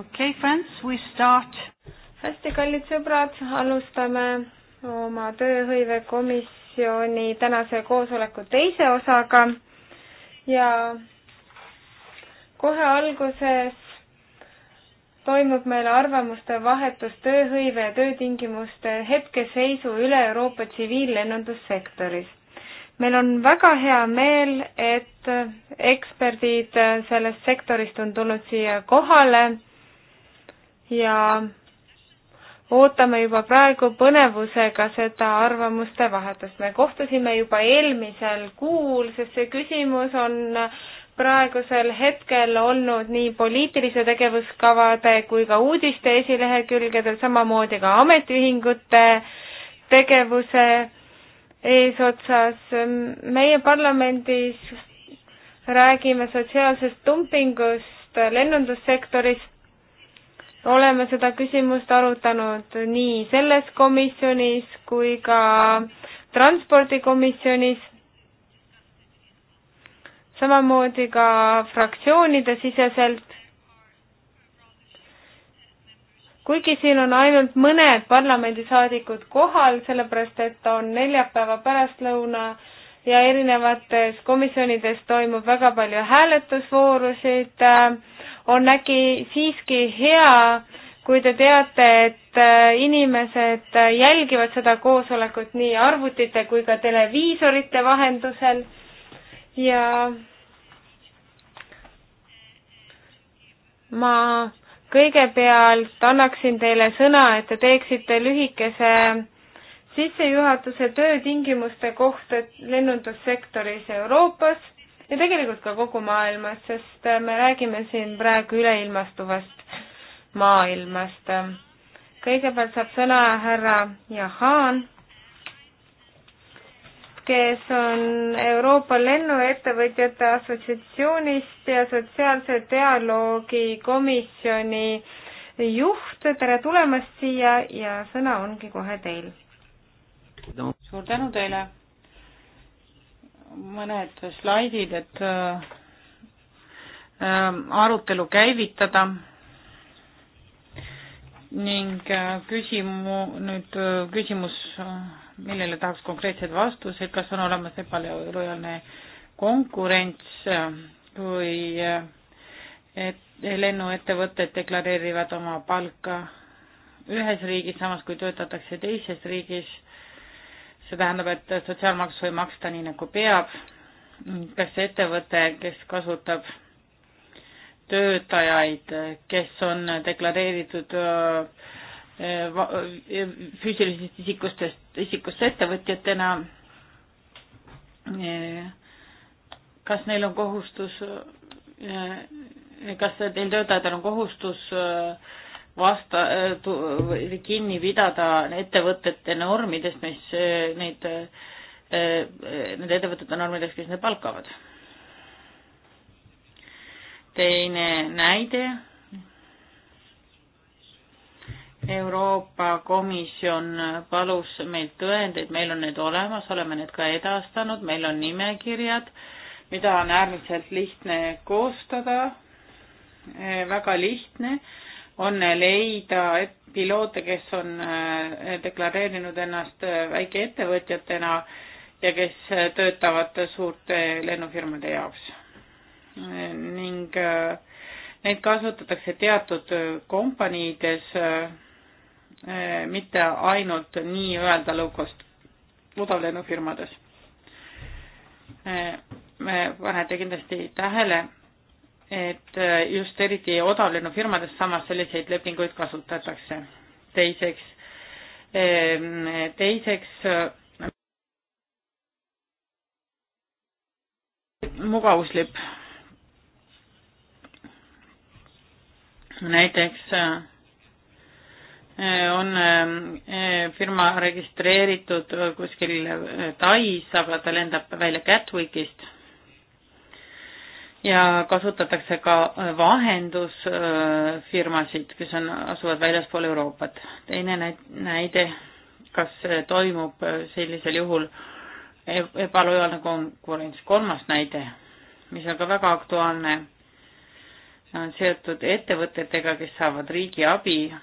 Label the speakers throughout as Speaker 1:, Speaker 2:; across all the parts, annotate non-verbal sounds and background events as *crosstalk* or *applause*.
Speaker 1: okei okay,, friends, we start. hästi, kallid sõbrad, alustame oma tööhõivekomisjoni tänase koosoleku teise osaga ja kohe alguses toimub meil arvamuste vahetus tööhõive ja töötingimuste hetkeseisu üle Euroopa tsiviillennundussektoris meil on väga hea meel, et eksperdid sellest sektorist on tulnud siia kohale ja ootame juba praegu põnevusega seda arvamuste vahetust. me kohtusime juba eelmisel kuul, sest see küsimus on praegusel hetkel olnud nii poliitilise tegevuskavade kui ka uudiste esilehekülgedel, samamoodi ka ametiühingute tegevuse eesotsas. meie parlamendis räägime sotsiaalsest dumpingust, lennundussektorist, oleme seda küsimust arutanud nii selles komisjonis kui ka transpordikomisjonis, samamoodi ka fraktsioonide siseselt. kuigi siin on ainult mõned parlamendisaadikud kohal, sellepärast et on neljapäeva pärastlõuna ja erinevates komisjonides toimub väga palju hääletusvoorusid, äh, on äkki siiski hea, kui te teate, et äh, inimesed äh, jälgivad seda koosolekut nii arvutite kui ka televiisorite vahendusel ja ma kõigepealt annaksin teile sõna, et te teeksite lühikese sissejuhatuse töötingimuste kohta lennundussektoris Euroopas ja tegelikult ka kogu maailmas, sest äh, me räägime siin praegu üleilmastuvast maailmast. kõigepealt saab sõna härra Jahan, kes on Euroopa Lennuettevõtjate Assotsiatsioonist ja Sotsiaalse Dialoogi Komisjoni juht, tere tulemast siia ja sõna ongi kohe teil suur tänu teile. mõned slaidid, et äh, ähm, arutelu käivitada ning äh, küsimu-, nüüd äh, küsimus, äh, millele tahaks konkreetseid vastuseid, kas on olemas ebalojaalne konkurents, kui et lennuettevõtted deklareerivad oma palka ühes riigis, samas kui töötatakse teises riigis see tähendab, et sotsiaalmaksu ei maksta nii nagu peab. kas ettevõte, kes kasutab töötajaid, kes on deklareeritud äh, füüsilisest isikustest, isikust ettevõtjatena, kas neil on kohustus, äh, kas neil töötajatel on kohustus äh, vasta, äh, kinni pidada ettevõtete normidest, mis äh, neid, äh, nende ettevõtete normidest, kes neid palkavad. teine näide. Euroopa Komisjon palus meilt tõendeid, meil on need olemas, oleme need ka edastanud, meil on nimekirjad, mida on äärmiselt lihtne koostada, väga lihtne on leida piloote, kes on äh, deklareerinud ennast äh, väikeettevõtjatena ja kes äh, töötavad suurte lennufirmade jaoks. ning neid kasutatakse teatud kompaniides, mitte ainult nii-öelda low-cost odavlennufirmades. me panete kindlasti tähele, et äh, just eriti odavlennufirmades samas selliseid lepinguid kasutatakse. teiseks, ähm, teiseks äh, mugavuslipp. näiteks äh, on ähm, firma registreeritud kuskil Tais, aga ta lendab välja Catwickist ja kasutatakse ka äh, vahendusfirmasid, äh, kes on, asuvad väljaspool Euroopat. teine näide, kas äh, toimub sellisel juhul e-, ebalojaalne konkurents. kolmas näide, mis on ka väga aktuaalne, on seotud ettevõtetega, kes saavad riigi abi.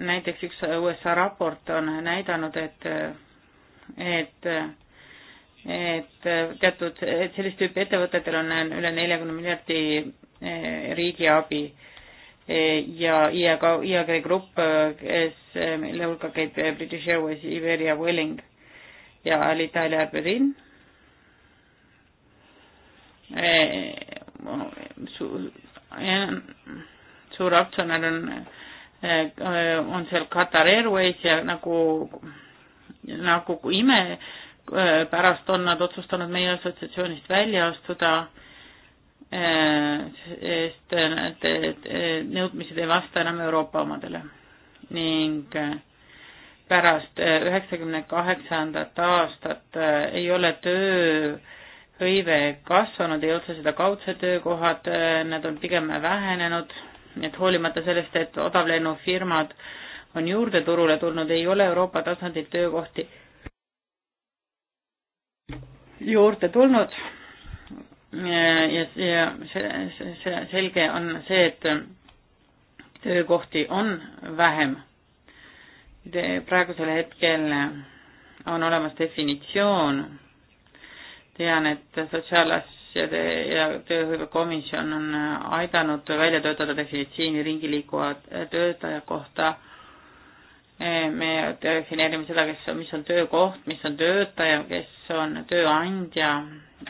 Speaker 1: näiteks üks USA raport on näidanud, et, et et äh, teatud, et sellist tüüpi ettevõtetel on üle neljakümne miljardi äh, riigiabi äh, ja IAG, IAG Grupp, kes, mille hulka käib British Airways, Iberia, Welling ja Alitalia Berlin Su,. suur aktsionär on, on seal Qatar Airways ja nagu, nagu ime pärast on nad otsustanud meie assotsiatsioonist välja astuda, eh, sest eh, need eh, nõudmised ei vasta enam Euroopa omadele ning pärast üheksakümne kaheksandat aastat ei ole tööhõive kasvanud, ei otse seda kaudsed töökohad, need on pigem vähenenud, et hoolimata sellest, et odavlennufirmad on juurde turule tulnud, ei ole Euroopa tasandil töökohti juurde tulnud. ja, ja see, see selge on see, et töökohti on vähem. praegusel hetkel on olemas definitsioon. tean, et sotsiaalasjade ja tööhõivekomisjon on aidanud välja töötada definitsiooni ringiliikuva töötaja kohta me defineerime seda, kes, mis on töökoht, mis on töötaja, kes on tööandja.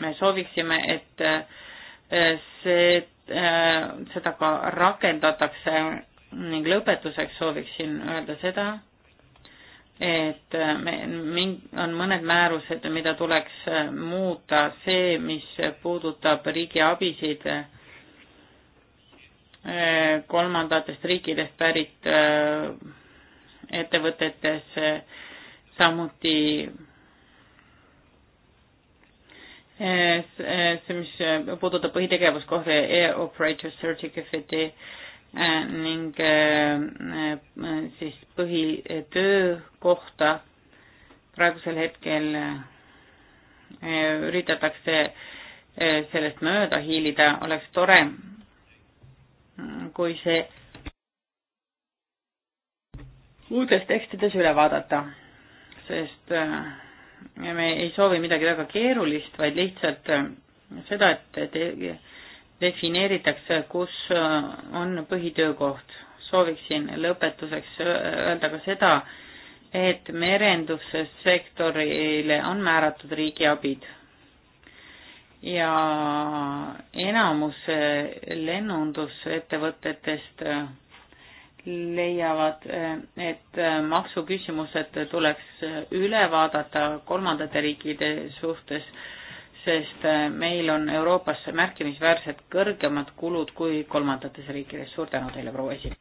Speaker 1: me sooviksime, et eh, see, eh, seda ka rakendatakse ning lõpetuseks sooviksin öelda seda, et eh, me, on mõned määrused, mida tuleks muuta, see, mis puudutab riigiabisid kolmandatest riikidest pärit ettevõtetes, samuti eh, see, mis puudutab põhitegevuskohta Air Operator Certificate'i eh, ning eh, siis põhitöökohta praegusel hetkel üritatakse sellest mööda hiilida, oleks tore, kui see uutes tekstides üle vaadata, sest äh, me ei soovi midagi väga keerulist, vaid lihtsalt äh, seda, et te defineeritakse, kus äh, on põhitöökoht. sooviksin lõpetuseks öelda ka seda, et merendussektorile on määratud riigiabid ja enamus lennundusettevõtetest leiavad, et maksuküsimused tuleks üle vaadata kolmandate riikide suhtes, sest meil on Euroopas märkimisväärselt kõrgemad kulud kui kolmandates riikides. suur tänu teile, proua esi-.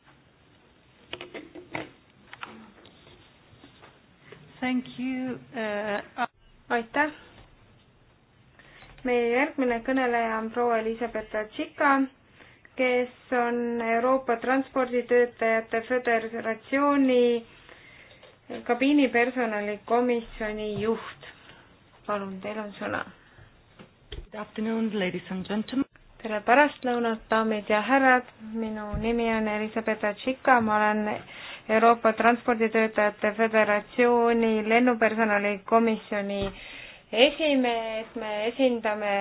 Speaker 1: Thank you uh,. aitäh. meie järgmine kõneleja on proua Elizabeth Tšika kes on Euroopa Transporditöötajate Föderatsiooni kabiinipersonali komisjoni juht. palun, teil on sõna. Good afternoon, ladies and gentlemen tere pärastlõunat, daamid ja härrad, minu nimi on Elisabetta Tšika, ma olen Euroopa Transporditöötajate Föderatsiooni lennupersonali komisjoni esimees, me esindame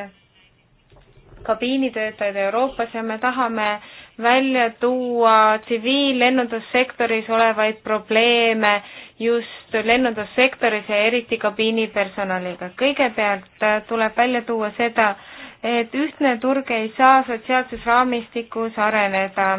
Speaker 1: kabiinitöötajad Euroopas ja me tahame välja tuua tsiviillennundussektoris olevaid probleeme just lennundussektoris ja eriti kabiinipersonaliga. kõigepealt äh, tuleb välja tuua seda, et ühtne turg ei saa sotsiaalses raamistikus areneda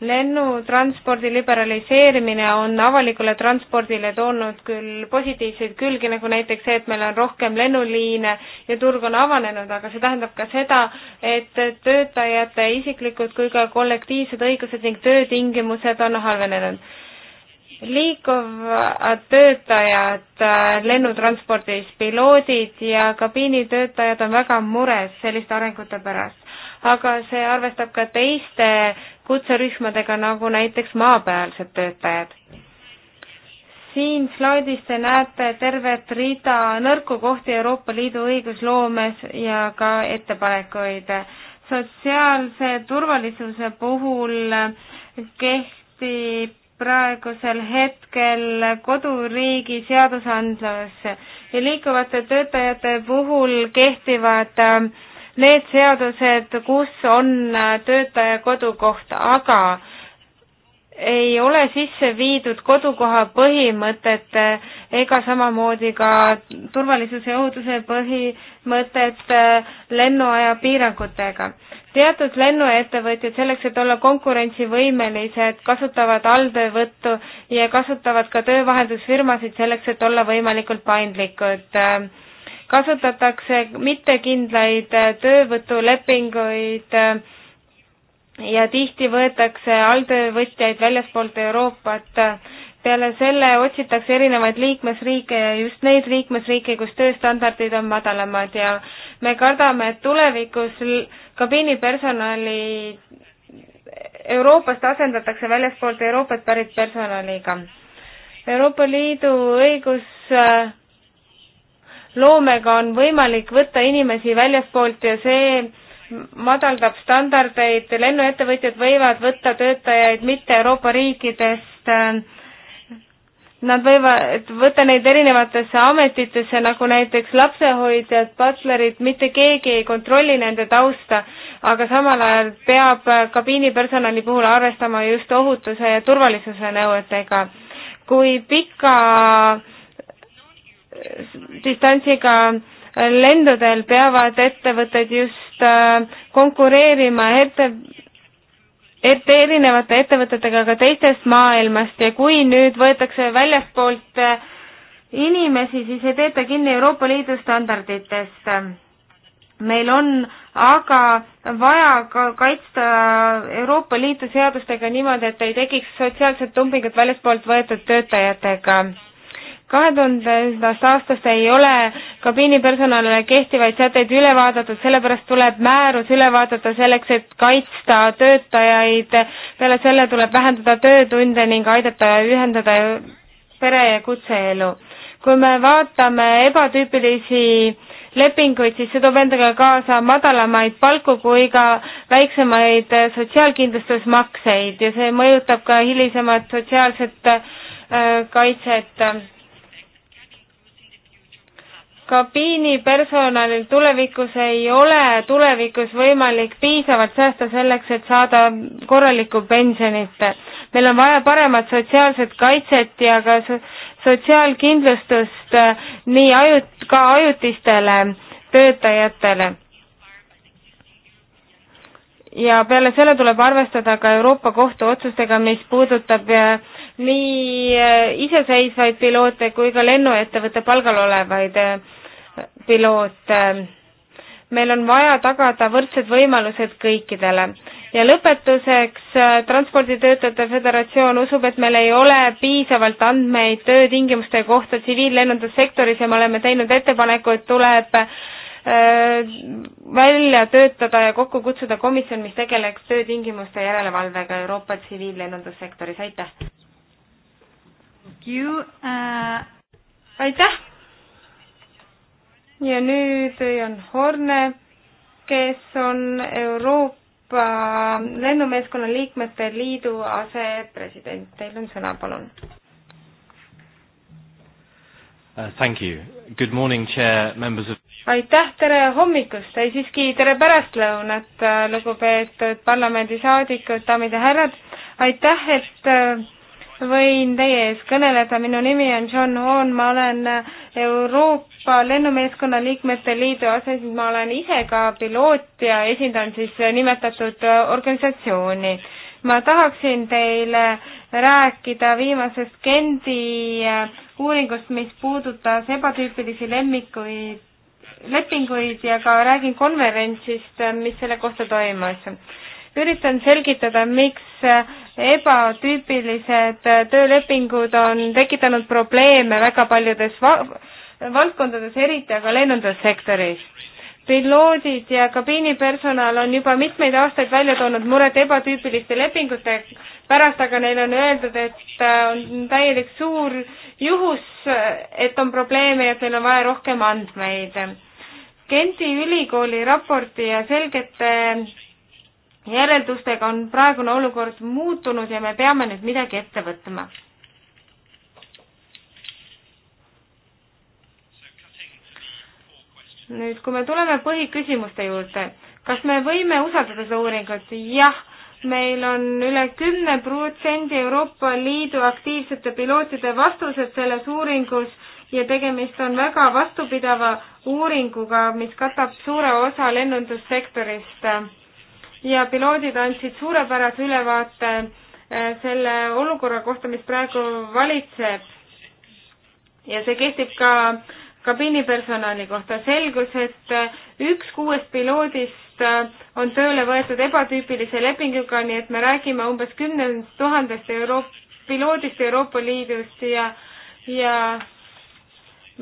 Speaker 1: lennutranspordi liberaliseerimine on avalikule transpordile toonud küll positiivseid külgi, nagu näiteks see, et meil on rohkem lennuliine ja turg on avanenud, aga see tähendab ka seda, et töötajate isiklikud kui ka kollektiivsed õigused ning töötingimused on halvenenud. liikuvad töötajad äh, lennutranspordis, piloodid ja kabiinitöötajad on väga mures selliste arengute pärast aga see arvestab ka teiste kutserühmadega, nagu näiteks maapealsed töötajad. siin slaidis te näete tervet rida nõrku kohti Euroopa Liidu õigusloomes ja ka ettepanekuid. sotsiaalse turvalisuse puhul kehtib praegusel hetkel koduriigi seadusandlus ja liikuvate töötajate puhul kehtivad äh, need seadused, kus on äh, töötaja kodukoht, aga ei ole sisse viidud kodukoha põhimõtet ega samamoodi ka turvalisuse ja ohutuse põhimõtet äh, lennuaja piirangutega. teatud lennuettevõtjad selleks, et olla konkurentsivõimelised, kasutavad alltöövõttu ja kasutavad ka töövahendusfirmasid selleks, et olla võimalikult paindlikud äh, kasutatakse mittekindlaid äh, töövõtulepinguid äh, ja tihti võetakse alltöövõtjaid väljaspoolt Euroopat. peale selle otsitakse erinevaid liikmesriike ja just neid liikmesriike, kus tööstandardid on madalamad ja me kardame, et tulevikus kabiinipersonali Euroopast asendatakse väljaspoolt Euroopat pärit personaliga. Euroopa Liidu õigus äh, loomega on võimalik võtta inimesi väljaspoolt ja see madaldab standardeid, lennuettevõtjad võivad võtta töötajaid mitte Euroopa riikidest, nad võivad võtta neid erinevatesse ametitesse, nagu näiteks lapsehoidjad, butlerid, mitte keegi ei kontrolli nende tausta, aga samal ajal peab kabiinipersonali puhul arvestama just ohutuse ja turvalisuse nõuetega. kui pika distantsiga lendudel peavad ettevõtted just äh, konkureerima ette, ette erinevate ettevõtetega ka teistest maailmast ja kui nüüd võetakse väljastpoolt äh, inimesi, siis ei peeta kinni Euroopa Liidu standarditest. meil on aga vaja ka kaitsta Euroopa Liidu seadustega niimoodi, et ei tekiks sotsiaalset dumpingut väljastpoolt võetud töötajatega kahe tuhandendast aastast ei ole kabiinipersonalile kehtivaid sätteid üle vaadatud, sellepärast tuleb määrus üle vaadata selleks, et kaitsta töötajaid. peale selle tuleb vähendada töötunde ning aidata ühendada pere ja kutseelu. kui me vaatame ebatüüpilisi lepinguid, siis see toob endaga kaasa madalamaid palku kui ka väiksemaid sotsiaalkindlustusmakseid ja see mõjutab ka hilisemat sotsiaalset äh, kaitset kabiini personalil tulevikus ei ole tulevikus võimalik piisavalt säästa selleks, et saada korralikku pensionit. meil on vaja paremat sotsiaalset kaitset ja ka sotsiaalkindlustust äh, nii ajut-, ka ajutistele töötajatele. ja peale selle tuleb arvestada ka Euroopa Kohtu otsustega, mis puudutab äh, nii äh, iseseisvaid piloote kui ka lennuettevõtte palgal olevaid piloot. Ähm, meil on vaja tagada võrdsed võimalused kõikidele. ja lõpetuseks, äh, Transporditöötajate Föderatsioon usub, et meil ei ole piisavalt andmeid töötingimuste kohta tsiviillennundussektoris ja me oleme teinud ettepaneku, et tuleb äh, välja töötada ja kokku kutsuda komisjon, mis tegeleks töötingimuste järelevalvega Euroopa tsiviillennundussektoris, aitäh! Uh... aitäh! ja nüüd Jan Horne, kes on Euroopa Lennumeeskonna Liikmete Liidu asepresident. Teil on sõna, palun. Uh, thank you. Good morning, chair, members of aitäh, tere hommikust, ei siiski tere pärastlõunat, lugupeetud parlamendisaadikud, daamid ja härrad, aitäh, et äh, võin teie ees kõneleda, minu nimi on John Hoon, ma olen Euroopa Lennumeeskonna Liikmete Liidu aseesimees, ma olen ise ka piloot ja esindan siis nimetatud organisatsiooni. ma tahaksin teile rääkida viimasest Gendi uuringust, mis puudutas ebatüüpilisi lemmikuid, lepinguid ja ka räägin konverentsist, mis selle kohta toimus üritan selgitada, miks ebatüüpilised töölepingud on tekitanud probleeme väga paljudes va valdkondades, eriti aga lennundussektoris. piloodid ja kabiinipersonal on juba mitmeid aastaid välja toonud muret ebatüüpiliste lepingute pärast, aga neile on öeldud, et äh, on täielik suur juhus, et on probleeme ja et neil on vaja rohkem andmeid Genti ülikooli raporti ja selgete järeldustega on praegune olukord muutunud ja me peame nüüd midagi ette võtma. nüüd, kui me tuleme põhiküsimuste juurde, kas me võime usaldada seda uuringut? jah, meil on üle kümne protsendi Euroopa Liidu aktiivsete pilootide vastused selles uuringus ja tegemist on väga vastupidava uuringuga, mis katab suure osa lennundussektorist ja piloodid andsid suurepärase ülevaate äh, selle olukorra kohta, mis praegu valitseb. ja see kehtib ka kabiinipersonali kohta. selgus, et äh, üks kuuest piloodist äh, on tööle võetud ebatüüpilise lepinguga, nii et me räägime umbes kümnest tuhandest euro-, piloodist Euroopa Liidust ja, ja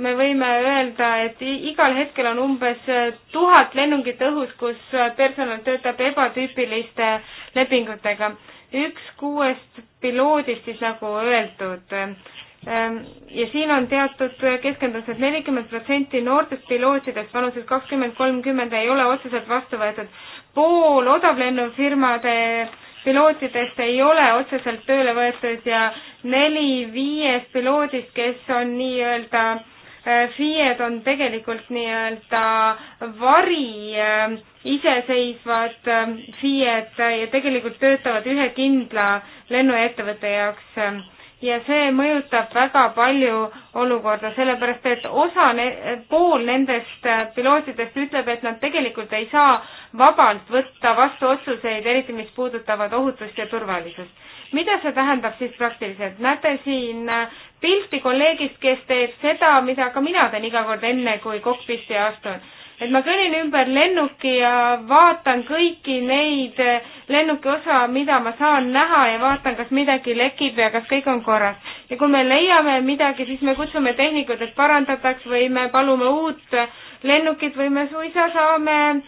Speaker 1: me võime öelda, et igal hetkel on umbes äh, tuhat lennungit õhus, kus äh, personal töötab ebatüüpiliste lepingutega. üks kuuest piloodist siis nagu öeldud. Ähm, ja siin on teatud keskendumused, nelikümmend protsenti noortest pilootidest vanuses kakskümmend, kolmkümmend ei ole otseselt vastu võetud. pool odavlennufirmade pilootidest ei ole otseselt tööle võetud ja neli viiest piloodist, kes on nii-öelda äh, Äh, FIE-d on tegelikult nii-öelda vari äh, iseseisvad ähm, FIE-d äh, ja tegelikult töötavad ühe kindla lennuettevõtte jaoks ähm. ja see mõjutab väga palju olukorda, sellepärast et osa ne-, pool nendest pilootidest ütleb, et nad tegelikult ei saa vabalt võtta vastu otsuseid, eriti mis puudutavad ohutust ja turvalisust. mida see tähendab siis praktiliselt? näete siin pilti kolleegist, kes teeb seda, mida ka mina teen iga kord enne, kui kokpisse astun. et ma kõnnin ümber lennuki ja vaatan kõiki neid lennuki osa, mida ma saan näha ja vaatan, kas midagi lekib ja kas kõik on korras. ja kui me leiame midagi, siis me kutsume tehnikud, et parandataks või me palume uut lennukit või me suisa saame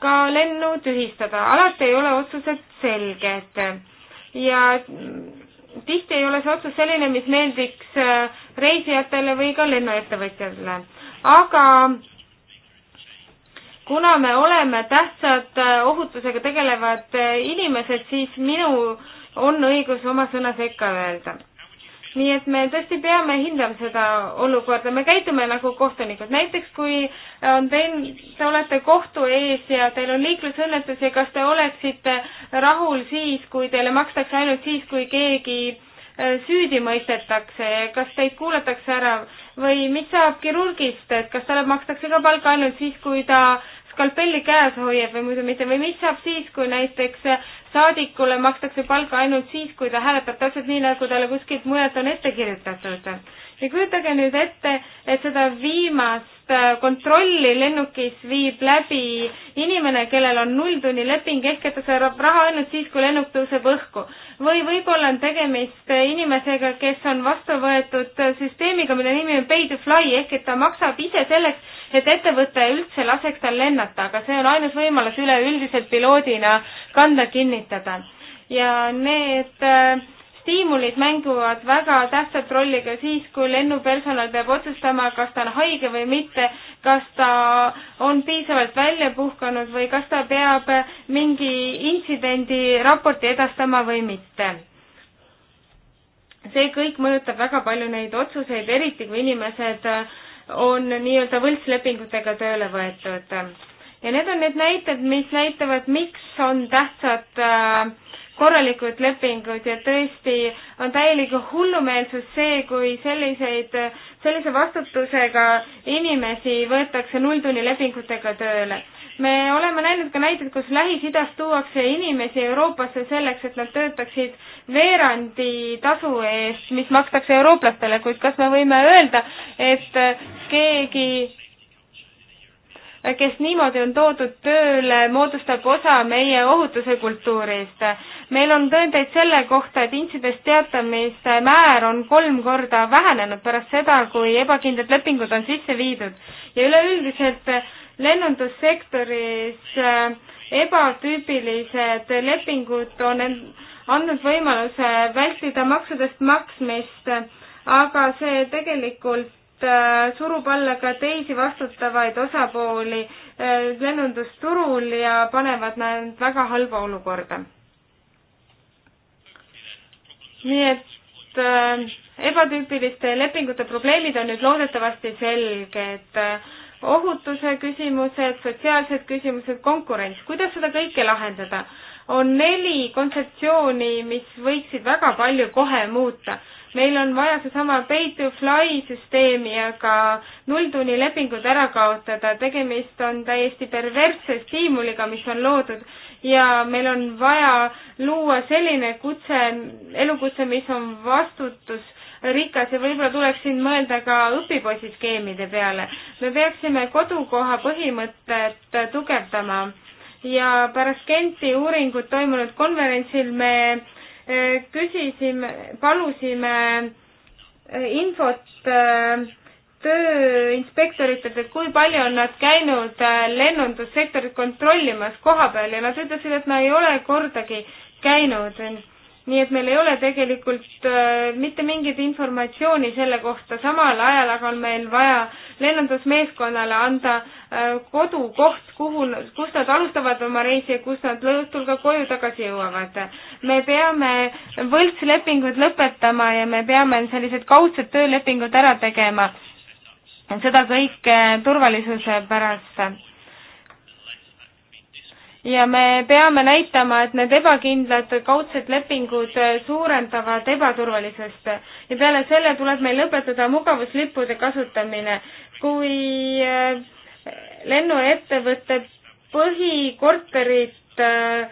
Speaker 1: ka lennu tühistada. alati ei ole otsused selged ja tihti ei ole see otsus selline, mis meeldiks äh, reisijatele või ka lennuettevõtjatele. aga kuna me oleme tähtsad äh, ohutusega tegelevad äh, inimesed, siis minu on õigus oma sõna sekka öelda nii et me tõesti peame hindama seda olukorda, me käitume nagu kohtunikud, näiteks kui on äh, teil, te olete kohtu ees ja teil on liiklusõnnetus ja kas te oleksite rahul siis, kui teile makstakse ainult siis, kui keegi äh, süüdi mõistetakse, kas teid kuulatakse ära või mis saab kirurgist, et kas talle makstakse ka palka ainult siis, kui ta skalpelli käes hoiab või muidu mitte või mis saab siis, kui näiteks saadikule makstakse palka ainult siis, kui ta hääletab täpselt nii, nagu talle kuskilt mujalt on ette kirjutatud. ja kujutage nüüd ette, et seda viimast Äh, kontrolli lennukis viib läbi inimene, kellel on nulltunnileping, ehk et ta saab raha ainult siis, kui lennuk tõuseb õhku. või võib-olla on tegemist inimesega, kes on vastu võetud süsteemiga, mille nimi on pay to fly ehk et ta maksab ise selleks, et ettevõte üldse laseks tal lennata, aga see on ainus võimalus üleüldiselt piloodina kanda kinnitada. ja need äh, stiimulid mängivad väga tähtsat rolli ka siis, kui lennupersonal peab otsustama, kas ta on haige või mitte, kas ta on piisavalt välja puhkanud või kas ta peab mingi intsidendi raporti edastama või mitte. see kõik mõjutab väga palju neid otsuseid, eriti kui inimesed on nii-öelda võltslepingutega tööle võetud. ja need on need näited, mis näitavad, miks on tähtsad äh, korralikud lepingud ja tõesti on täielik hullumeelsus see, kui selliseid, sellise vastutusega inimesi võetakse nulltunnilepingutega tööle. me oleme näinud ka näiteid, kus Lähis-Idast tuuakse inimesi Euroopasse selleks, et nad töötaksid veerandi tasu eest, mis makstakse eurooplastele, kuid kas me võime öelda, et keegi kes niimoodi on toodud tööle, moodustab osa meie ohutuse kultuurist meil on tõendeid selle kohta, et intsidest teatamise määr on kolm korda vähenenud pärast seda, kui ebakindlad lepingud on sisse viidud ja üleüldiselt lennundussektoris äh, ebatüüpilised lepingud on andnud võimaluse vältida maksudest maksmist, aga see tegelikult äh, surub alla ka teisi vastutavaid osapooli äh, lennundusturul ja panevad nad väga halba olukorda nii et äh, ebatüüpiliste lepingute probleemid on nüüd loodetavasti selged äh,. ohutuse küsimused, sotsiaalsed küsimused, konkurents, kuidas seda kõike lahendada? on neli kontseptsiooni, mis võiksid väga palju kohe muuta. meil on vaja seesama pay to fly süsteemi ja ka nulltunnilepingud ära kaotada, tegemist on täiesti perversse stiimuliga, mis on loodud ja meil on vaja luua selline kutse, elukutse, mis on vastutus rikas ja võib-olla tuleks siin mõelda ka õpipoisiskeemide peale. me peaksime kodukoha põhimõtet tugevdama ja pärast Genti uuringut toimunud konverentsil me eh, küsisime, palusime eh, infot eh, tööinspektoritelt, et kui palju on nad käinud äh, lennundussektorit kontrollimas koha peal ja nad ütlesid, et nad ei ole kordagi käinud. nii et meil ei ole tegelikult äh, mitte mingit informatsiooni selle kohta, samal ajal aga on meil vaja lennundusmeeskonnale anda äh, kodukoht, kuhu, kus nad alustavad oma reisi ja kus nad õhtul ka koju tagasi jõuavad. me peame võltslepingud lõpetama ja me peame sellised kaudsed töölepingud ära tegema seda kõike turvalisuse pärast. ja me peame näitama, et need ebakindlad kaudsed lepingud suurendavad ebaturvalisust ja peale selle tuleb meil lõpetada mugavuslippude kasutamine. kui äh, lennuettevõtte põhikorterit äh,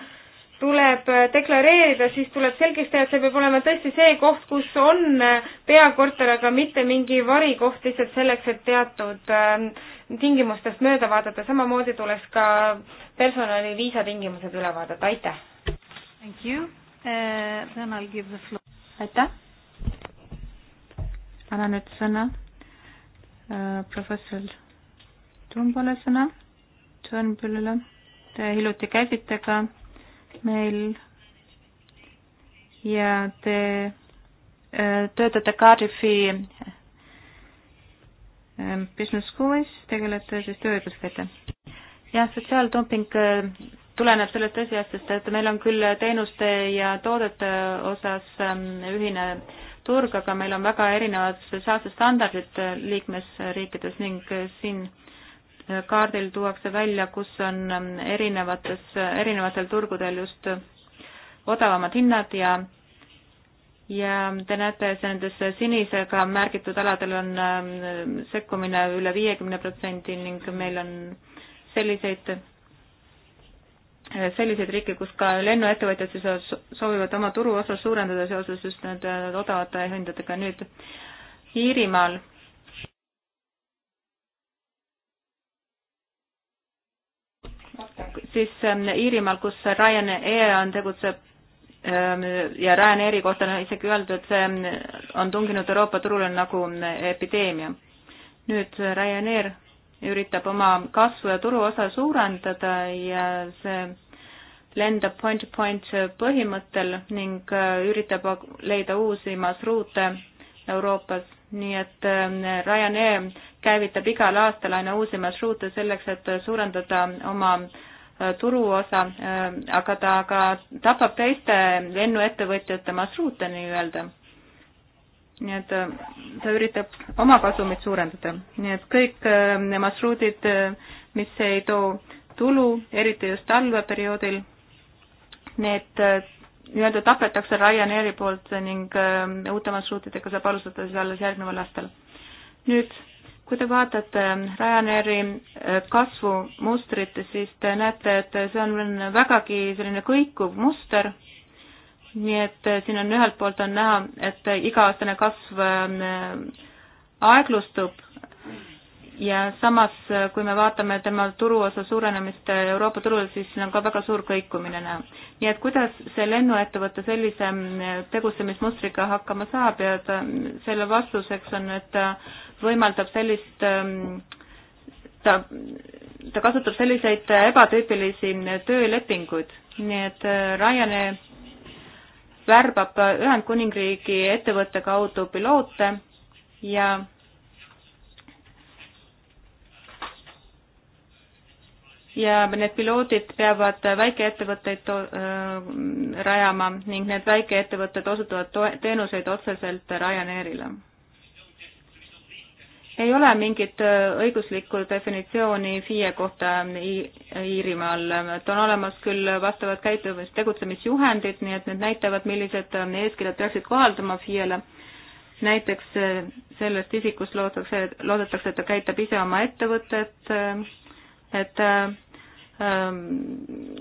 Speaker 1: tuleb äh, deklareerida, siis tuleb selgeks teha, et see peab olema tõesti see koht, kus on äh, peakorter, aga mitte mingi varikoht lihtsalt selleks, et teatud ähm, tingimustest mööda vaadata, samamoodi tuleks ka personali viisatingimused üle vaadata, aitäh! Thank you uh,, then I will give the floor. aitäh! annan nüüd sõna uh, professor Tumbole sõna, Tõnpõllule, te hiljuti käisite ka meil ja te äh, töötate Cardiffi äh, Business Schoolis, tegelete siis tööõigustega. jah, sotsiaaldumping äh, tuleneb sellest asjast, et meil on küll teenuste ja toodete osas ähm, ühine turg, aga meil on väga erinevad sotsiaalsed standardid liikmesriikides ning siin kaardil tuuakse välja, kus on erinevates, erinevatel turgudel just odavamad hinnad ja ja te näete, nendes sinisega märgitud aladel on ähm, sekkumine üle viiekümne protsendi ning meil on selliseid, selliseid riike, kus ka lennuettevõtjad siis soovivad oma turuosa suurendada seoses just nende odavate hindadega. nüüd Iirimaal siis ähm, Iirimaal, kus Ryanair on, tegutseb ähm, ja Ryanairi kohta on isegi öeldud, et see ähm, on tunginud Euroopa turule nagu epideemia. nüüd äh, Ryanair üritab oma kasvu ja turuosa suurendada ja see lendab point-to-point -point põhimõttel ning äh, üritab leida uusi marsruute Euroopas, nii et Ryanair käivitab igal aastal aina uusi marsruute selleks, et suurendada oma turuosa, äh, aga ta ka tapab teiste lennuettevõtjate marsruute nii-öelda. nii et äh, ta üritab oma kasumit suurendada, nii et kõik äh, marsruudid, mis ei too tulu, eriti just talveperioodil, need nii-öelda tapetakse Ryanairi poolt ning uute marsruutidega saab alustada siis alles järgneval aastal. nüüd kui te vaatate Ryanairi äh, kasvumustrit, siis te näete, et see on vägagi selline kõikuv muster, nii et äh, siin on ühelt poolt on näha, et äh, iga-aastane kasv ähm, aeglustub ja samas, kui me vaatame tema turuosa suurenemist Euroopa turul, siis siin on ka väga suur kõikumine näha. nii et kuidas see lennuettevõte sellise mm, tegutsemismustriga hakkama saab ja ta, selle vastuseks on, et võimaldab sellist ähm, ta, ta kasutab selliseid ebatüüpilisi töölepinguid, nii et äh, Ryanair värbab Ühendkuningriigi ettevõtte kaudu piloote ja ja need piloodid peavad väikeettevõtteid äh, rajama ning need väikeettevõtted osutuvad teenuseid otseselt Ryanairile ei ole mingit äh, õiguslikku definitsiooni FIE kohta ähm, äh, Iirimaal. et on olemas küll vastavad käitumis, tegutsemisjuhendid, nii et need näitavad, millised ähm, eeskirjad peaksid kohalduma FIE-le. näiteks äh, sellest isikust loodetakse, loodetakse, et ta käitab ise oma ettevõtet, et Ähm,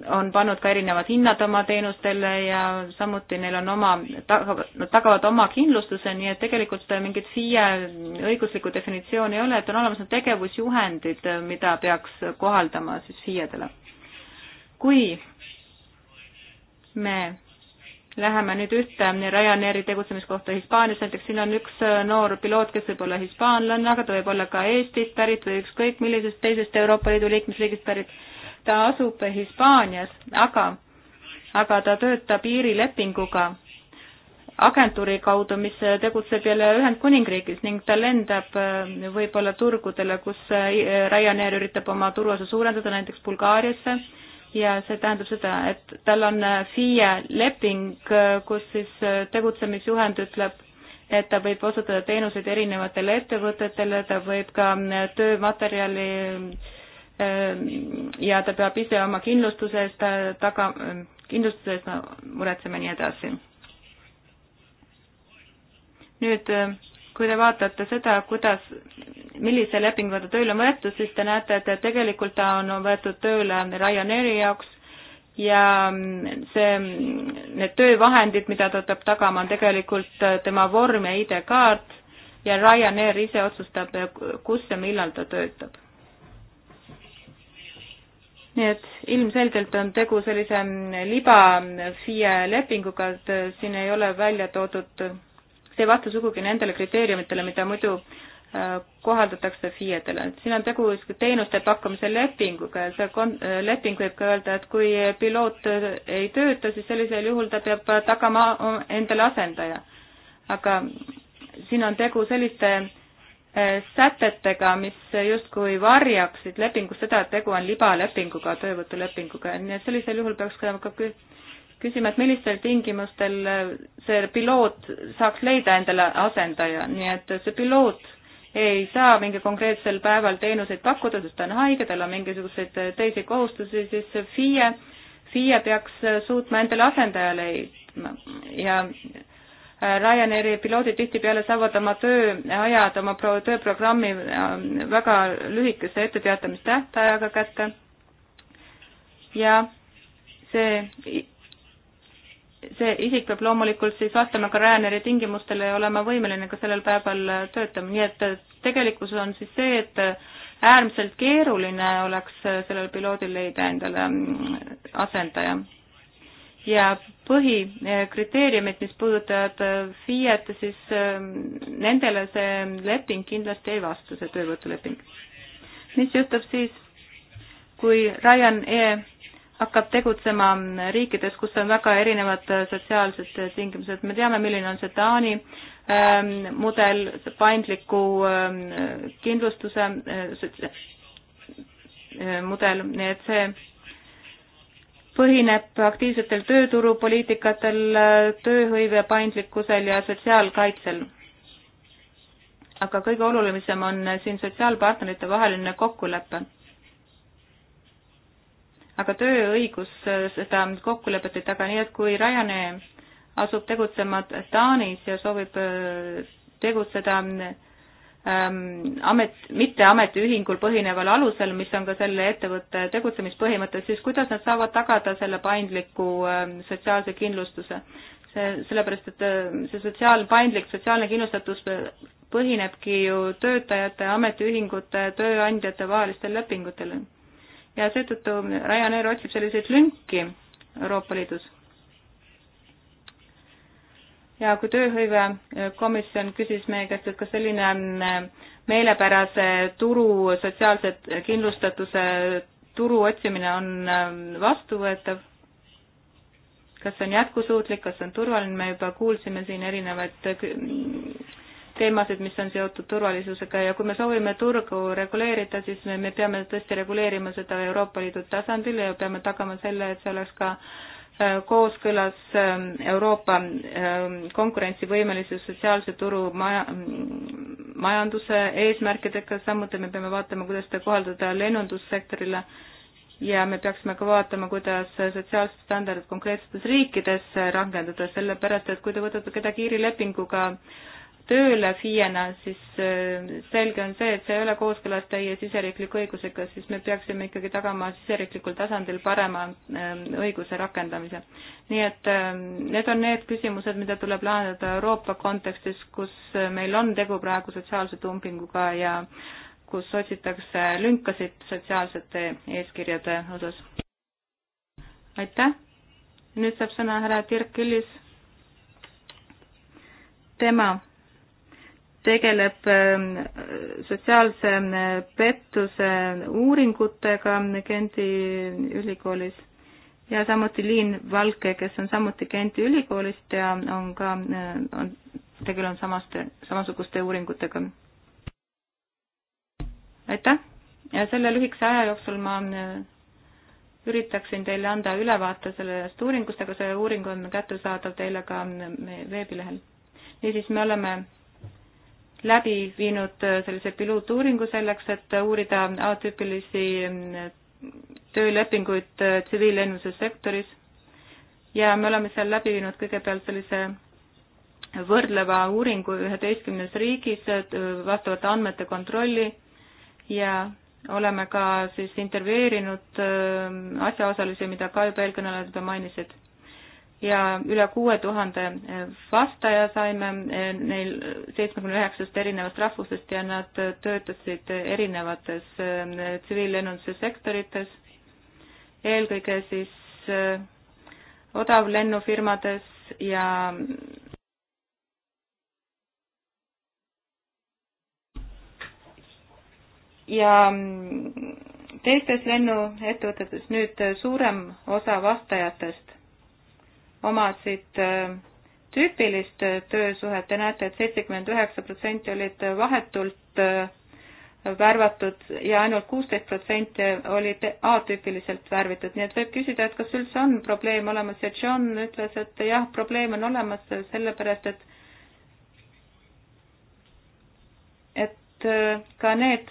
Speaker 1: on pannud ka erinevad hinnad oma teenustele ja samuti neil on oma, nad tagavad oma kindlustuse, nii et tegelikult mingit FIE õiguslikku definitsiooni ei ole, et on olemas need tegevusjuhendid, mida peaks kohaldama siis FIE-dele. kui me läheme nüüd ühte Ryanairi tegutsemiskohta Hispaanias, näiteks siin on üks noor piloot, kes võib olla hispaanlane, aga ta võib olla ka Eestist pärit või ükskõik millisest teisest Euroopa Liidu liikmesriigist pärit ta asub Hispaanias, aga, aga ta töötab Iiri lepinguga agentuuri kaudu, mis tegutseb jälle Ühendkuningriigis ning ta lendab äh, võib-olla turgudele, kus äh, Ryanair üritab oma turuosa suurendada, näiteks Bulgaariasse, ja see tähendab seda, et tal on äh, FIE leping, kus siis tegutsemisjuhend ütleb, et ta võib osutada teenuseid erinevatele ettevõtetele, ta võib ka töömaterjali Ähm, ja ta peab ise oma kindlustuse eest äh, taga, ähm, kindlustuse eest muretsema ja nii edasi. nüüd, ähm, kui te vaatate seda, kuidas, millise lepinguga ta tööle on võetud, siis te näete, et tegelikult ta on võetud tööle Ryanairi jaoks ja mm, see, mm, need töövahendid, mida ta peab tagama, on tegelikult äh, tema vorm ja ID-kaart ja Ryanair ise otsustab, kus ja millal ta töötab nii et ilmselgelt on tegu sellise liba-FIE lepinguga, et äh, siin ei ole välja toodud, see ei vasta sugugi nendele kriteeriumitele, mida muidu äh, kohaldatakse FIE-dele, et siin on tegu teenuste pakkumise lepinguga ja see kon-, äh, leping võib ka öelda, et kui piloot ei tööta, siis sellisel juhul ta peab tagama endale asendaja. aga siin on tegu selliste Äh, sätetega, mis justkui varjaksid lepingus seda, et tegu on libalepinguga, töövõtulepinguga, nii et sellisel juhul peaks ka küsima, et millistel tingimustel äh, see piloot saaks leida endale asendaja, nii et see piloot ei saa mingi konkreetsel päeval teenuseid pakkuda, sest ta on haige, tal on mingisuguseid äh, teisi kohustusi, siis FIE, FIE peaks suutma endale asendaja leidma ja Ryanairi piloodid tihtipeale saavad oma tööajad, oma pro-, tööprogrammi äh, väga lühikese etteteatamistähtajaga kätte ja see see isik peab loomulikult siis vastama ka Ryanairi tingimustele ja olema võimeline ka sellel päeval äh, töötama, nii et äh, tegelikkus on siis see, et äärmiselt keeruline oleks sellel piloodil leida endale mm, asendaja ja põhikriteeriumid, mis puudutavad äh, FIE-t, siis ähm, nendele see leping kindlasti ei vastu, see töövõtuleping. mis juhtub siis, kui Ryanair hakkab tegutsema riikides, kus on väga erinevad äh, sotsiaalsed äh, tingimused, me teame, milline on see Taani ähm, mudel, paindliku ähm, kindlustuse mudel, nii et see põhineb aktiivsetel tööturupoliitikatel, tööhõive paindlikkusel ja sotsiaalkaitsel. aga kõige olulisem on siin sotsiaalpartnerite vaheline kokkulepe. aga tööõigus seda kokkulepet ei taga, nii et kui Ryanair asub tegutsema Taanis ja soovib tegutseda Ähm, amet, mitte ametiühingul põhineval alusel, mis on ka selle ettevõtte tegutsemispõhimõte, siis kuidas nad saavad tagada selle paindliku ähm, sotsiaalse kindlustuse? see, sellepärast, et ähm, see sotsiaal, paindlik sotsiaalne kindlustatus põhinebki ju töötajate, ametiühingute, tööandjate vahelistel lepingutel. ja seetõttu Ryanair otsib selliseid lünki Euroopa Liidus ja kui tööhõivekomisjon küsis meie käest, et kas selline mm, meelepärase turu sotsiaalse kindlustatuse turu otsimine on mm, vastuvõetav, kas see on jätkusuutlik, kas see on turvaline, me juba kuulsime siin erinevaid mm, teemasid, mis on seotud turvalisusega ja kui me soovime turgu reguleerida, siis me, me peame tõesti reguleerima seda Euroopa Liidu tasandil ja peame tagama selle, et see oleks ka äh, Äh, kooskõlas ähm, Euroopa ähm, konkurentsivõimelise sotsiaalse turu maja, mm, majanduse eesmärkidega, samuti me peame vaatama, kuidas seda kohaldada lennundussektorile ja me peaksime ka vaatama, kuidas sotsiaalsed standardid konkreetsetes riikides rakendada, sellepärast et kui te võtate kedagi Iiri lepinguga äh, tööle FIE-na, siis äh, selge on see, et see ei ole kooskõlas teie siseriikliku õigusega, siis me peaksime ikkagi tagama siseriiklikul tasandil parema ähm, õiguse rakendamise. nii et ähm, need on need küsimused, mida tuleb lahendada Euroopa kontekstis, kus äh, meil on tegu praegu sotsiaalse dumpinguga ja kus otsitakse lünkasid sotsiaalsete eeskirjade osas. aitäh! nüüd saab sõna härra Dirk Killis. tema tegeleb ähm, sotsiaalse ähm, pettuse uuringutega Genti ülikoolis ja samuti Liin Valke, kes on samuti Genti ülikoolist ja on ka, äh, on, ta küll on samast, samasuguste uuringutega. aitäh ja selle lühikese aja jooksul ma äh, üritaksin teile anda ülevaate sellest uuringust, aga see uuring on kättesaadav teile ka äh, meie veebilehel. niisiis, me oleme läbi viinud äh, sellise pilootuuringu selleks, et äh, uurida atüüpilisi mm, töölepinguid äh, tsiviillennuse sektoris ja me oleme seal läbi viinud kõigepealt sellise võrdleva uuringu üheteistkümnes riigis vastavate andmete kontrolli ja oleme ka siis intervjueerinud asjaosalisi, mida ka juba eelkõnelejad juba mainisid ja üle kuue tuhande vastaja saime eh, neil seitsmekümne üheksast erinevast rahvusest ja nad töötasid erinevates eh, tsiviillennunduse sektorites, eelkõige siis eh, odavlennufirmades ja ja mm, teistes lennuettevõtetes nüüd suurem osa vastajatest omasid äh, tüüpilist äh, töösuhet, te näete et, et seitsekümmend üheksa protsenti olid äh, vahetult värvatud ja ainult kuusteist protsenti olid atüüpiliselt värvitud, nii et võib küsida, et kas üldse on probleem olemas ja John ütles, et jah, probleem on olemas sellepärast, et et ka need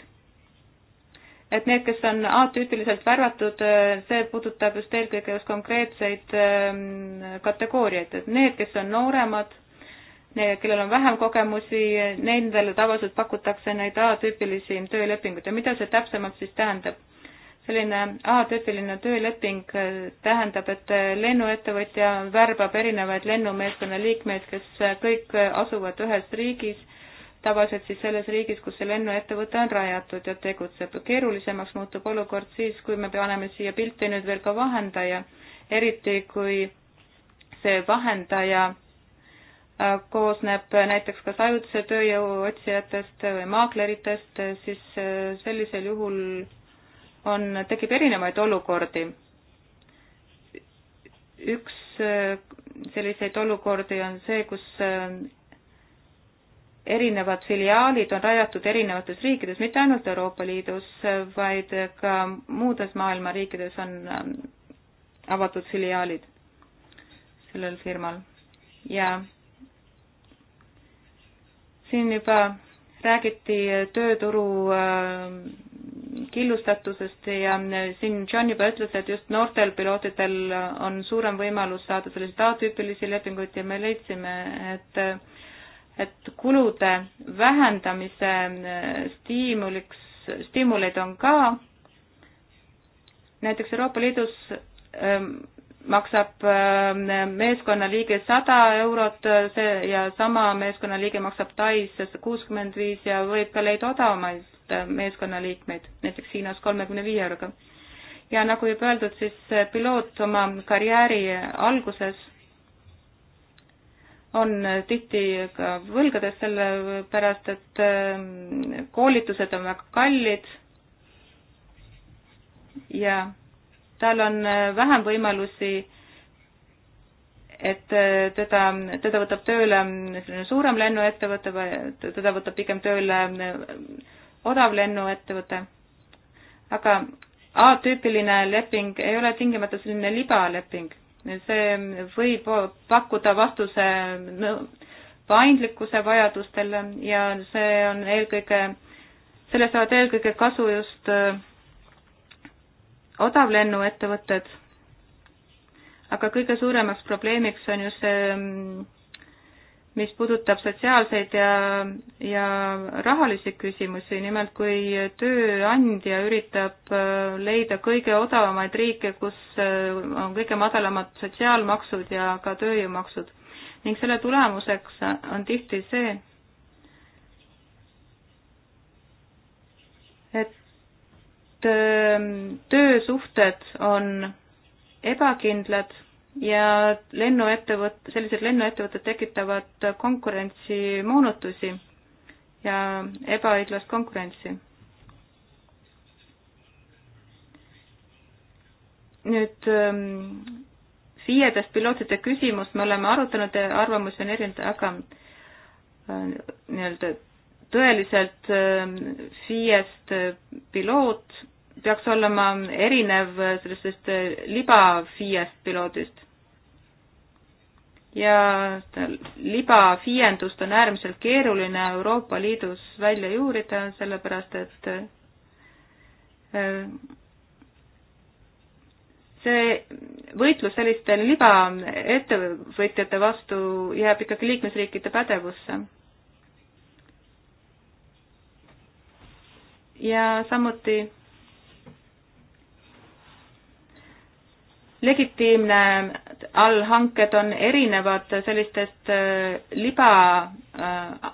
Speaker 1: et need, kes on atüüpiliselt värvatud, see puudutab just eelkõige just konkreetseid ähm, kategooriaid, et need, kes on nooremad, need, kellel on vähem kogemusi, nendele tavaliselt pakutakse neid atüüpilisi töölepinguid ja mida see täpsemalt siis tähendab? selline atüüpiline tööleping äh, tähendab, et äh, lennuettevõtja värbab erinevaid lennumeeskonna liikmeid, kes äh, kõik asuvad ühes riigis tavaliselt siis selles riigis, kus see lennuettevõte on rajatud ja tegutseb. keerulisemaks muutub olukord siis, kui me paneme siia pilti nüüd veel ka vahendaja, eriti kui see vahendaja äh, koosneb näiteks kas ajutise tööjõu otsijatest või maakleritest, siis äh, sellisel juhul on, tekib erinevaid olukordi. üks äh, selliseid olukordi on see, kus erinevad filiaalid on rajatud erinevates riikides, mitte ainult Euroopa Liidus, vaid ka muudes maailma riikides on ähm, avatud filiaalid sellel firmal. ja siin juba räägiti tööturu ähm, killustatusest ja äh, siin John juba ütles, et just noortel pilootidel on suurem võimalus saada selliseid A-tüüpilisi lepinguid ja me leidsime, et äh, et kulude vähendamise äh, stiimuliks, stiimuleid on ka. näiteks Euroopa Liidus ähm, maksab ähm, meeskonnaliige sada eurot äh, see ja sama meeskonnaliige maksab Tais kuuskümmend viis ja võib ka leida odavamaid äh, meeskonnaliikmeid, näiteks Hiinas kolmekümne viie euroga. ja nagu juba öeldud, siis piloot oma karjääri alguses on tihti ka võlgades, sellepärast et ähm, koolitused on väga kallid ja tal on äh, vähem võimalusi, et äh, teda, teda võtab tööle ähm, selline suurem lennuettevõte või teda võtab pigem tööle äh, odav lennuettevõte. aga A-tüüpiline leping ei ole tingimata selline libaleping see võib pakkuda vastuse paindlikkuse vajadustele ja see on eelkõige, sellest saavad eelkõige kasu just äh, odavlennuettevõtted, aga kõige suuremaks probleemiks on just see mm, mis puudutab sotsiaalseid ja, ja rahalisi küsimusi, nimelt kui tööandja üritab äh, leida kõige odavamaid riike, kus äh, on kõige madalamad sotsiaalmaksud ja ka tööjõumaksud. ning selle tulemuseks on tihti see, et äh, töösuhted on ebakindlad ja lennuettevõt-, sellised lennuettevõtted tekitavad konkurentsimoonutusi ja ebaõiglast konkurentsi. nüüd ähm, FIE-dest pilootide küsimust me oleme arutanud ja arvamusi on erinevaid, aga äh, nii-öelda tõeliselt ähm, FIE-st piloot peaks olema erinev sellest äh, libafiiest piloodist. ja libafiiendust on äärmiselt keeruline Euroopa Liidus välja juurida, sellepärast et äh, see võitlus selliste libaettevõtjate vastu jääb ikkagi liikmesriikide pädevusse. ja samuti legitiimne allhanked on erinevad sellistest äh, liba äh,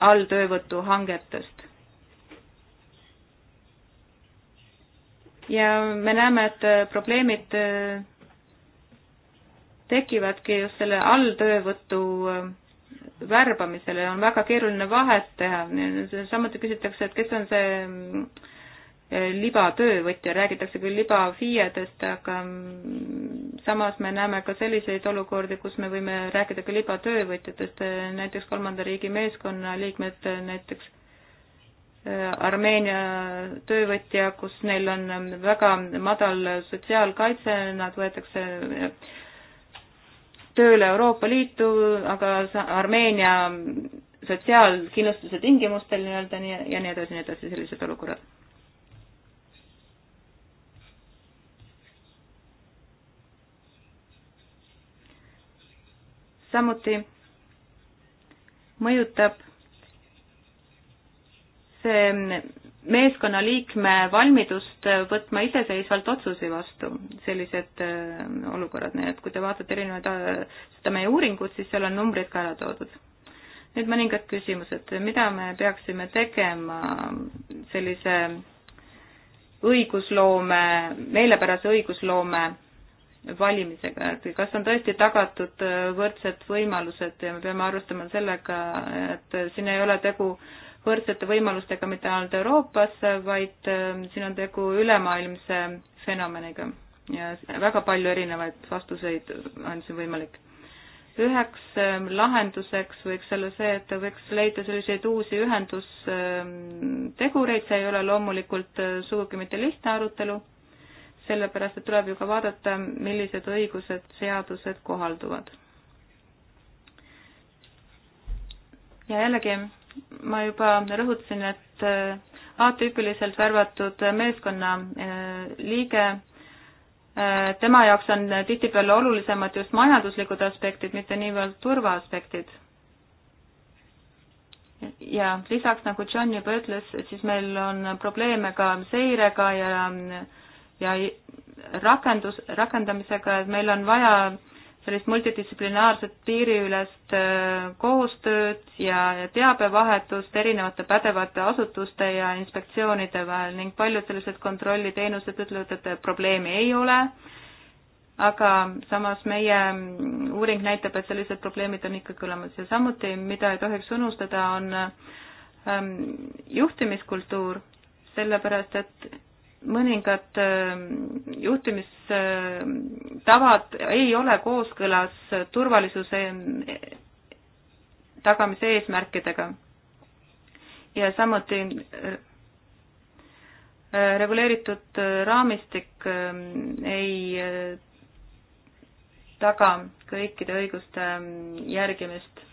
Speaker 1: alltöövõtu hangetest. ja me näeme, et äh, probleemid tekivadki just selle alltöövõtu värbamisele, on väga keeruline vahet teha, samuti küsitakse, et kes on see mm, libatöövõtja, räägitakse küll libafiiedest, aga samas me näeme ka selliseid olukordi, kus me võime rääkida ka libatöövõtjatest, näiteks kolmanda riigi meeskonnaliikmed, näiteks äh, Armeenia töövõtja, kus neil on väga madal sotsiaalkaitse, nad võetakse äh, tööle Euroopa Liitu, aga Armeenia sotsiaalkindlustuse tingimustel nii-öelda nii ja nii edasi, nii edasi, sellised olukorrad samuti mõjutab see meeskonnaliikme valmidust võtma iseseisvalt otsusi vastu, sellised äh, olukorrad, nii et kui te vaatate erinevaid, äh, seda meie uuringut, siis seal on numbrid ka ära toodud. nüüd mõningad küsimused, mida me peaksime tegema sellise õigusloome, meelepärase õigusloome valimisega, et kas on tõesti tagatud äh, võrdsed võimalused ja me peame arvestama sellega, et siin ei ole tegu võrdsete võimalustega mitte ainult Euroopas, vaid äh, siin on tegu ülemaailmse fenomeniga ja väga palju erinevaid vastuseid on siin võimalik. üheks ähm, lahenduseks võiks olla see, et võiks leida selliseid uusi ühendustegureid, ähm, see ei ole loomulikult äh, sugugi mitte lihtne arutelu sellepärast et tuleb ju ka vaadata, millised õigused, seadused kohalduvad. ja jällegi, ma juba rõhutasin, et äh, atüüpiliselt värvatud meeskonna äh, liige, äh, tema jaoks on tihtipeale olulisemad just majanduslikud aspektid, mitte niivõrd turvaaspektid ja lisaks, nagu John juba ütles, siis meil on probleeme ka seirega ja ja rakendus, rakendamisega, et meil on vaja sellist multidistsiplinaarset piiriülest äh, koostööd ja teabevahetust erinevate pädevate asutuste ja inspektsioonide vahel ning paljud sellised kontrolliteenused ütlevad, et probleemi ei ole, aga samas meie mm, uuring näitab, et sellised probleemid on ikkagi olemas ja samuti, mida ei tohiks unustada, on ähm, juhtimiskultuur, sellepärast et mõningad ähm, juhtimistavad ei ole kooskõlas turvalisuse tagamise eesmärkidega. ja samuti äh, äh, reguleeritud äh, raamistik ähm, ei taga kõikide õiguste ähm, järgimist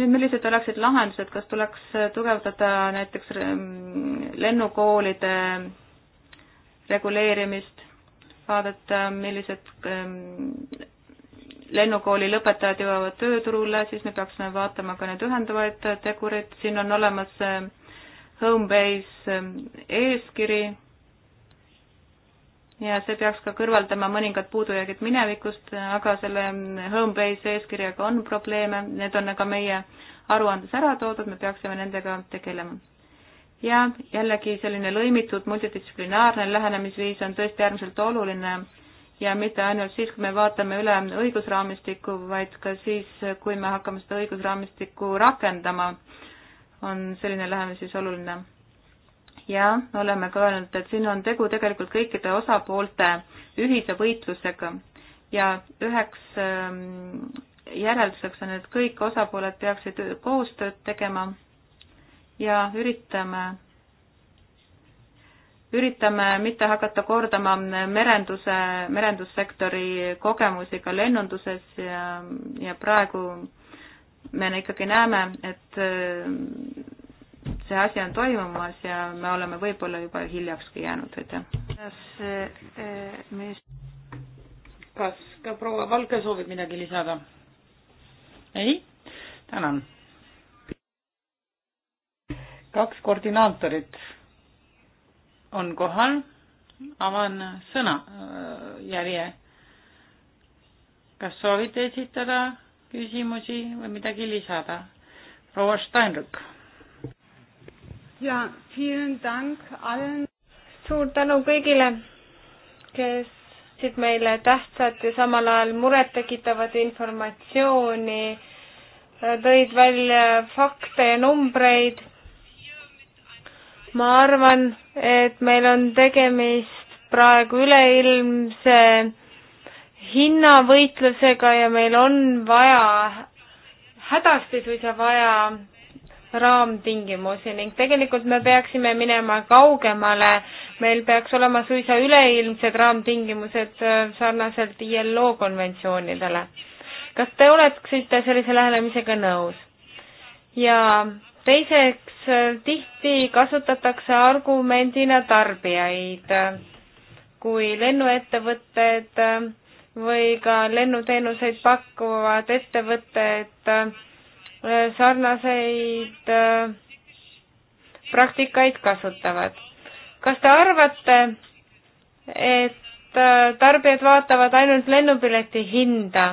Speaker 1: nüüd millised oleksid lahendused, kas tuleks tugevdada näiteks ähm, lennukoolide reguleerimist, vaadata, millised ähm, lennukooli lõpetajad jõuavad tööturule, siis me peaksime vaatama ka need ühendavaid tegureid, siin on olemas äh, home base ähm, eeskiri ja see peaks ka kõrvaldama mõningad puudujäägid minevikust, aga selle home-base eeskirjaga on probleeme, need on aga meie aruandes ära toodud, me peaksime nendega tegelema. ja jällegi selline lõimitud multidistsiplinaarne lähenemisviis on tõesti äärmiselt oluline ja mitte ainult siis, kui me vaatame üle õigusraamistikku, vaid ka siis, kui me hakkame seda õigusraamistikku rakendama, on selline lähenemisviis oluline ja me oleme ka öelnud, et siin on tegu tegelikult kõikide osapoolte ühise võitlusega ja üheks ähm, järelduseks on, et kõik osapooled peaksid koostööd tegema ja üritame, üritame mitte hakata kordama merenduse, merendussektori kogemusi ka lennunduses ja, ja praegu me ikkagi näeme, et see asi on toimumas ja me oleme võib-olla juba hiljakski jäänud, aitäh. Eh, kas ka proua Valge soovib midagi lisada? ei? tänan. kaks koordinaatorit on kohal, avan sõnajärje. Eh, kas soovite esitada küsimusi või midagi lisada? proua Steinrück ja vielen Dank allen. suur tänu kõigile, kes andsid meile tähtsat ja samal ajal murettekitavat informatsiooni, äh, tõid välja fakte ja numbreid. ma arvan, et meil on tegemist praegu üleilmse hinnavõitlusega ja meil on vaja hädasti suisa vaja raamtingimusi ning tegelikult me peaksime minema kaugemale, meil peaks olema suisa üleilmsed raamtingimused äh, sarnaselt ILO konventsioonidele. kas te oleksite sellise lähenemisega nõus? ja teiseks, äh, tihti kasutatakse argumendina tarbijaid, äh, kui lennuettevõtted või ka lennuteenuseid pakkuvad ettevõtted et Äh, sarnaseid äh, praktikaid kasutavad. kas te arvate, et äh, tarbijad vaatavad ainult lennupileti hinda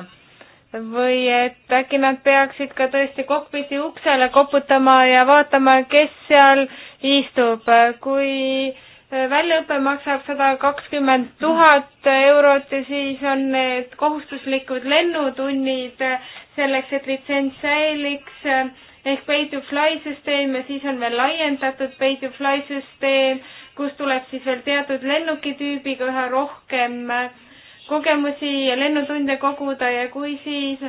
Speaker 1: või et äkki nad peaksid ka tõesti kokpiti uksele koputama ja vaatama, kes seal istub, kui väljaõpe maksab sada kakskümmend tuhat eurot ja siis on need kohustuslikud lennutunnid selleks, et litsents säiliks eh, ehk pay-to-fly süsteem ja siis on veel laiendatud pay-to-fly süsteem, kus tuleb siis veel teatud lennukitüübiga üha rohkem eh, kogemusi ja lennutunde koguda ja kui siis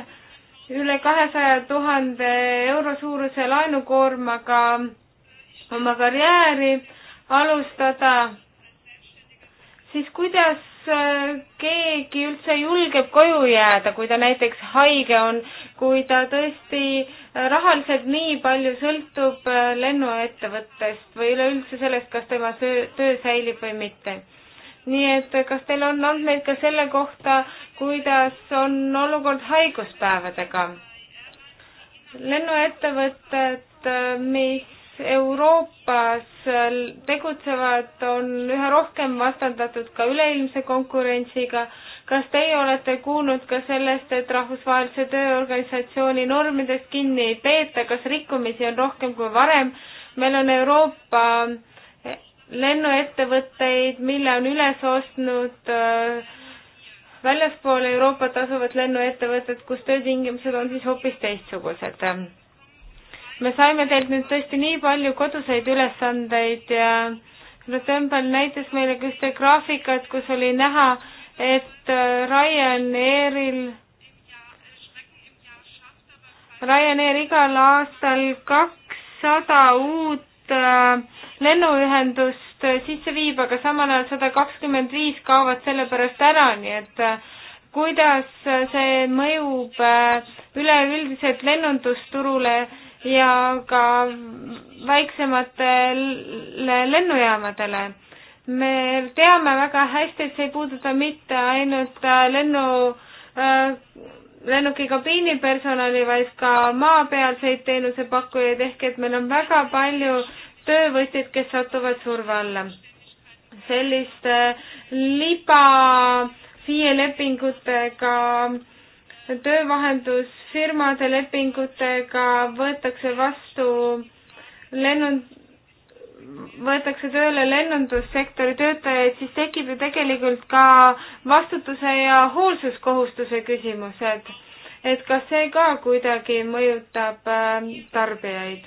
Speaker 1: üle kahesaja tuhande euro suuruse laenukoormaga oma karjääri alustada, siis kuidas eh, keegi üldse julgeb koju jääda, kui ta näiteks haige on kui ta tõesti rahaliselt nii palju sõltub äh, lennuettevõttest või üleüldse sellest, kas tema töö, töö säilib või mitte. nii et äh, kas teil on andmeid ka selle kohta, kuidas on olukord haiguspäevadega? lennuettevõtted, äh, mis Euroopas tegutsevad, on üha rohkem vastandatud ka üleilmse konkurentsiga kas teie olete kuulnud ka sellest, et Rahvusvahelise Tööorganisatsiooni normidest kinni ei peeta, kas rikkumisi on rohkem kui varem? meil on Euroopa lennuettevõtteid, mille on üles ostnud äh, väljaspool Euroopat asuvad lennuettevõtted, kus töötingimused on siis hoopis teistsugused. me saime teilt nüüd tõesti nii palju koduseid ülesandeid ja Tõmbel näitas meile ka ühte graafikat, kus oli näha, et äh, Ryanairil Ryanair igal aastal kakssada uut äh, lennuühendust äh, sisse viib, aga samal ajal sada kakskümmend viis kaovad selle pärast ära, nii et kuidas see mõjub üleüldiselt lennundusturule ja ka väiksematele lennujaamadele me teame väga hästi, et see ei puuduta mitte ainult äh, lennu äh,, lennukikabiini personali, vaid ka maapealseid teenusepakkujaid, ehk et meil on väga palju töövõtjaid, kes satuvad surve alla. selliste äh, liba FIE lepingutega töövahendusfirmade lepingutega võetakse vastu lennu-, võetakse tööle lennundussektori töötajaid, siis tekib ju tegelikult ka vastutuse ja hoolsuskohustuse küsimused. et kas see ka kuidagi mõjutab äh, tarbijaid?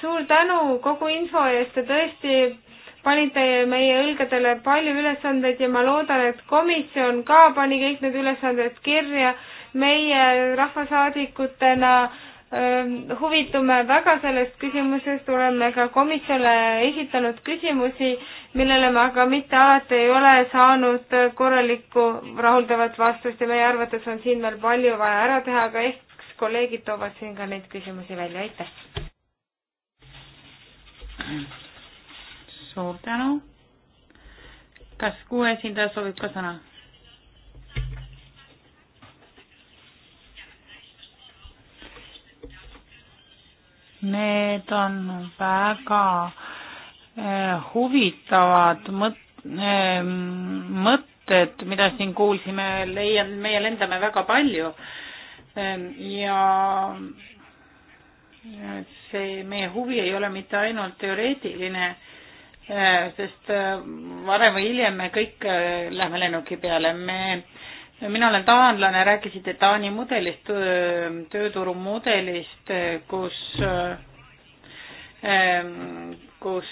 Speaker 1: suur tänu kogu info eest, te tõesti panite meie õlgadele palju ülesandeid ja ma loodan, et komisjon ka pani kõik need ülesanded kirja meie rahvasaadikutena huvitume väga sellest küsimusest, oleme ka komisjonile esitanud küsimusi, millele me aga mitte alati ei ole saanud korralikku rahuldavat vastust ja meie arvates on siin veel palju vaja ära teha, aga ehk kolleegid toovad siin ka neid küsimusi välja, aitäh! suur tänu! kas kuue esindaja soovib ka sõna? Need on väga eh, huvitavad mõt-, eh, mõtted, mida siin kuulsime, leian, meie lendame väga palju ehm, ja see meie huvi ei ole mitte ainult teoreetiline, eh, sest varem või hiljem me kõik lähme lennuki peale, me mina olen taanlane, rääkisite Taani mudelist, tööturumudelist, kus, ehm, kus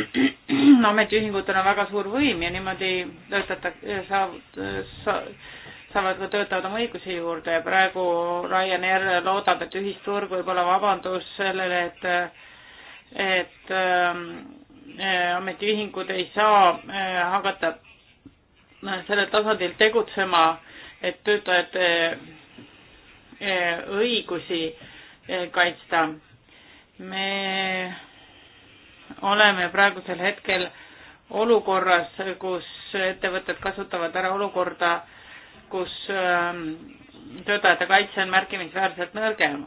Speaker 1: *clears throat* ametiühingutel on väga suur võim ja niimoodi töötatakse, saavad sa,, saavad ka töötajad oma õiguse juurde ja praegu Ryanair loodab, et ühisturg võib olla vabandus sellele, et, et ehm, ametiühingud ei saa eh, hakata sellel tasandil tegutsema, et töötajate e, õigusi e, kaitsta. me oleme praegusel hetkel olukorras, kus ettevõtted kasutavad ära olukorda, kus e, töötajate kaitse on märkimisväärselt nõrgem.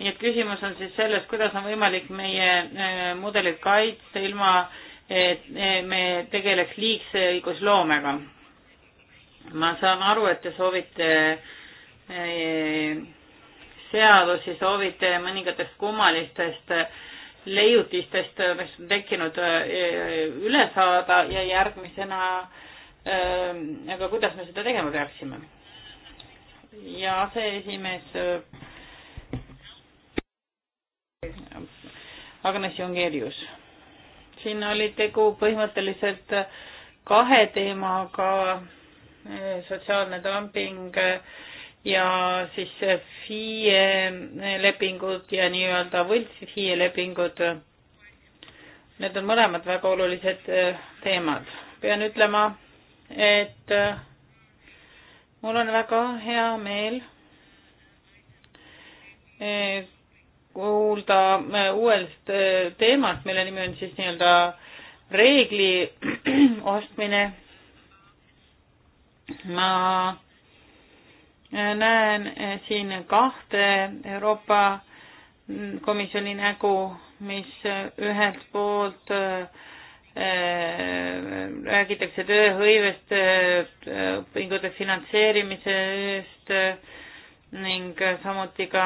Speaker 1: nii et küsimus on siis selles, kuidas on võimalik meie mudelit kaitsta ilma, et me tegeleks liigse õigusloomega ma saan aru, et te soovite eh, seadusi, soovite mõningatest kummalistest leiutistest, mis on tekkinud, eh, üle saada ja järgmisena eh, aga kuidas me seda tegema peaksime? ja aseesimees Agnes Jungerius. siin oli tegu põhimõtteliselt kahe teemaga ka sotsiaalne dumping ja siis FIE lepingud ja nii-öelda võlts-FIE lepingud. Need on mõlemad väga olulised eh, teemad. pean ütlema, et eh, mul on väga hea meel eh, kuulda uuest teemast, mille nimi on siis nii-öelda reegli *clears throat* ostmine ma äh, näen äh, siin kahte Euroopa mm, Komisjoni nägu, mis äh, ühelt poolt räägitakse tööhõivest, õpingute finantseerimisest ning samuti ka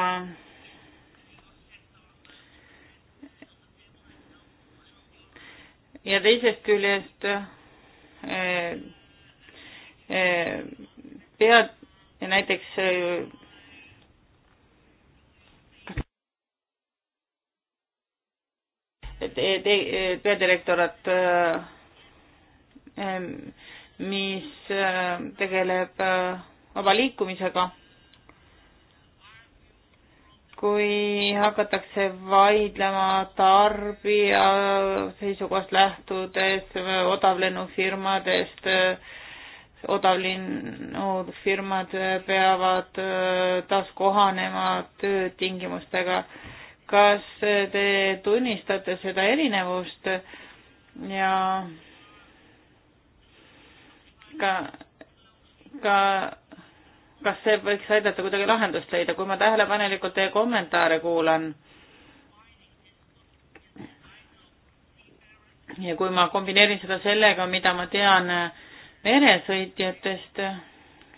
Speaker 1: ja teisest küljest Eh, pead näiteks eh, peadirektorat, eh, mis tegeleb vaba liikumisega. kui hakatakse vaidlema tarbija seisukohast lähtudes, odavlennufirmadest äh, odavlinnufirmad peavad äh, taas kohanema töötingimustega. kas te tunnistate seda erinevust ja ka, ka kas see võiks aidata kuidagi lahendust leida, kui ma tähelepanelikult teie kommentaare kuulan ja kui ma kombineerin seda sellega, mida ma tean äh, meresõitjatest,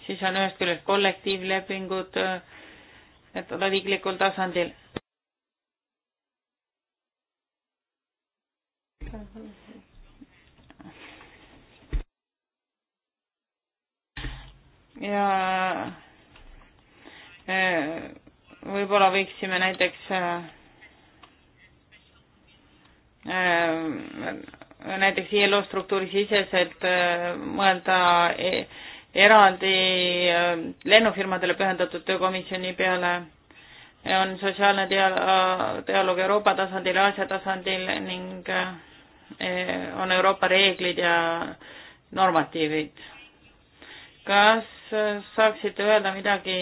Speaker 1: siis on ühest küljest kollektiivlepingud äh, riiklikul tasandil. ja äh, võib-olla võiksime näiteks äh, näiteks ILO struktuuri siseselt äh, mõelda e, eraldi äh, lennufirmadele pühendatud töökomisjoni peale, on sotsiaalne dialoog Euroopa tasandil ja Aasia tasandil ning äh, e, on Euroopa reeglid ja normatiivid. kas saaksite öelda midagi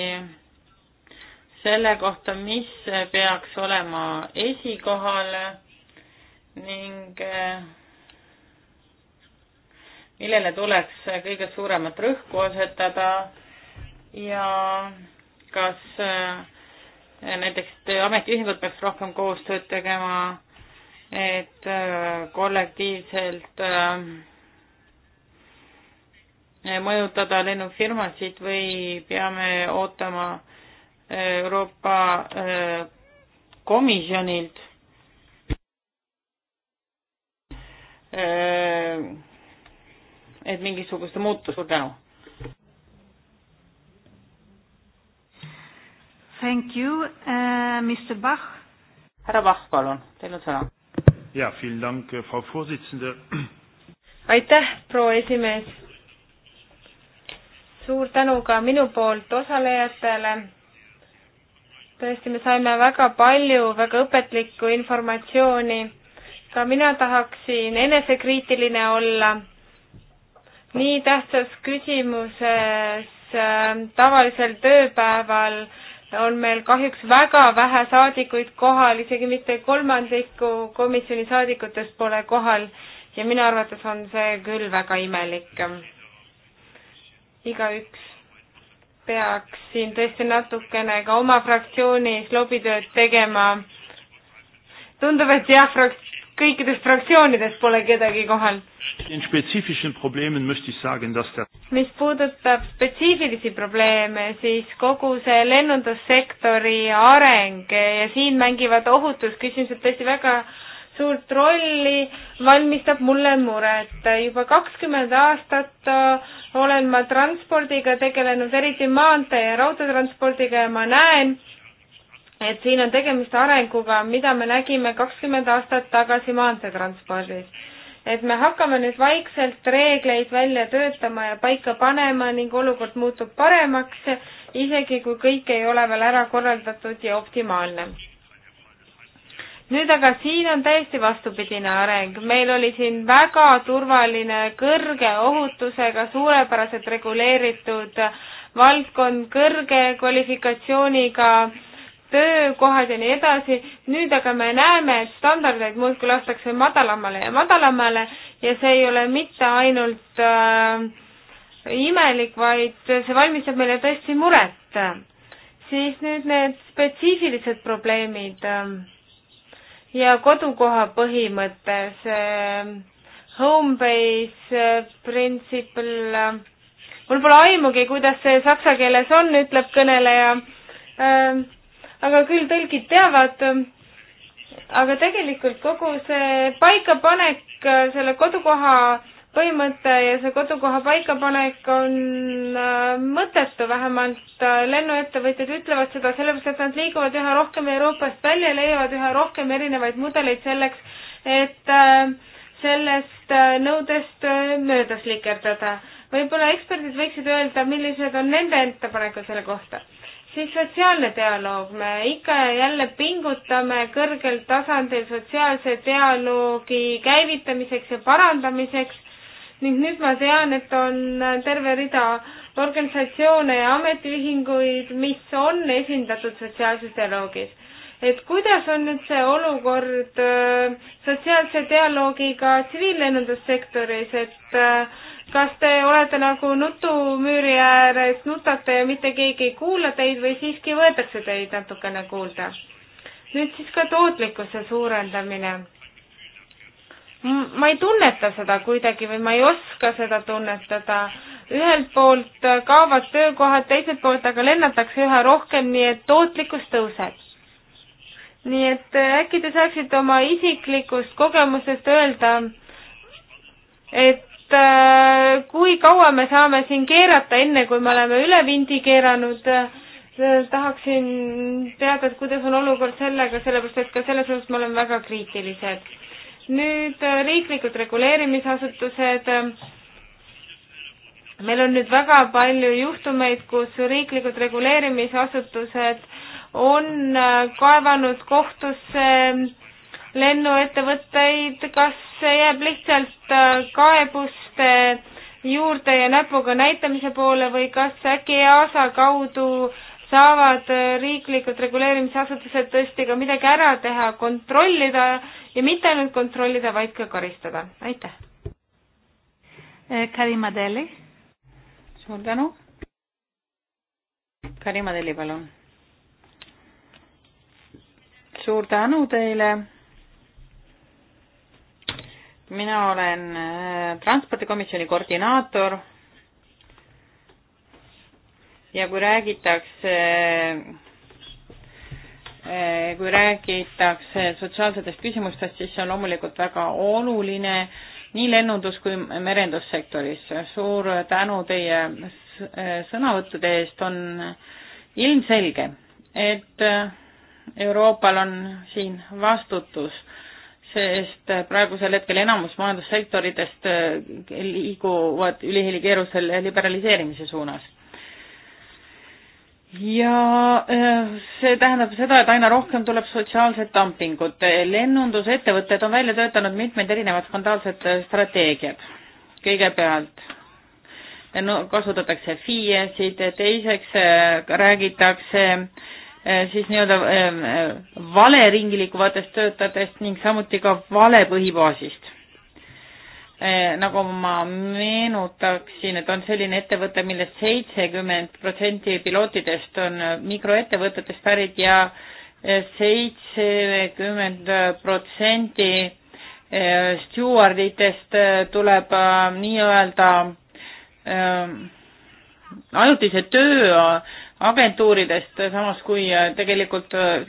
Speaker 1: selle kohta, mis peaks olema esikohal ning millele tuleks kõige suuremat rõhku asetada ja kas äh, näiteks ametiühingud peaks rohkem koostööd tegema, et äh, kollektiivselt äh, mõjutada lennufirmasid või peame ootama Euroopa Komisjonilt et mingisugust muutust, suur tänu. Thank you uh,, Mr Bach. härra Bach, palun, teil on sõna. jaa, vielen Dank, äh, Frau Vorsitzende. aitäh, proua esimees. suur tänu ka minu poolt osalejatele tõesti, me saime väga palju väga õpetlikku informatsiooni. ka mina tahaksin enesekriitiline olla nii tähtsas küsimuses äh, tavalisel tööpäeval on meil kahjuks väga vähe saadikuid kohal, isegi mitte kolmandiku komisjoni saadikutest pole kohal ja minu arvates on see küll väga imelik. igaüks peaks siin tõesti natukene ka oma fraktsioonis lobitööd tegema. tundub, et jah, kõikidest fraktsioonidest pole kedagi kohal. mis puudutab spetsiifilisi probleeme, siis kogu see lennundussektori areng ja siin mängivad ohutusküsimused tõesti väga suurt rolli, valmistab mulle muret. juba kakskümmend aastat äh, olen ma transpordiga tegelenud, eriti maantee ja raudteetranspordiga ja ma näen, et siin on tegemist arenguga, mida me nägime kakskümmend aastat tagasi maanteetranspordis. et me hakkame nüüd vaikselt reegleid välja töötama ja paika panema ning olukord muutub paremaks, isegi kui kõik ei ole veel ära korraldatud ja optimaalne. nüüd aga siin on täiesti vastupidine areng, meil oli siin väga turvaline, kõrge ohutusega, suurepäraselt reguleeritud valdkond, kõrge kvalifikatsiooniga äh, töökohad ja nii edasi. nüüd aga me näeme, et standardeid muudkui lastakse madalamale ja madalamale ja see ei ole mitte ainult äh, imelik, vaid see valmistab meile tõesti muret. siis nüüd need spetsiifilised probleemid äh, ja kodukoha põhimõte, see äh, home base äh, principle äh,, mul pole aimugi, kuidas see saksa keeles on, ütleb kõneleja äh, aga küll tõlgid teavad, aga tegelikult kogu see paikapanek, selle kodukoha põhimõte ja see kodukoha paikapanek on äh, mõttetu, vähemalt lennuettevõtjad ütlevad seda, sellepärast et nad liiguvad üha rohkem Euroopast välja ja leiavad üha rohkem erinevaid mudeleid selleks, et äh, sellest äh, nõudest mööda slikerdada. võib-olla eksperdid võiksid öelda, millised on nende ettepanekud selle kohta siis sotsiaalne dialoog, me ikka ja jälle pingutame kõrgel tasandil sotsiaalse dialoogi käivitamiseks ja parandamiseks ning nüüd ma tean, et on terve rida organisatsioone ja ametiühinguid, mis on esindatud sotsiaalses dialoogis. et kuidas on nüüd see olukord äh, sotsiaalse dialoogiga tsiviillennundussektoris, et äh, kas te olete nagu nutumüüri ääres, nutate ja mitte keegi ei kuula teid või siiski võetakse teid natukene kuulda? nüüd siis ka tootlikkuse suurendamine. ma ei tunneta seda kuidagi või ma ei oska seda tunnetada. ühelt poolt kaovad töökohad, teiselt poolt aga lennatakse üha rohkem, nii et tootlikkus tõuseb nii et äkki te saaksite oma isiklikust kogemusest öelda, et Äh, kui kaua me saame siin keerata, enne kui me oleme üle vindi keeranud. Äh, tahaksin teada, et kuidas on olukord sellega, sellepärast et ka selles osas me oleme väga kriitilised. nüüd äh, riiklikud reguleerimisasutused. meil on nüüd väga palju juhtumeid, kus riiklikud reguleerimisasutused on kaevanud kohtusse lennuettevõtteid, kas jääb lihtsalt kaebus kohustuste juurde ja näpuga näitamise poole või kas äkki EASA kaudu saavad riiklikud reguleerimisasutused tõesti ka midagi ära teha, kontrollida ja mitte ainult kontrollida, vaid ka karistada, aitäh. Eh, Karima Deli. suur tänu. Karima Deli, palun. suur tänu teile mina olen äh, transpordikomisjoni koordinaator ja kui räägitakse äh, kui räägitakse sotsiaalsetest küsimustest, siis see on loomulikult väga oluline nii lennundus kui merendussektoris. suur tänu teie äh, sõnavõttude eest, on ilmselge, et Euroopal on siin vastutus sest äh, praegusel hetkel enamus majandussektoritest äh, liiguvad ülihilikeerusel liberaliseerimise suunas. ja äh, see tähendab seda, et aina rohkem tuleb sotsiaalset dumpingut. lennundusettevõtted on välja töötanud mitmed erinevad skandaalsed strateegiad. kõigepealt no kasutatakse FIE-sid, teiseks räägitakse äh, Eh, siis nii-öelda eh, eh, valeringi liikuvatest töötajatest ning samuti ka vale põhibaasist. nagu ma meenutaksin, et on selline ettevõte millest, millest seitsekümmend protsenti pilootidest on mikroettevõtetest pärit ja seitsekümmend protsenti stjuarditest tuleb nii-öelda ajutise töö agentuuridest, samas kui äh, tegelikult äh,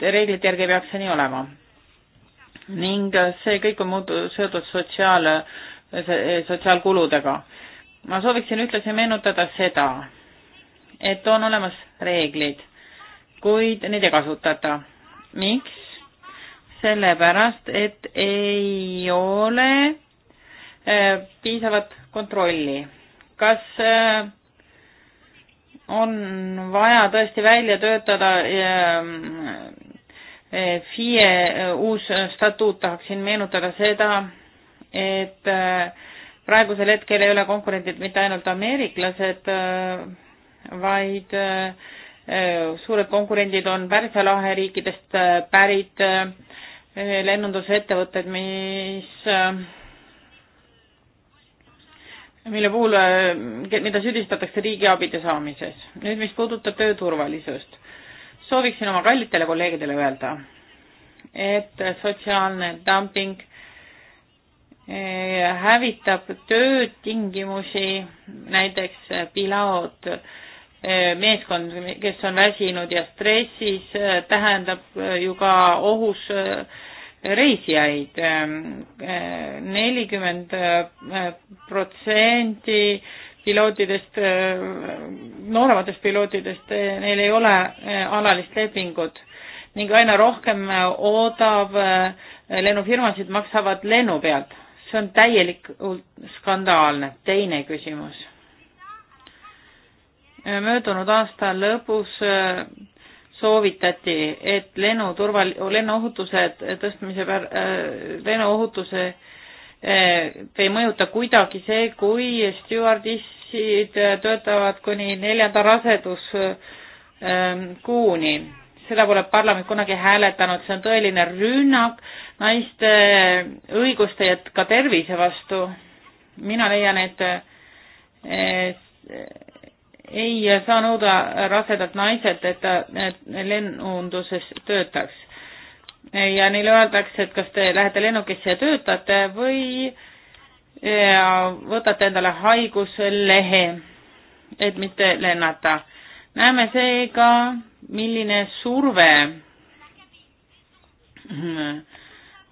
Speaker 1: reeglite järgi peaks see nii olema. ning äh, see kõik on muutu-, seotud sotsiaal, eh, sotsiaalkuludega. ma sooviksin ühtlasi meenutada seda, et on olemas reeglid, kuid neid ei kasutata. miks? sellepärast, et ei ole piisavat kontrolli. kas äh, on vaja tõesti välja töötada ehm, eh, FIE eh, uus statuut, tahaksin meenutada seda, et eh, praegusel hetkel ei ole konkurendid mitte ainult ameeriklased, vaid suured konkurendid on Pärsia lahe riikidest pärit lennundusettevõtted, mis mille puhul, äh, mida süüdistatakse riigiabide saamises. nüüd, mis puudutab tööturvalisust, sooviksin oma kallitele kolleegidele öelda, et sotsiaalne dumping äh, hävitab töötingimusi, näiteks piloot, äh, meeskond, kes on väsinud ja stressis, tähendab ju ka ohus reisijaid. Ehm, ehm, nelikümmend ehm, protsenti pilootidest, noorematest pilootidest, eh, neil ei ole eh, alalist lepingut ning aina rohkem eh, odav lennufirmasid maksavad lennu pealt. see on täielikult skandaalne. teine küsimus. möödunud aasta lõpus soovitati, et lennuturval-, lennuohutuse tõstmise pär-, äh, lennuohutuse äh, ei mõjuta kuidagi see, kui stjuardissid töötavad kuni neljanda raseduskuuni. Ähm, seda pole parlament kunagi hääletanud, see on tõeline rünnak naiste õiguste ja ka tervise vastu. mina leian, et äh, ei saa nõuda rasedalt naiselt, et ta lennunduses töötaks. ja neile öeldakse, et kas te lähete lennukisse ja töötate või võtate endale haiguslehe, et mitte lennata. näeme seega, milline surve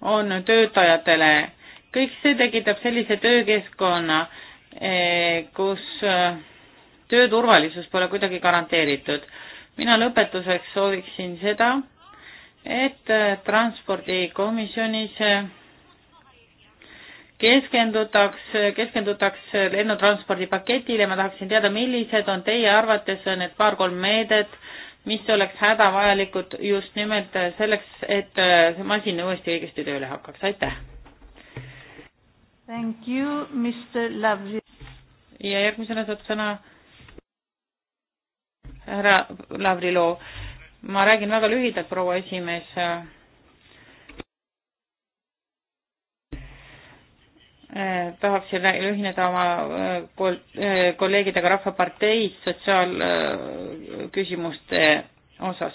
Speaker 1: on töötajatele. kõik see tekitab sellise töökeskkonna, eh, kus äh, tööturvalisus pole kuidagi garanteeritud. mina lõpetuseks sooviksin seda, et transpordikomisjonis keskendutaks, keskendutaks lennutranspordi paketile, ma tahaksin teada, millised on teie arvates need paar-kolm meedet, mis oleks hädavajalikud just nimelt selleks, et see masin uuesti õigesti tööle hakkaks, aitäh. Thank you, Mr Lavri. ja järgmisena saab sõna härra Lavrilov. ma räägin väga lühidalt, proua esimees. tahaksin ühineda oma kolleegidega Rahvaparteist sotsiaalküsimuste osas.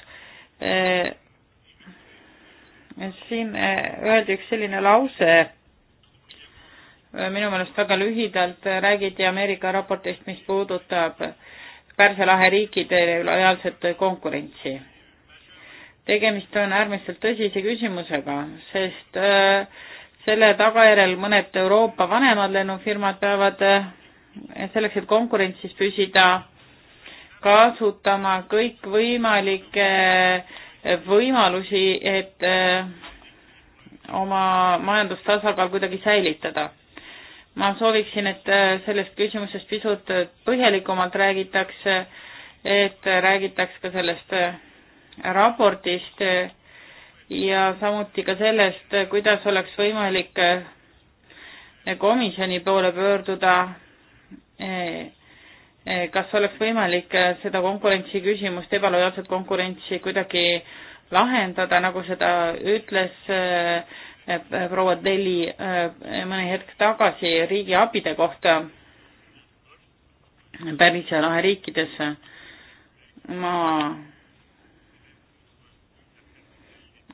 Speaker 1: siin öeldi üks selline lause minu meelest väga lühidalt räägiti Ameerika raportist, mis puudutab äh, Pärsia lahe riikide lojaalset konkurentsi. tegemist on äärmiselt tõsise küsimusega, sest äh, selle tagajärjel mõned Euroopa vanemad lennufirmad peavad äh, selleks, et konkurentsis püsida, kasutama kõikvõimalikke äh, võimalusi, et oma majandustasakaal kuidagi säilitada ma sooviksin, et äh, sellest küsimusest pisut põhjalikumalt räägitakse, et räägitaks ka sellest äh, raportist äh, ja samuti ka sellest, kuidas oleks võimalik komisjoni poole pöörduda, kas oleks võimalik seda konkurentsi küsimust, ebalojaalset konkurentsi kuidagi lahendada, nagu seda ütles äh, proua Deli eh, mõni hetk tagasi riigiabide kohta Pärnitsa lahe riikides. ma,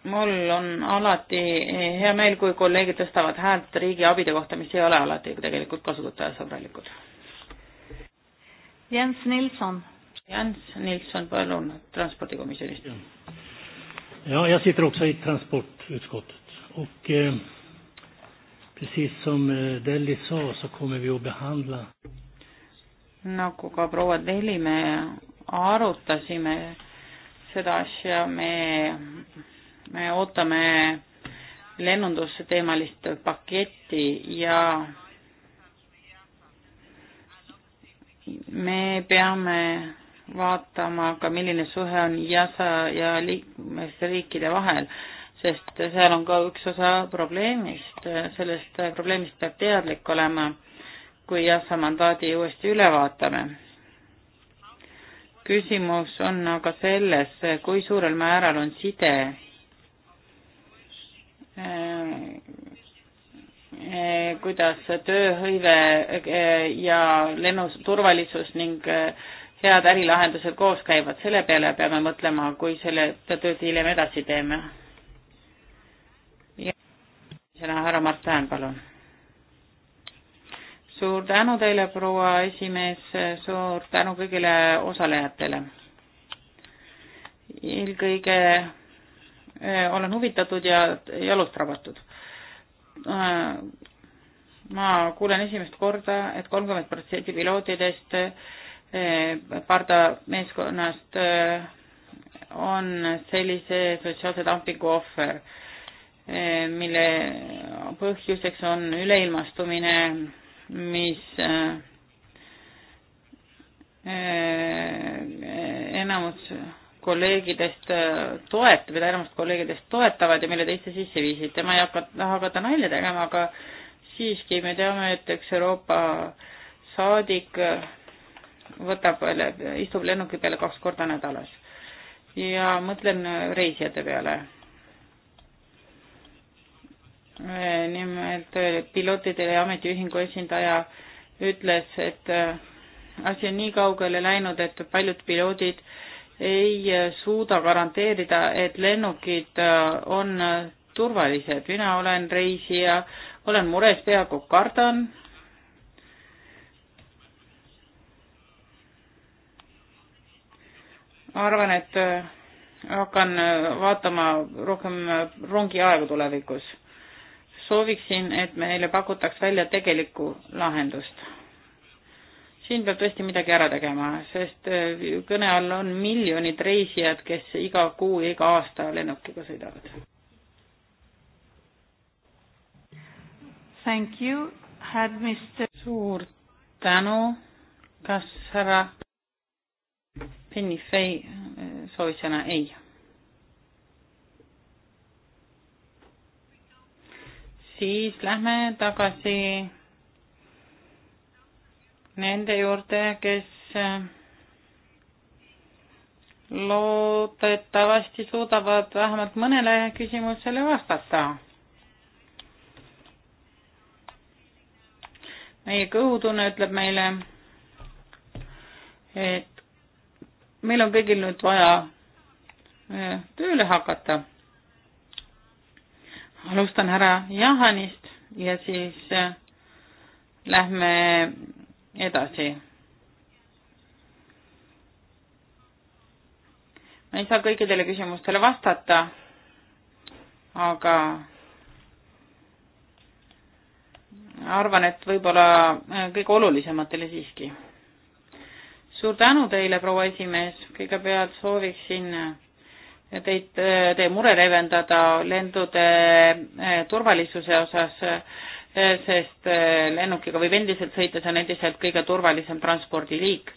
Speaker 1: mul on alati hea meel, kui kolleegid tõstavad häält riigiabide kohta, mis ei ole alati tegelikult kasutajasõbralikud. Jens Nilsson. Jens Nilsson, palun, transpordikomisjonist. ja, ja siit roogsait transportutskottet. Och eh, precis som eh, Delli sa så kommer vi att behandla nagu ka proua Deli me arutasime seda asja, me, me ootame lennundusteemalist paketti ja me peame vaatama ka, milline suhe on JASA ja liikmesriikide vahel sest seal on ka üks osa probleemist, sellest probleemist peab teadlik olema, kui EASA mandaadi uuesti üle vaatame. küsimus on aga selles, kui suurel määral on side äh, kuidas tööhõive äh, ja lennuturvalisus ning äh, head ärilahendused koos käivad, selle peale peame mõtlema, kui selle tööd hiljem edasi teeme järgmisena härra Mart Hään, palun. suur tänu teile, proua esimees, suur tänu kõigile osalejatele. eelkõige eh, olen huvitatud ja jalust rabatud. Eh, ma kuulen esimest korda et, et kolmkümmend protsenti pilootidest eh, parda meeskonnast on sellise sotsiaalse dumpingu ohver Eh, mille põhjuseks on üleilmastumine, mis eh, eh, enamus kolleegidest toetab, mida enamus kolleegidest toetavad ja mille te ise sisse viisite. ma ei hakka, taha hakata nalja tegema, aga siiski me teame, et üks Euroopa saadik võtab, istub lennuki peale kaks korda nädalas ja mõtlen reisijate peale Eh, nimelt eh, pilootidele ja ametiühingu esindaja ütles, et eh, asi on nii kaugele läinud, et paljud piloodid ei suuda garanteerida, et lennukid on turvalised. mina olen reisija, olen mures, peaaegu kardan. arvan, et hakkan vaatama rohkem rongiaegu tulevikus sooviksin, et meile pakutaks välja tegelikku lahendust. siin peab tõesti midagi ära tegema, sest äh, kõne all on miljonid reisijad, kes iga kuu ja iga aasta lennukiga sõidavad. Thank you, had Mr. suur tänu, kas härra Penny Fay äh, soovis sõna? ei siis lähme tagasi nende juurde, kes äh, loodetavasti suudavad vähemalt mõnele küsimusele vastata. meie kõhutunne ütleb meile, et meil on kõigil nüüd vaja äh, tööle hakata alustan härra Jahanist ja siis äh, lähme edasi. ma ei saa kõikidele küsimustele vastata, aga arvan, et võib-olla äh, kõige olulisematele siiski. suur tänu teile, proua esimees, kõigepealt sooviksin teid, teie mure leevendada lendude eh, turvalisuse osas, eh, sest eh, lennukiga võib endiselt sõita, see on endiselt kõige turvalisem transpordiliik.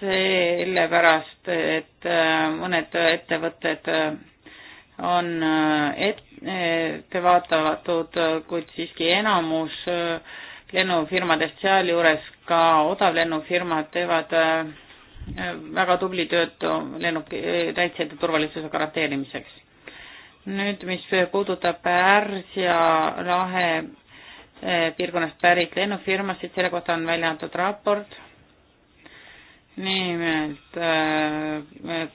Speaker 1: sellepärast, et mõned ettevõtted on ettevaatavatud, kuid siiski enamus lennufirmadest, sealjuures ka odavlennufirmad teevad äh, väga tubli tööd lennukitäitsjate turvalisuse garanteerimiseks. nüüd, mis puudutab Pärsia lahe eh, piirkonnast pärit lennufirmasid, selle kohta on välja antud raport, nimelt eh,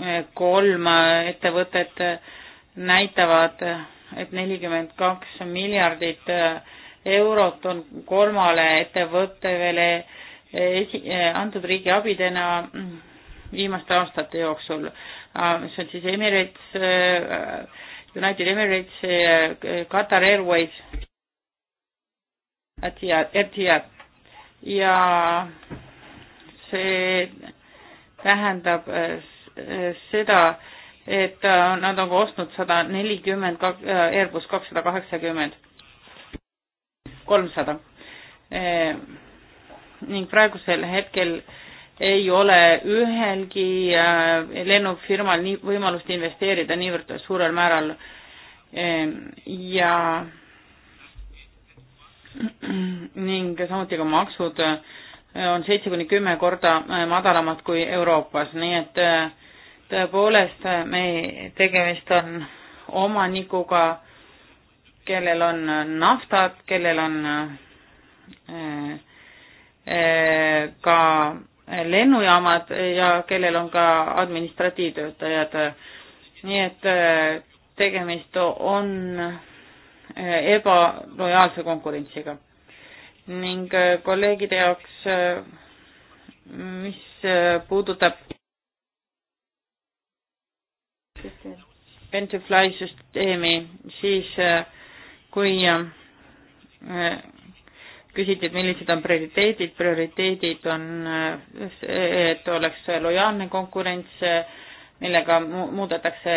Speaker 1: eh, kolm ettevõtet näitavad, et nelikümmend kaks miljardit eurot on kolmale ettevõttele äh, esi-, eh, antud riigi abidena mm, viimaste aastate jooksul. Ah, see on siis Emirates, eh, United Emirates, eh, Qatar Airways, Etihad ja see tähendab seda, et nad on ostnud sada nelikümmend Airbus kakssada kaheksakümmend, kolmsada ning praegusel hetkel ei ole ühelgi äh, lennufirmal nii võimalust investeerida niivõrd suurel määral ähm, ja *clears throat* ning samuti ka maksud äh, on seitse kuni kümme korda äh, madalamad kui Euroopas, nii et tõepoolest me, tegemist on omanikuga, kellel on naftat, kellel on äh, Eh, ka lennujaamad ja kellel on ka administratiivtöötajad. nii et eh, tegemist on eh, ebalojaalse konkurentsiga. ning kolleegide jaoks, mis puudutab Venture Fly süsteemi, siis kui küsiti, et millised on prioriteedid, prioriteedid on, äh, et oleks lojaalne konkurents, äh, millega muudetakse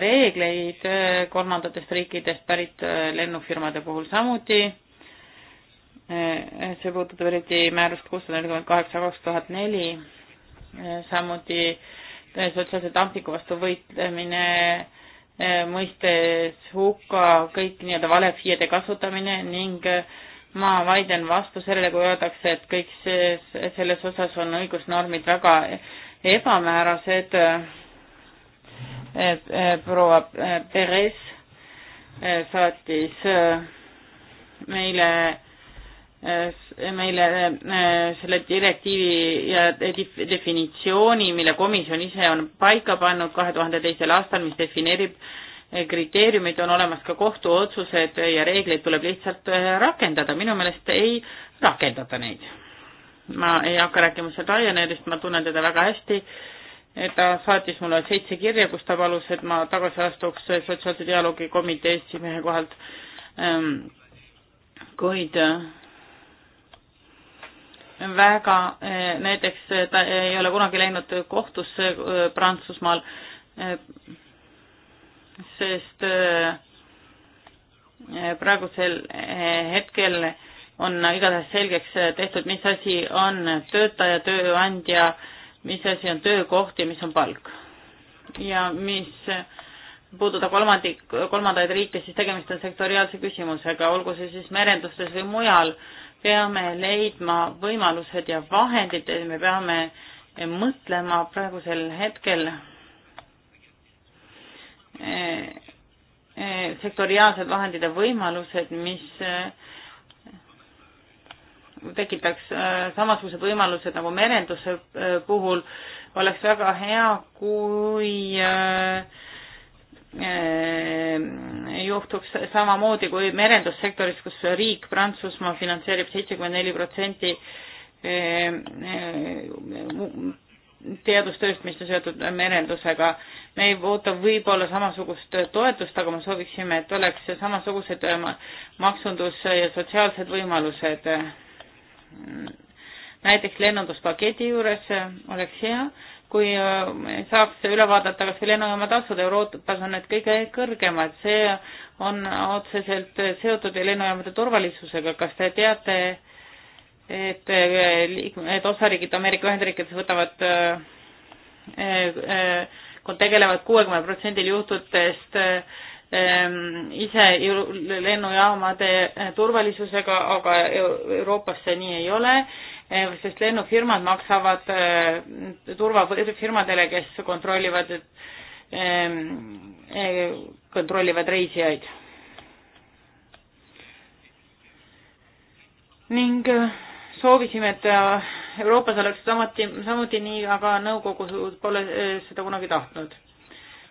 Speaker 1: reegleid äh, kolmandatest riikidest pärit lennufirmade puhul samuti. see puudutab eriti määrust kuussada nelikümmend kaheksa kaks tuhat neli, samuti sotsiaalse dumpingu vastu võitlemine, mõistes hukka kõik nii-öelda valefiiede kasutamine ning äh, ma vaidlen vastu sellele, kui öeldakse, et kõik see, selles osas on õigusnormid väga ebamäärased. Eh, proua eh, Perez eh, saatis meile meile selle direktiivi ja definitsiooni, mille komisjon ise on paika pannud kahe tuhande teisel aastal, mis defineerib äh, kriteeriumid on olemas ka kohtuotsused ja reegleid tuleb lihtsalt eh, rakendada, minu meelest ei rakendata neid. ma ei hakka rääkima seda Ryanairist, ma tunnen teda väga hästi, ta saatis mulle seitse kirja, kus ta palus, et ma tagasi astuks sotsiaalse dialoogi komitee esimehe kohalt, ehm, kuid eh, väga, eh, näiteks ta ei ole kunagi läinud kohtusse Prantsusmaal, sest äh, praegusel äh, hetkel on igatahes selgeks äh, tehtud, mis asi on töötaja, tööandja, mis asi on töökoht ja mis on palk. ja mis puudutab kolmandik, kolmandaid riike, siis tegemist on sektoriaalse küsimusega, olgu see siis merendustes või mujal, peame leidma võimalused ja vahendid, me peame mõtlema praegusel hetkel Eh, eh, sektoriaalsed vahendid ja võimalused, mis eh, tekitaks samasugused võimalused nagu merenduse puhul, oleks väga hea, kui juhtuks samamoodi kui merendussektoris, kus riik Prantsusmaa finantseerib seitsekümmend neli protsenti teadustööst, mis on seotud merendusega. me ei oota võib-olla samasugust toetust, aga me sooviksime, et oleks samasugused äh, maksundus- ja sotsiaalsed võimalused. näiteks lennunduspaketi juures äh, oleks hea, kui äh, saaks üle vaadata, kas või lennujaama tasud Euroopas on need kõige kõrgemad, see on otseselt seotud lennujaamade turvalisusega, kas te teate, et, et osariigid Ameerika Ühendriikides võtavad, äh, äh, tegelevad kuuekümne protsendil juhtudest ähm, ise lennujaamade äh, turvalisusega, aga Euroopas see nii ei ole, sest lennufirmad maksavad turvafirmadele, kes kontrollivad, ähm, kontrollivad reisijaid ning soovisime, et äh, Euroopas oleks samuti, samuti nii, aga nõukogu pole äh, seda kunagi tahtnud.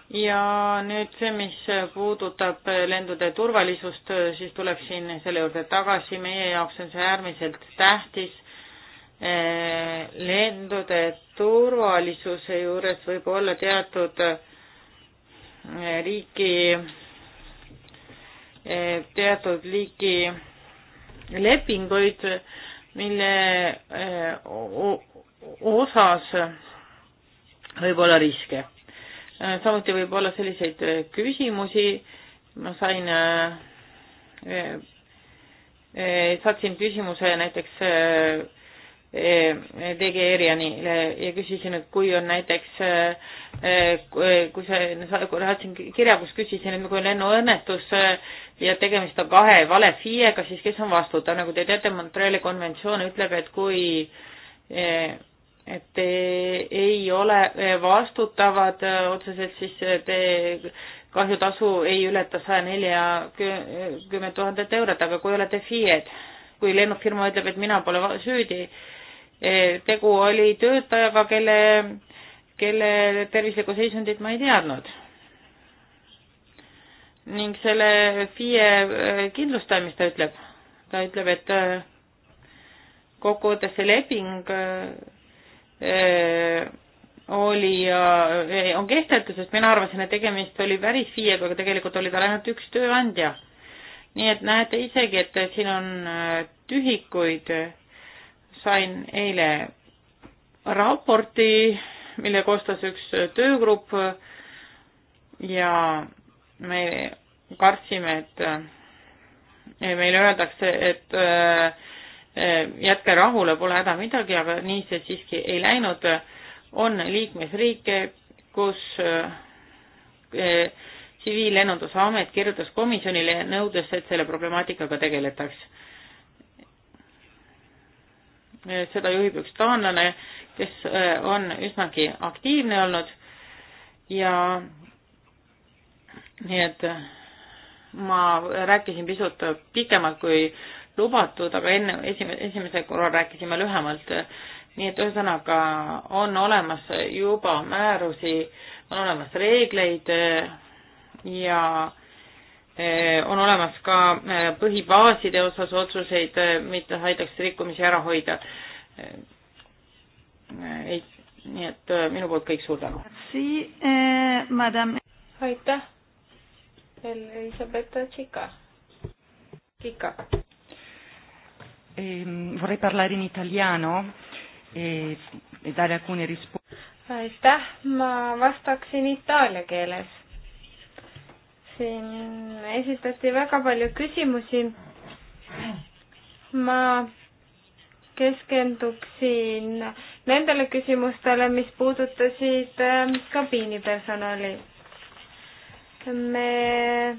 Speaker 1: ja nüüd see, mis puudutab lendude turvalisust, äh, siis tuleksin selle juurde tagasi, meie jaoks on see äärmiselt tähtis. lendude turvalisuse juures võib olla teatud riiki, teatud liiki lepinguid mille eh, osas võib olla riske. Eh, samuti võib olla selliseid eh, küsimusi, ma sain, saatsin küsimuse näiteks tegi eh, Erjanile eh, ja küsisin, et kui on näiteks, eh, kui see, saatsin kirja, kus küsisin, et kui on lennuõnnetus ja tegemist on kahe vale FIE-ga, siis kes on vastutav, nagu te teate, Montreali konventsioon ütleb, et kui et te ei ole vastutavad otseselt, siis te kahjutasu ei ületa saja neljakümmet tuhandet eurot, aga kui olete FIE-d, kui lennufirma ütleb, et mina pole süüdi, Eh, tegu oli töötajaga, kelle, kelle tervislikku seisundit ma ei teadnud. ning selle FIE eh, kindlustaja, mis ta ütleb, ta ütleb, et eh, kokkuvõttes see leping oli ja on kehtetu, sest mina arvasin, et tegemist oli päris FIE-ga, aga tegelikult oli tal ainult üks tööandja. nii et näete isegi, et siin on tühikuid sain eile raporti, mille koostas üks töögrupp ja me kartsime, et meile öeldakse, et äh, jätke rahule, pole häda midagi, aga nii see siiski ei läinud. on liikmesriike, kus äh, tsiviillennundusamet kirjutas komisjonile nõudes, et selle problemaatikaga tegeletaks seda juhib üks taanlane, kes äh, on üsnagi aktiivne olnud ja nii et ma rääkisin pisut pikemalt kui lubatud, aga enne esimese, esimese korra rääkisime lühemalt. nii et ühesõnaga on olemas juba määrusi, on olemas reegleid ja Eh, on olemas ka eh, põhibaaside osas otsuseid, eh, mida aitaks rikkumisi ära hoida. ei, nii et minu poolt kõik, suur tänu. aitäh. Elisabetta Chica. Chica. Ehm, vorrei parlare in italiano e, e dare alcune risposte. aitäh, ma vastaksin itaalia keeles siin esitati väga palju küsimusi. ma keskenduksin nendele küsimustele, mis puudutasid ähm, kabiinipersonali. me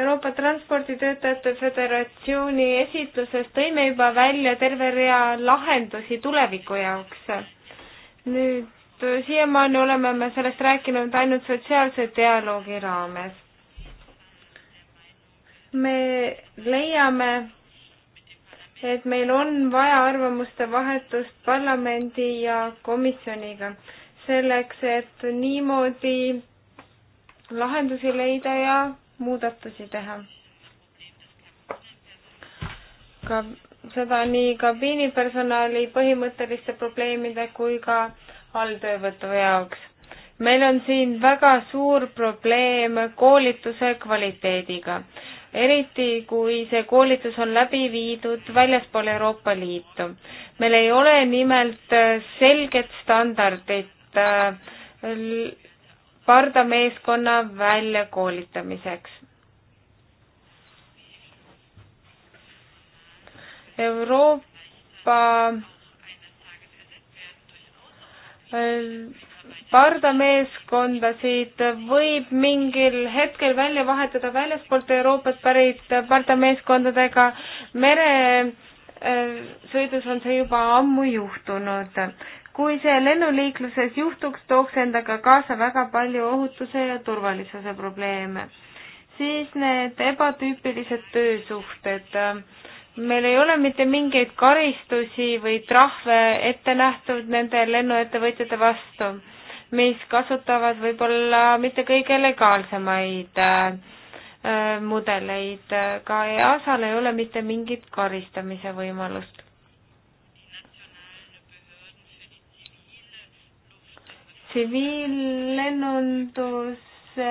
Speaker 1: Euroopa Transporditöötajate Föderatsiooni esitluses tõime juba välja terve rea lahendusi tuleviku jaoks. nüüd äh, siiamaani oleme me sellest rääkinud ainult sotsiaalse dialoogi raames me leiame, et meil on vaja arvamuste vahetust parlamendi ja komisjoniga selleks, et niimoodi lahendusi leida ja muudatusi teha. ka seda nii kabiinipersonali põhimõtteliste probleemide kui ka alltöövõtu jaoks. meil on siin väga suur probleem koolituse kvaliteediga eriti kui see koolitus on läbi viidud väljaspool Euroopa Liitu. meil ei ole nimelt äh, selget standardit äh, pardameeskonna väljakoolitamiseks. Euroopa äh, pardameeskondasid võib mingil hetkel välja vahetada väljaspoolt Euroopat pärit pardameeskondadega. meresõidus äh, on see juba ammu juhtunud. kui see lennuliikluses juhtuks, tooks endaga kaasa väga palju ohutuse ja turvalisuse probleeme. siis need ebatüüpilised töösuhted meil ei ole mitte mingeid karistusi või trahve ette nähtud nende lennuettevõtjate vastu mis kasutavad võib-olla mitte kõige legaalsemaid äh, mudeleid, ka EASA-l ei ole mitte mingit karistamise võimalust. tsiviillennunduse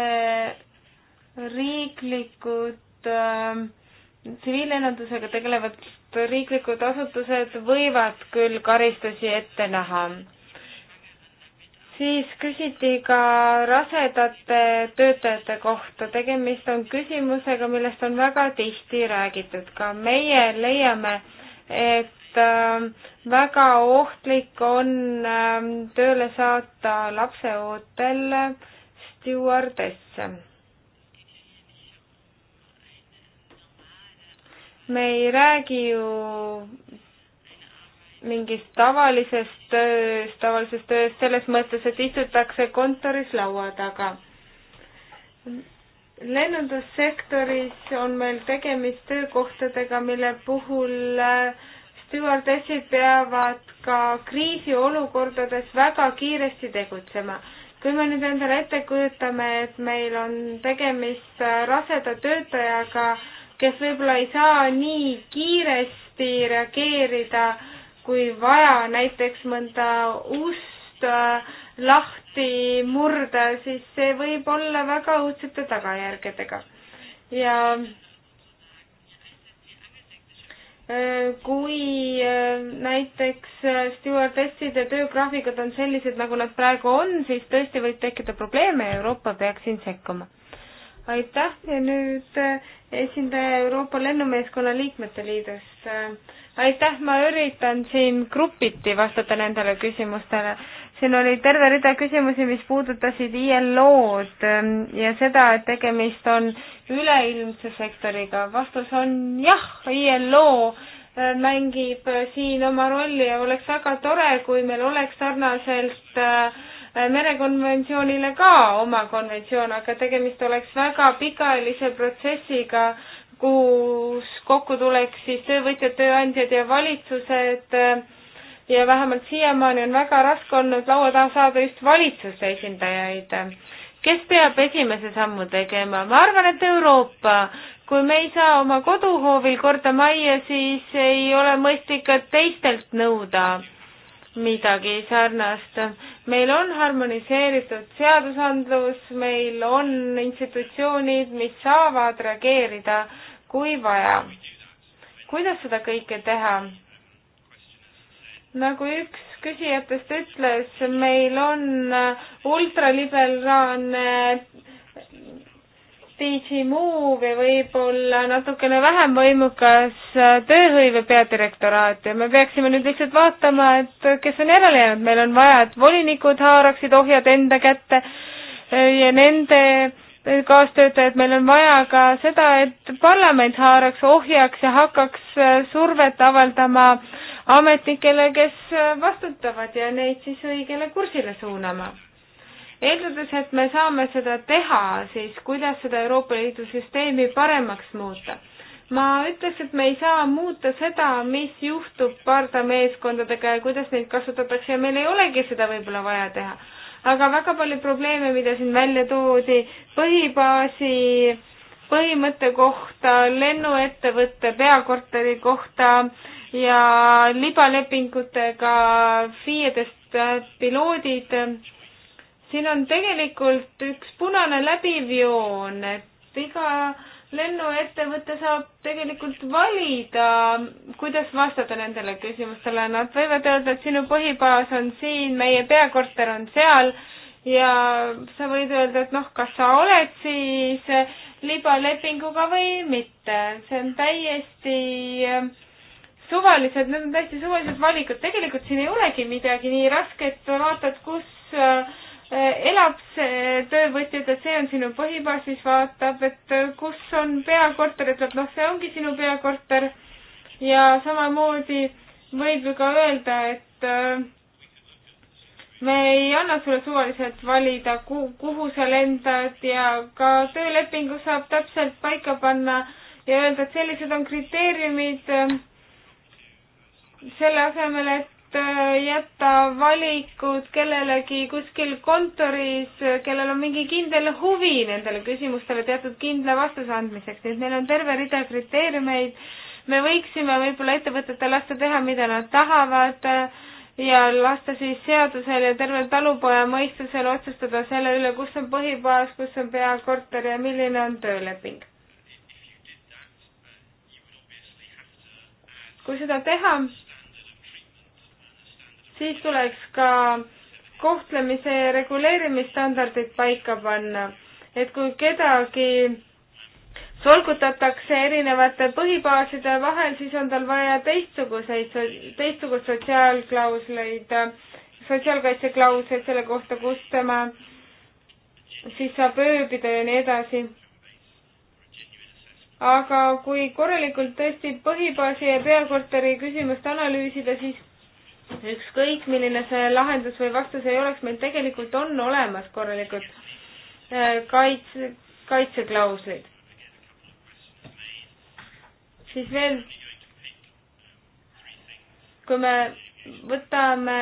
Speaker 1: riiklikud äh,, tsiviillennundusega tegelevad riiklikud asutused võivad küll karistusi ette näha siis küsiti ka rasedate töötajate kohta. tegemist on küsimusega, millest on väga tihti räägitud. ka meie leiame, et ähm, väga ohtlik on ähm, tööle saata lapseootel stjuardesse. me ei räägi ju mingist tavalisest tööst, tavalisest tööst selles mõttes, et istutakse kontoris laua taga. lennundussektoris on meil tegemist töökohtadega, mille puhul äh, stjuardessid peavad ka kriisiolukordades väga kiiresti tegutsema. kui me nüüd endale ette kujutame, et meil on tegemist äh, raseda töötajaga, kes võib-olla ei saa nii kiiresti reageerida äh, kui vaja näiteks mõnda ust äh, lahti murda, siis see võib olla väga õudsete tagajärgedega. ja äh, kui äh, näiteks stjuardesside töögraafikud on sellised, nagu nad praegu on, siis tõesti võib tekkida probleeme ja Euroopa peaks siin sekkuma. aitäh ja nüüd esindaja Euroopa Lennumeeskonna Liikmete Liidust aitäh, ma üritan siin grupiti vastata nendele küsimustele. siin oli terve rida küsimusi, mis puudutasid ILO-d ähm, ja seda, et tegemist on üleilmse sektoriga. vastus on jah, ILO äh, mängib äh, siin oma rolli ja oleks väga tore, kui meil oleks sarnaselt äh, merekonventsioonile ka oma konventsioon, aga tegemist oleks väga pikaajalise protsessiga kus kokku tuleks siis töövõtjad, tööandjad ja valitsused äh, ja vähemalt siiamaani on väga raske olnud laua taha saada just valitsuste esindajaid. kes peab esimese sammu tegema? ma arvan, et Euroopa. kui me ei saa oma koduhoovil korda majja, siis ei ole mõistlik ka teistelt nõuda midagi sarnast. meil on harmoniseeritud seadusandlus, meil on institutsioonid, mis saavad reageerida äh, kui vaja. kuidas seda kõike teha? nagu üks küsijatest ütles, meil on ultraliberaalne DigiMove ja võib-olla natukene vähem võimukas tööhõive peadirektoraat ja me peaksime nüüd lihtsalt vaatama, et kes on järele jäänud, meil on vaja, et volinikud haaraksid ohjad enda kätte ja nende kaastöötajad, meil on vaja ka seda, et parlament haaraks ohjaks ja hakkaks äh, survet avaldama ametnikele, kes äh, vastutavad ja neid siis õigele kursile suunama. eeldades, et me saame seda teha, siis kuidas seda Euroopa Liidu süsteemi paremaks muuta? ma ütleks, et me ei saa muuta seda, mis juhtub pardameeskondadega ja kuidas neid kasutatakse ja meil ei olegi seda võib-olla vaja teha aga väga palju probleeme, mida siin välja toodi, põhibaasi põhimõtte kohta, lennuettevõtte peakorteri kohta ja libalepingutega FIE-dest piloodid. siin on tegelikult üks punane läbiv joon, et iga lennuettevõte saab tegelikult valida, kuidas vastata nendele küsimustele, nad võivad öelda, et sinu põhibaas on siin, meie peakorter on seal ja sa võid öelda, et noh, kas sa oled siis libalepinguga või mitte, see on täiesti äh, suvalised, need on täiesti suvalised valikud, tegelikult siin ei olegi midagi nii rasket, vaatad, kus äh, Eh, elab see töövõtjad, et see on sinu põhibaas, siis vaatab, et eh, kus on peakorter, ütleb noh, see ongi sinu peakorter. ja samamoodi võib ju ka öelda, et eh, me ei anna sulle suvaliselt valida, kuhu sa lendad ja ka töölepingu saab täpselt paika panna ja öelda, et sellised on kriteeriumid selle asemel, et Äh, jätta valikud kellelegi kuskil kontoris, kellel on mingi kindel huvi nendele küsimustele teatud kindla vastuse andmiseks, nii et meil on terve rida kriteeriumeid. me võiksime võib-olla ettevõtetel lasta teha, mida nad tahavad ja lasta siis seadusel ja tervel talupoja mõistusel otsustada selle üle, kus on põhibaas, kus on peakorter ja milline on tööleping. kui seda teha, siis tuleks ka kohtlemise reguleerimisstandardid paika panna, et kui kedagi solgutatakse erinevate põhibaaside vahel, siis on tal vaja teistsuguseid, teistsugust sotsiaalklausleid, sotsiaalkaitseklausleid selle kohta, kus tema siis saab ööbida ja nii edasi. aga kui korralikult tõesti põhibaasi ja peakorteri küsimust analüüsida, siis ükskõik, milline see lahendus või vastus ei oleks, meil tegelikult on olemas korralikud äh, kaitse, kaitseklauslid. siis veel, kui me võtame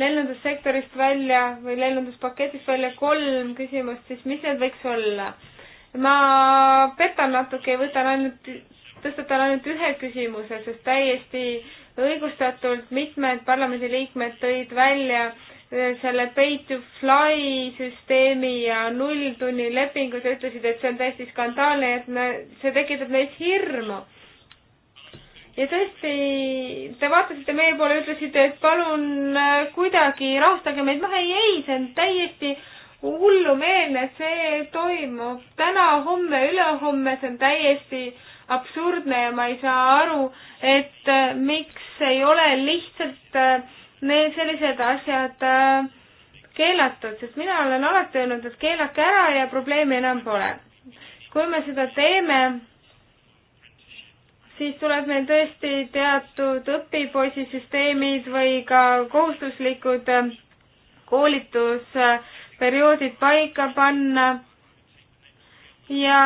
Speaker 1: lennundussektorist välja või lennunduspaketist välja kolm küsimust, siis mis need võiks olla? ma petan natuke ja võtan ainult, tõstatan ainult ühe küsimuse, sest täiesti õigustatult mitmed parlamendiliikmed tõid välja eh, selle pay to fly süsteemi ja nulltunni lepingud ja ütlesid, et see on täiesti skandaalne, et see tekitab neis hirmu. ja tõesti, te vaatasite meie poole ja ütlesite, et palun eh, kuidagi rahustage meid maha. ei, ei, see on täiesti hullumeelne, see toimub täna, homme, ülehomme, see on täiesti äh, absurdne ja ma ei saa aru, et äh, miks ei ole lihtsalt äh, need sellised asjad äh, keelatud, sest mina olen alati öelnud, et keelake ära ja probleemi enam pole. kui me seda teeme, siis tuleb meil tõesti teatud õpipoisisüsteemid või ka kohustuslikud koolitusperioodid paika panna ja,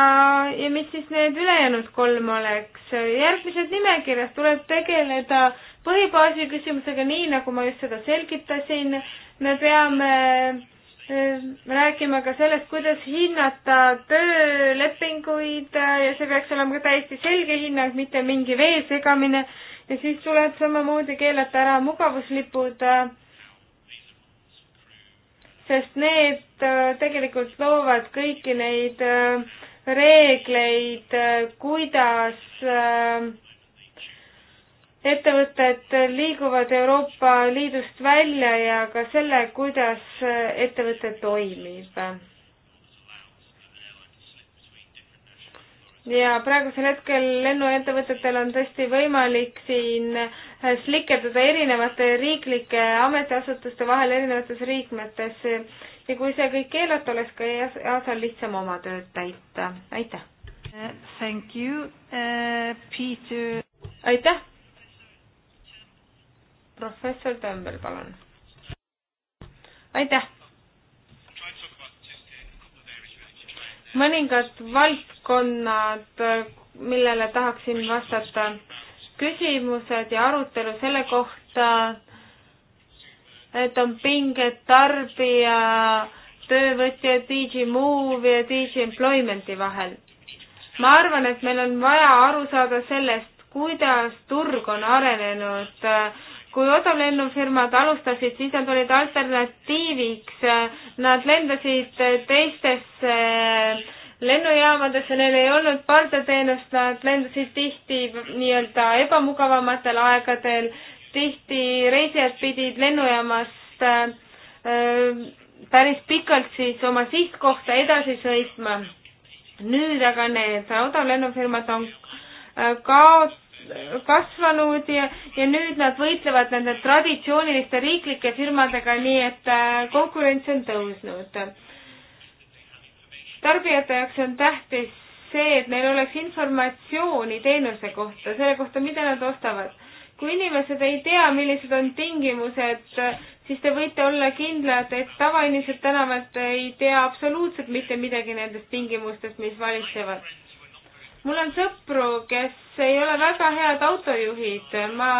Speaker 1: ja mis siis need ülejäänud kolm oleks? järgmises nimekirjas tuleb tegeleda põhibaasi küsimusega, nii nagu ma just seda selgitasin. me peame eh, rääkima ka sellest, kuidas hinnata töölepinguid ja see peaks olema ka täiesti selge hinnang, mitte mingi vee segamine. ja siis tuleb samamoodi keelata ära mugavuslipud äh, sest need äh, tegelikult loovad kõiki neid äh, reegleid, äh, kuidas ettevõtted liiguvad Euroopa Liidust välja ja ka selle, kuidas ettevõte toimib ja praegusel hetkel lennuettevõtetel on tõesti võimalik siin äh, slikerdada erinevate riiklike ametiasutuste vahel erinevates riikmetes ja kui see kõik keelatud oleks, ka EASA-l lihtsam oma tööd täita. aitäh! Uh, thank you uh,, Peter. aitäh! professor Tõmbel, palun. aitäh! mõningad valdkonnad, millele tahaksin vastata. küsimused ja arutelu selle kohta, et on pinged tarbija, töövõtja, DG Move ja DG Employmenti vahel. ma arvan, et meil on vaja aru saada sellest, kuidas turg on arenenud äh, kui odavlennufirmad alustasid, siis nad olid alternatiiviks, nad lendasid teistesse äh, lennujaamadesse, neil ei olnud pardateenust, nad lendasid tihti nii-öelda ebamugavamatel aegadel, tihti reisijad pidid lennujaamast äh, päris pikalt siis oma sihtkohta edasi sõitma. nüüd aga need odavlennufirmad on äh, kaot-, kasvanud ja, ja nüüd nad võitlevad nende traditsiooniliste riiklike firmadega, nii et äh, konkurents on tõusnud. tarbijate jaoks on tähtis see, et neil oleks informatsiooni teenuse kohta, selle kohta, mida nad ostavad. kui inimesed ei tea, millised on tingimused, siis te võite olla kindlad, et tavainimesed tänavalt ei tea absoluutselt mitte midagi nendest tingimustest, mis valitsevad mul on sõpru, kes ei ole väga head autojuhid, ma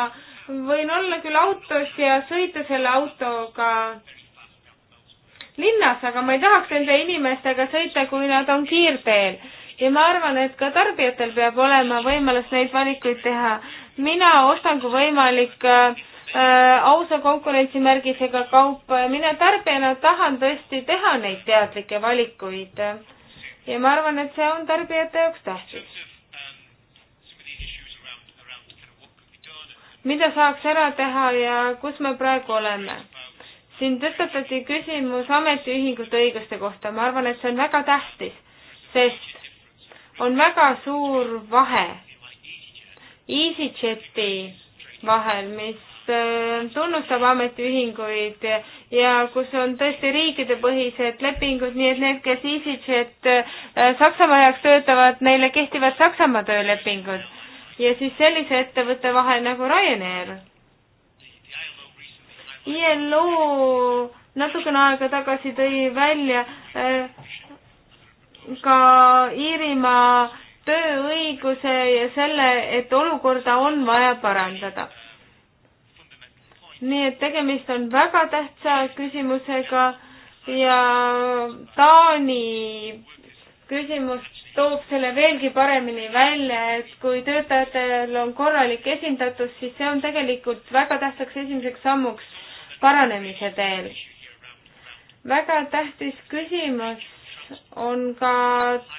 Speaker 1: võin olla küll autos ja sõita selle autoga linnas, aga ma ei tahaks nende inimestega sõita, kui nad on kiirteel. ja ma arvan, et ka tarbijatel peab olema võimalus neid valikuid teha. mina ostan, kui võimalik äh, ausa konkurentsimärgisega kaupa ja mina tarbijana tahan tõesti teha neid teadlikke valikuid äh, ja ma arvan, et see on tarbijate jaoks tähtis. mida saaks ära teha ja kus me praegu oleme? siin tõstatati küsimus ametiühingute õiguste kohta, ma arvan, et see on väga tähtis, sest on väga suur vahe EasyJeti vahel, mis Äh, tunnustab ametiühinguid ja kus on tõesti riikidepõhised lepingud, nii et need, kes EasyJet äh, Saksamaa jaoks töötavad, neile kehtivad Saksamaa töölepingud. ja siis sellise ettevõtte vahel nagu Ryanair. ILO natukene aega tagasi tõi välja äh, ka Iirimaa tööõiguse ja selle, et olukorda on vaja parandada nii et tegemist on väga tähtsa küsimusega ja Taani küsimus toob selle veelgi paremini välja, et kui töötajatel on korralik esindatus, siis see on tegelikult väga tähtsaks esimeseks sammuks paranemise teel. väga tähtis küsimus on ka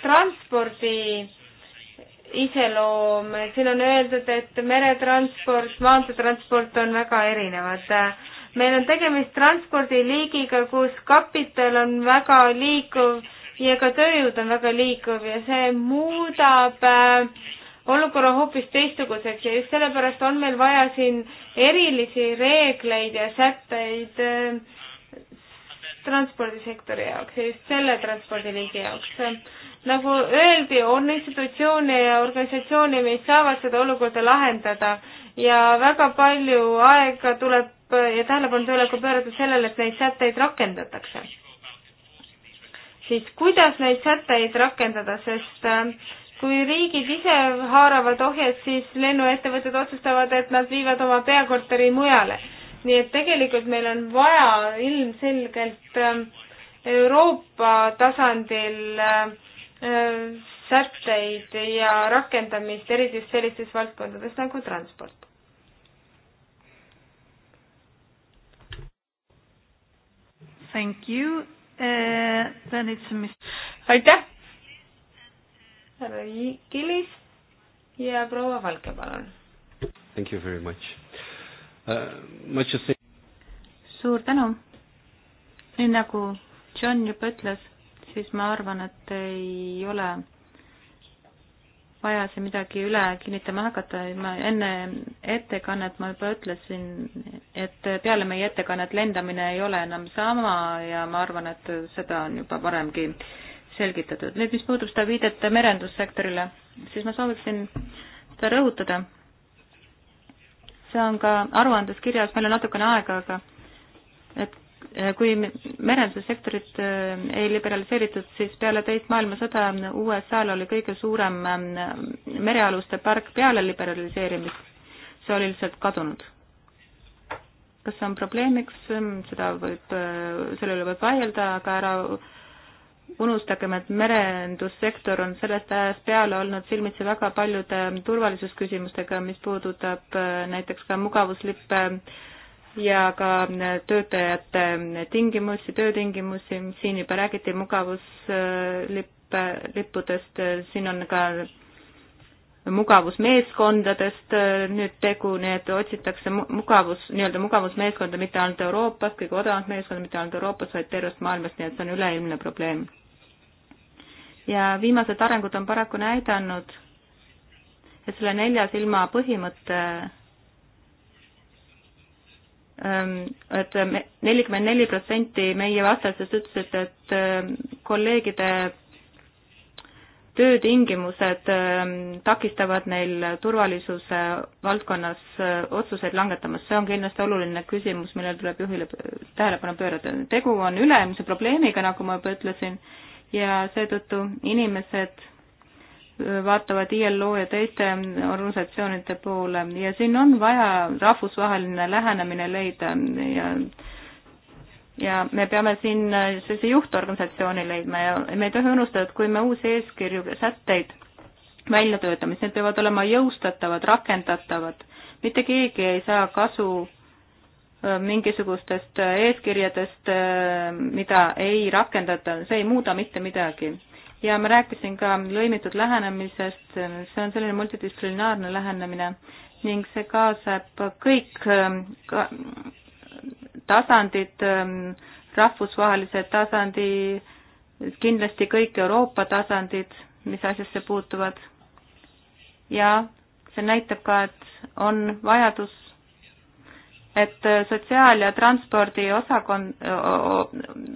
Speaker 1: transpordi iseloom, siin on öeldud, et meretransport, maanteetransport on väga erinevad. meil on tegemist transpordiliigiga, kus kapital on väga liikuv ja ka tööjõud on väga liikuv ja see muudab äh, olukorra hoopis teistsuguseks ja just sellepärast on meil vaja siin erilisi reegleid ja sätteid äh, transpordisektori jaoks ja just selle transpordiliigi jaoks nagu öeldi, on institutsioone ja organisatsioone, mis saavad seda olukorda lahendada ja väga palju aega tuleb ja tähelepanu tuleb ka pöörata sellele, et neid sätteid rakendatakse. siis kuidas neid sätteid rakendada, sest äh, kui riigid ise haaravad ohjed, siis lennuettevõtted otsustavad, et nad viivad oma peakorteri mujale. nii et tegelikult meil on vaja ilmselgelt äh, Euroopa tasandil äh, sätteid ja rakendamist, eriti just sellistes valdkondades nagu transport. Thank you uh,. Then it's a mis-. aitäh! härra Kilis ja proua Valke, palun. Thank you very much uh,. Much as. suur tänu. nii nagu John juba ütles siis ma arvan, et ei ole vaja siin midagi üle kinnitama hakata, ma enne ettekannet ma juba ütlesin, et peale meie ettekannet lendamine ei ole enam sama ja ma arvan, et seda on juba varemgi selgitatud. nüüd, mis puudutab seda viidet merendussektorile, siis ma sooviksin seda rõhutada. see on ka aruandes kirjas, meil on natukene aega, aga et Äh, kui merendussektorit äh, ei liberaliseeritud, siis peale teist maailmasõda USA-l oli kõige suurem ähm, merealuste park peale liberaliseerimist. see oli lihtsalt kadunud. kas see on probleemiks, ähm, seda võib, äh, selle üle võib vaielda, aga ära unustagem, et merendussektor on sellest ajast peale olnud silmitsi väga paljude turvalisusküsimustega, mis puudutab näiteks ka mugavuslippe äh, ja ka äh, töötajate äh, tingimusi, töötingimusi, siin juba räägiti mugavuslippe, äh, lippudest, siin on ka mugavusmeeskondadest nüüd tegu, need otsitakse mugavus, nii-öelda mugavusmeeskonda mitte ainult Euroopas, kõige odavamat meeskonda mitte ainult Euroopas, vaid tervest maailmast, nii et see on üleilmne probleem. ja viimased arengud on paraku näidanud, et selle nelja silma põhimõte Ähm, et nelikümmend neli protsenti meie vastastest ütlesid, et ähm, kolleegide töötingimused ähm, takistavad neil turvalisuse valdkonnas äh, otsuseid langetamas, see on kindlasti oluline küsimus, millele tuleb juhile tähelepanu pöörata. tegu on üleilmse probleemiga, nagu ma juba ütlesin, ja seetõttu inimesed vaatavad ILO ja teiste organisatsioonide poole ja siin on vaja rahvusvaheline lähenemine leida ja ja me peame siin sellise juhtorganisatsiooni leidma ja me ei tohi unustada, et kui me uusi eeskirju, sätteid välja töötame, siis need peavad olema jõustatavad, rakendatavad. mitte keegi ei saa kasu äh, mingisugustest eeskirjadest, äh, mida ei rakendata, see ei muuda mitte midagi ja ma rääkisin ka lõimitud lähenemisest, see on selline multidistsiplinaarne lähenemine ning see kaasab kõik ähm, ka, tasandid, ähm, rahvusvahelise tasandi, kindlasti kõik Euroopa tasandid, mis asjasse puutuvad. ja see näitab ka, et on vajadus et äh, sotsiaal- ja transpordiosakond,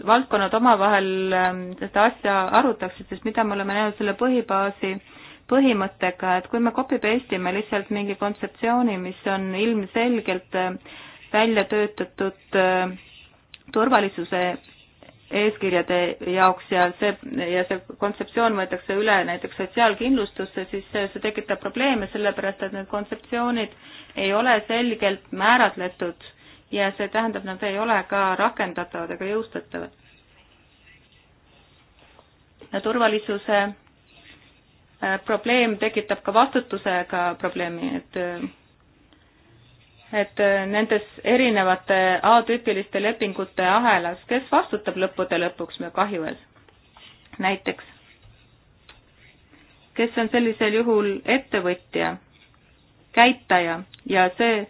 Speaker 1: valdkonnad omavahel ähm, seda asja arutaksid, sest mida me oleme näinud selle põhibaasi põhimõttega, et kui me copy-paste ime lihtsalt mingi kontseptsiooni, mis on ilmselgelt äh, välja töötatud äh, turvalisuse eeskirjade jaoks ja see, ja see kontseptsioon võetakse üle näiteks sotsiaalkindlustusse, siis see, see tekitab probleeme, sellepärast et need kontseptsioonid ei ole selgelt määratletud ja see tähendab, nad ei ole ka rakendatavad ega jõustatavad. ja turvalisuse äh, probleem tekitab ka vastutusega probleemi, et äh, et äh, nendes erinevate atüüpiliste lepingute ahelas, kes vastutab lõppude lõpuks meie kahju ees? näiteks, kes on sellisel juhul ettevõtja, käitaja ja see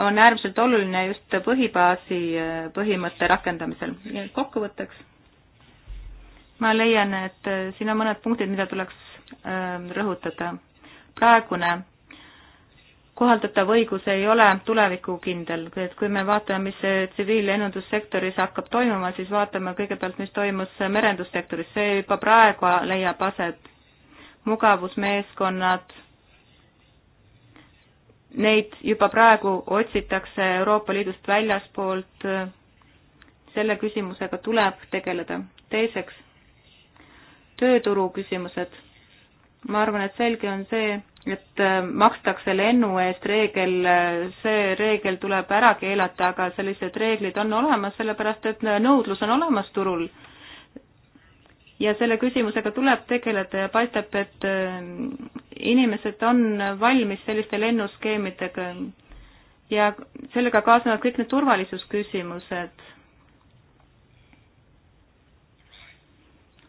Speaker 1: on äärmiselt oluline just põhibaasi äh, põhimõtte rakendamisel. kokkuvõtteks ma leian, et äh, siin on mõned punktid, mida tuleks rõhutada. praegune kohaldatav õigus ei ole tulevikukindel, et kui me vaatame, mis tsiviillennundussektoris hakkab toimuma, siis vaatame kõigepealt, mis toimus merendussektoris, see juba praegu leiab aset. mugavusmeeskonnad, neid juba praegu otsitakse Euroopa Liidust väljaspoolt, selle küsimusega tuleb tegeleda. teiseks, tööturu küsimused. ma arvan, et selge on see, et äh, makstakse lennu eest reegel, äh, see reegel tuleb ära keelata, aga sellised reeglid on olemas, sellepärast et äh, nõudlus on olemas turul. ja selle küsimusega tuleb tegeleda ja paistab, et inimesed on valmis selliste lennuskeemidega ja sellega kaasnevad kõik need turvalisusküsimused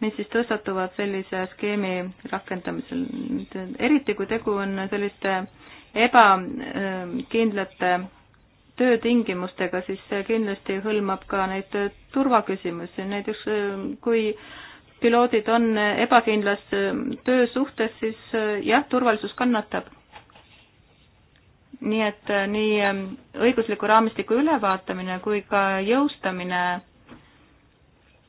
Speaker 1: mis siis tõstatuvad sellise skeemi rakendamisel. eriti, kui tegu on selliste ebakindlate töötingimustega, siis see kindlasti hõlmab ka neid turvaküsimusi, näiteks kui piloodid on ebakindlas töösuhtes, siis jah, turvalisus kannatab. nii et nii õigusliku raamistiku ülevaatamine kui ka jõustamine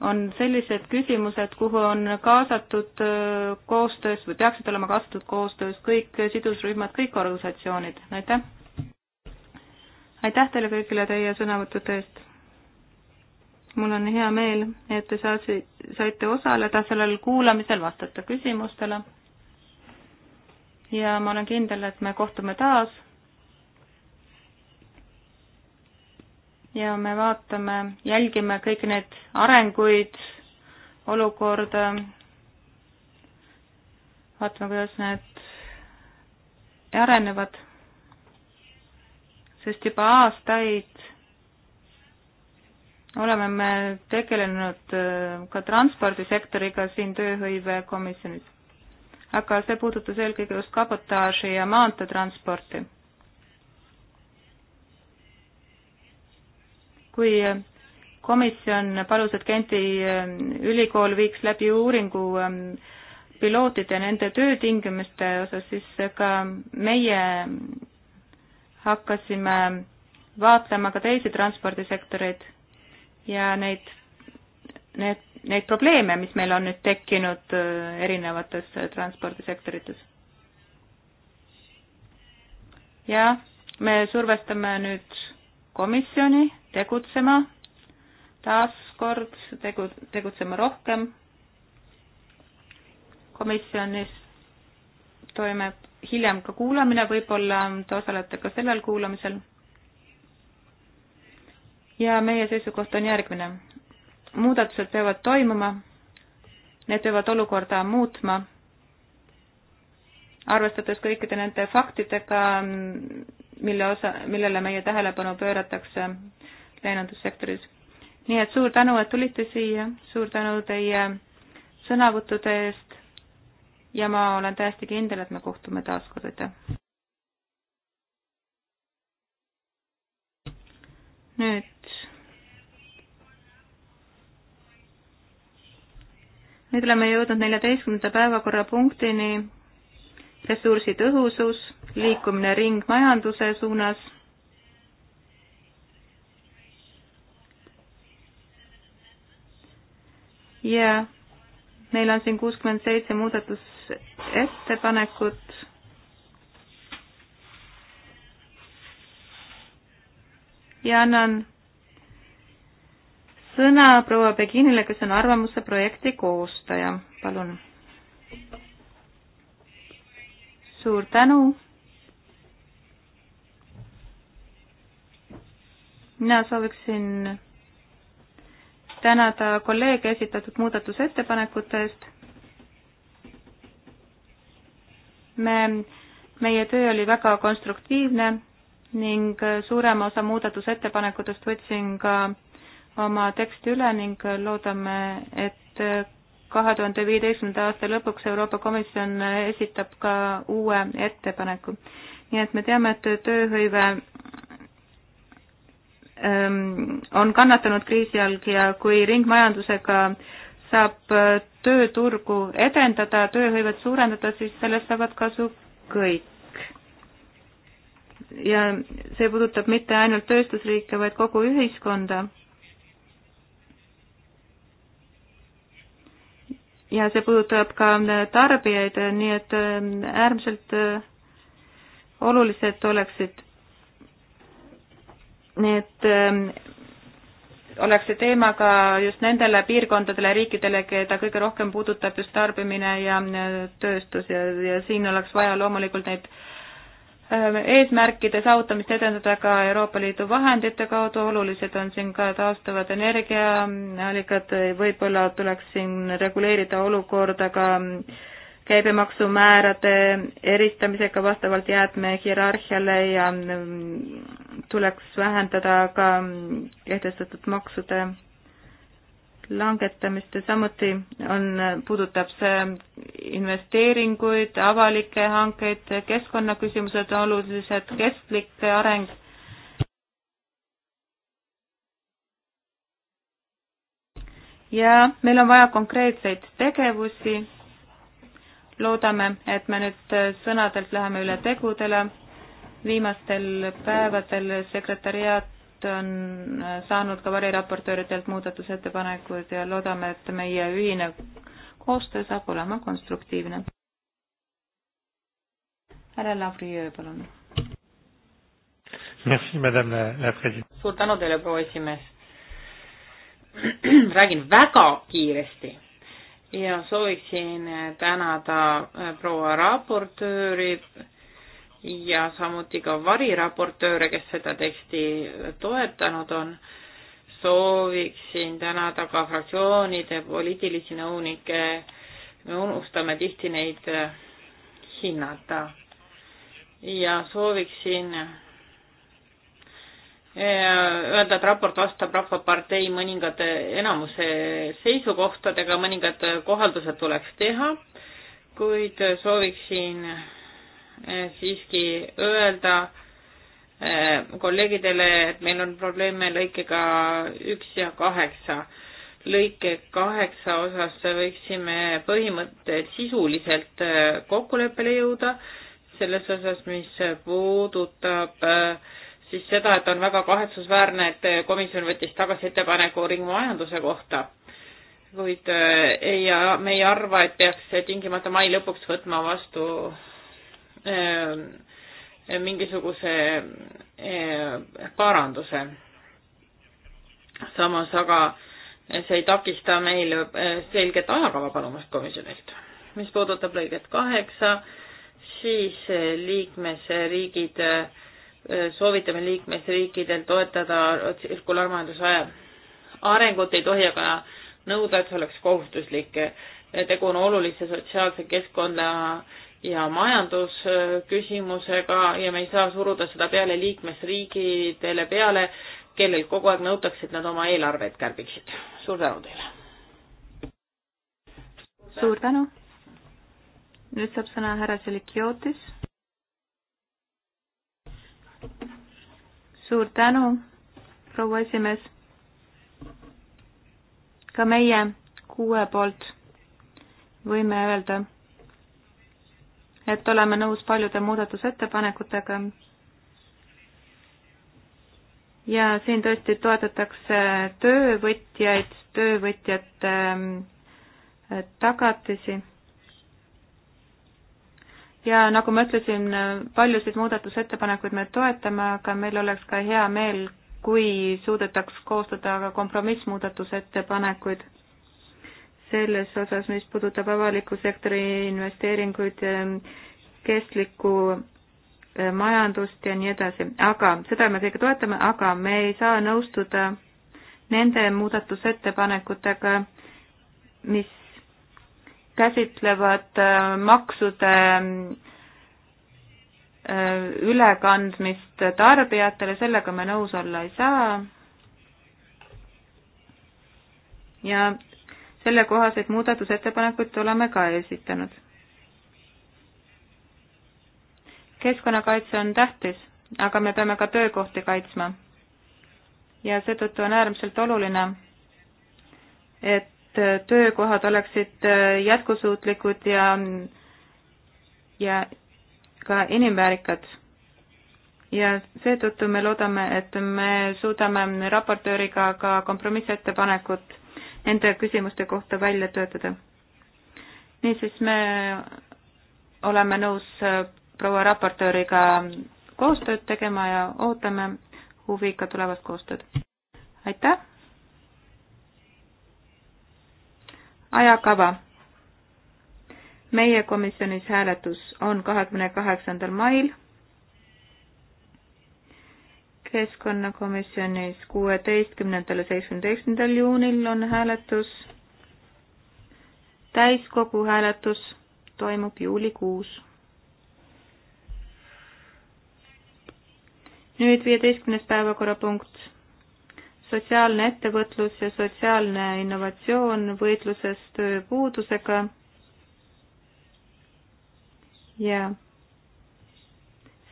Speaker 1: on sellised küsimused, kuhu on kaasatud äh, koostöös või peaksid olema kaasatud koostöös kõik sidusrühmad, kõik organisatsioonid, aitäh! aitäh teile kõigile teie sõnavõttude eest! mul on hea meel, et te saite osaleda sellel kuulamisel, vastata küsimustele ja ma olen kindel, et me kohtume taas ja me vaatame, jälgime kõiki neid arenguid, olukorda, vaatame, kuidas need arenevad, sest juba aastaid oleme me tegelenud äh, ka transpordisektoriga siin tööhõivekomisjonis. aga see puudutas eelkõige just kabotaaži ja maanteetransporti kui komisjon palus, et Genti ähm, ülikool viiks läbi uuringu ähm, pilootide ja nende töötingimuste osas, siis ka meie hakkasime vaatlema ka teisi transpordisektoreid ja neid, need, neid probleeme, mis meil on nüüd tekkinud äh, erinevates äh, transpordisektorites. jah, me survestame nüüd komisjoni tegutsema, taaskord tegu, tegutsema rohkem. komisjonis toimub hiljem ka kuulamine, võib-olla te osalete ka sellel kuulamisel. ja meie seisukoht on järgmine. muudatused peavad toimuma, need peavad olukorda muutma, arvestades kõikide nende faktidega, mille osa, millele meie tähelepanu pööratakse lennundussektoris. nii et suur tänu, et tulite siia, suur tänu teie sõnavõttude eest ja ma olen täiesti kindel, et me kohtume taas kord, aitäh! nüüd nüüd oleme jõudnud neljateistkümnenda päevakorrapunktini ressursi tõhusus, liikumine ringmajanduse suunas ja meil on siin kuuskümmend seitse muudatusettepanekut. ja annan sõna proua Beginile, kes on arvamuse projekti koostaja, palun. suur tänu. mina sooviksin tänada kolleege esitatud muudatusettepanekute eest. me, meie töö oli väga konstruktiivne ning suurema osa muudatusettepanekutest võtsin ka oma teksti üle ning loodame, et kahe tuhande viieteistkümnenda aasta lõpuks Euroopa Komisjon esitab ka uue ettepaneku. nii et me teame, et tööhõive Ähm, on kannatanud kriisi all ja kui ringmajandusega saab äh, tööturgu edendada, tööhõivet suurendada, siis sellest saavad kasu kõik. ja see puudutab mitte ainult tööstusriike, vaid kogu ühiskonda. ja see puudutab ka tarbijaid, nii et ähm, äärmiselt äh, olulised oleksid et ähm, oleks see teema ka just nendele piirkondadele, riikidele, keda kõige rohkem puudutab just tarbimine ja äh, tööstus ja, ja siin oleks vaja loomulikult neid ähm, eesmärkide saavutamist edendada ka Euroopa Liidu vahendite kaudu, olulised on siin ka taastuvad energiaallikad, võib-olla tuleks siin reguleerida olukorda ka äh, käibemaksumäärade eristamisega vastavalt jäätmehierarhiale ja mm, tuleks vähendada ka kehtestatud maksude langetamist ja samuti on, puudutab see investeeringuid, avalikke hankeid, keskkonnaküsimused on olulised, kestlik areng ja meil on vaja konkreetseid tegevusi loodame, et me nüüd äh, sõnadelt läheme üle tegudele. viimastel päevadel sekretäriaat on äh, saanud ka variraportööridelt muudatusettepanekud ja loodame, et meie ühine koostöö saab olema konstruktiivne. härra Lavri Jõe, palun. suur tänu teile, proua esimees. *clears throat* räägin väga kiiresti ja sooviksin tänada äh, proua raportööri ja samuti ka variraportööre, kes seda teksti toetanud on. sooviksin tänada ka fraktsioonide poliitilisi nõunikke, me unustame tihti neid äh, hinnata. ja sooviksin öelda, et raport vastab Rahvapartei mõningate enamuse seisukohtadega, mõningad kohaldused tuleks teha, kuid sooviksin eh, siiski öelda eh, kolleegidele, et meil on probleeme lõikega üks ja kaheksa. lõike kaheksa osas võiksime põhimõtted sisuliselt eh, kokkuleppele jõuda, selles osas, mis puudutab äh, siis seda, et on väga kahetsusväärne, et komisjon võttis tagasi ettepaneku ringmajanduse kohta, kuid äh, ei, me ei arva, et peaks tingimata mai lõpuks võtma vastu äh, mingisuguse äh, paranduse. samas aga see ei takista meil äh, selget ajakava palumast komisjonilt. mis puudutab lõiget kaheksa, siis äh, liikmesriigid äh, Äh, soovitame liikmesriikidel toetada tsirkulaarmajanduse arengut, ei tohi aga nõuda, et see oleks kohustuslik. Äh, tegu on olulise sotsiaalse keskkonna ja majandusküsimusega ja me ei saa suruda seda peale liikmesriigidele peale, kellel kogu aeg nõutakse, et nad oma eelarveid kärbiksid. suur tänu teile! suur tänu! nüüd saab sõna härra Selikiotis suur tänu, proua esimees. ka meie kuue poolt võime öelda, et oleme nõus paljude muudatusettepanekutega. ja siin tõesti toetatakse töövõtjaid, töövõtjate ähm, tagatisi ja nagu ma ütlesin, paljusid muudatusettepanekuid me toetame, aga meil oleks ka hea meel, kui suudetaks koostada ka kompromissmuudatusettepanekuid selles osas, mis puudutab avaliku sektori investeeringuid, kestlikku eh, majandust ja nii edasi, aga seda me kõike toetame, aga me ei saa nõustuda nende muudatusettepanekutega, mis käsitlevad äh, maksude äh, ülekandmist tarbijatele, sellega me nõus olla ei saa. ja sellekohaseid muudatusettepanekuid oleme ka esitanud. keskkonnakaitse on tähtis, aga me peame ka töökohti kaitsma. ja seetõttu on äärmiselt oluline, et et äh, töökohad oleksid äh, jätkusuutlikud ja, ja ka inimväärikad. ja seetõttu me loodame, et me suudame raportööriga ka kompromissettepanekut nende küsimuste kohta välja töötada. niisiis, me oleme nõus äh, proua raportööriga koostööd tegema ja ootame huviga tulevast koostööd. aitäh! ajakava. meie komisjonis hääletus on kahekümne kaheksandal mail, keskkonnakomisjonis kuueteistkümnendal ja seitsmeteistkümnendal juunil on hääletus, täiskogu hääletus toimub juulikuus nüüd viieteistkümnes päevakorrapunkt sotsiaalne ettevõtlus ja sotsiaalne innovatsioon võitluses tööpuudusega ja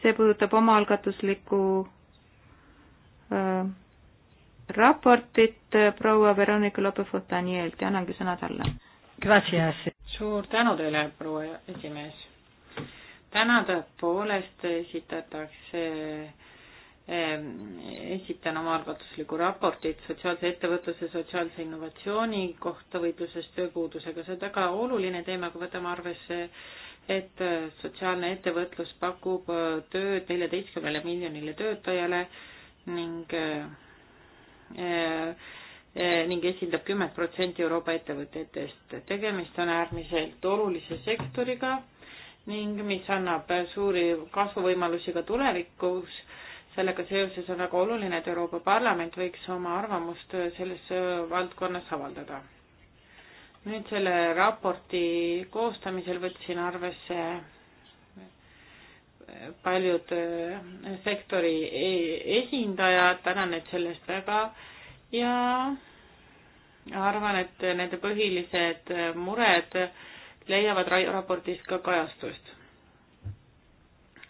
Speaker 1: see puudutab omaalgatuslikku äh, raportit proua Veronika Lope-Fontanielt ja annangi sõna talle. Gracias. suur tänu teile, proua esimees. täna tõepoolest esitatakse äh, Ehm, esitan omaalgatuslikku raportit sotsiaalse ettevõtluse, sotsiaalse innovatsiooni kohta võitluses tööpuudusega. see on väga oluline teema, kui võtame arvesse, et äh, sotsiaalne ettevõtlus pakub äh, tööd neljateistkümnele miljonile töötajale ning äh, ning esindab kümmet protsenti Euroopa ettevõtetest. tegemist on äärmiselt olulise sektoriga ning mis annab suuri kasvuvõimalusi ka tulevikus sellega seoses on väga oluline, et Euroopa Parlament võiks oma arvamust selles valdkonnas avaldada. nüüd selle raporti koostamisel võtsin arvesse paljud äh, sektori e-, esindajad, tänan neid selle eest väga ja arvan, et nende põhilised mured leiavad raportis ka kajastust.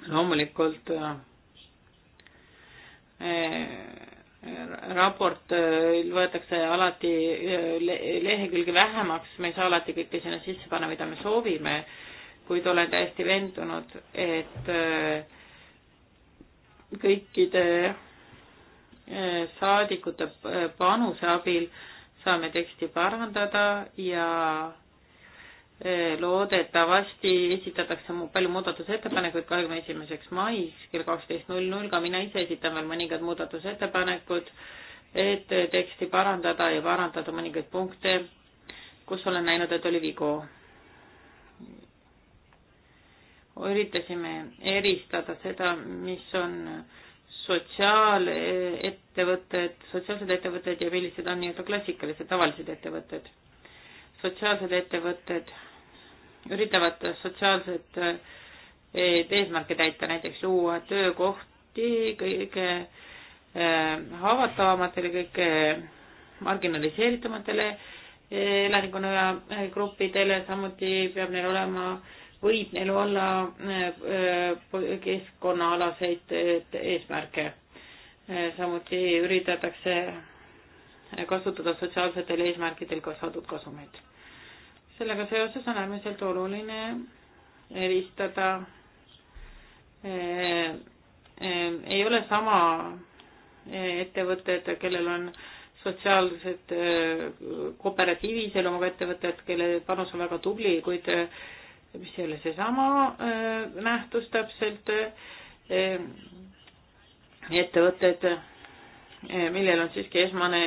Speaker 1: loomulikult äh, Äh, raport äh, võetakse alati äh, lehekülge vähemaks, me ei saa alati kõike sinna sisse panna, mida me soovime, kuid olen täiesti veendunud, et kõikide saadikute panuse abil saame teksti parandada ja Äh, loodetavasti esitatakse palju muudatusettepanekuid kahekümne esimeseks mais kell kaksteist null null, ka mina ise esitan veel mõningad muudatusettepanekud, et äh, teksti parandada ja parandada mõningaid punkte, kus olen näinud, et oli vigu. üritasime eristada seda, mis on sotsiaalettevõtted, sotsiaalsed ettevõtted ja millised on nii-öelda klassikalised tavalised ettevõtted. sotsiaalsed ettevõtted üritavad sotsiaalset eh, eesmärke täita, näiteks luua töökohti kõige eh, haavatavamatele, kõige marginaliseeritumatele eh, elanikkonna gruppidele, samuti peab neil olema, võib neil olla keskkonnaalaseid eesmärke. samuti üritatakse kasutada sotsiaalsetel eesmärkidel ka saadud kasumeid sellega seoses on äärmiselt oluline eristada eh, eh, ei ole sama eh, ettevõtted, kellel on sotsiaalsed kooperatiivi iseloomuga ettevõtted, kelle panus on väga tubli, kuid mis ei ole seesama nähtus täpselt, ettevõtted, millel on siiski esmane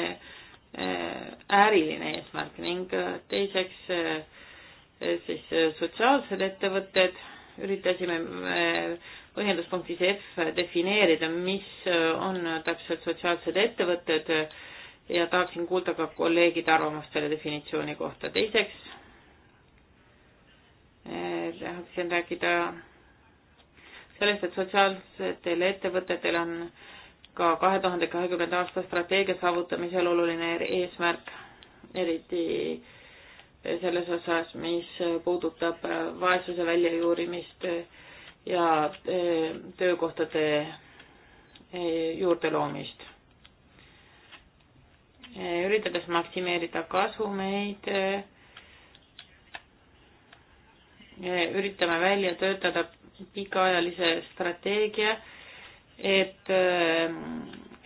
Speaker 1: Äh, äriline eesmärk ning äh, teiseks äh, siis sotsiaalsed ettevõtted, üritasime põhjenduspunktis F defineerida, mis on täpselt sotsiaalsed ettevõtted ja tahaksin kuulda ka kolleegide arvamust selle definitsiooni kohta. teiseks tahaksin rääkida sellest, et sotsiaalsetel ettevõtetel on ka kahe tuhande kahekümnenda aasta strateegia saavutamisel oluline er-, eesmärk, eriti selles osas, mis puudutab vaesuse väljajuurimist ja e, töökohtade e, juurde loomist. E, üritades maksimeerida kasumeid, üritame välja töötada pikaajalise strateegia et eh,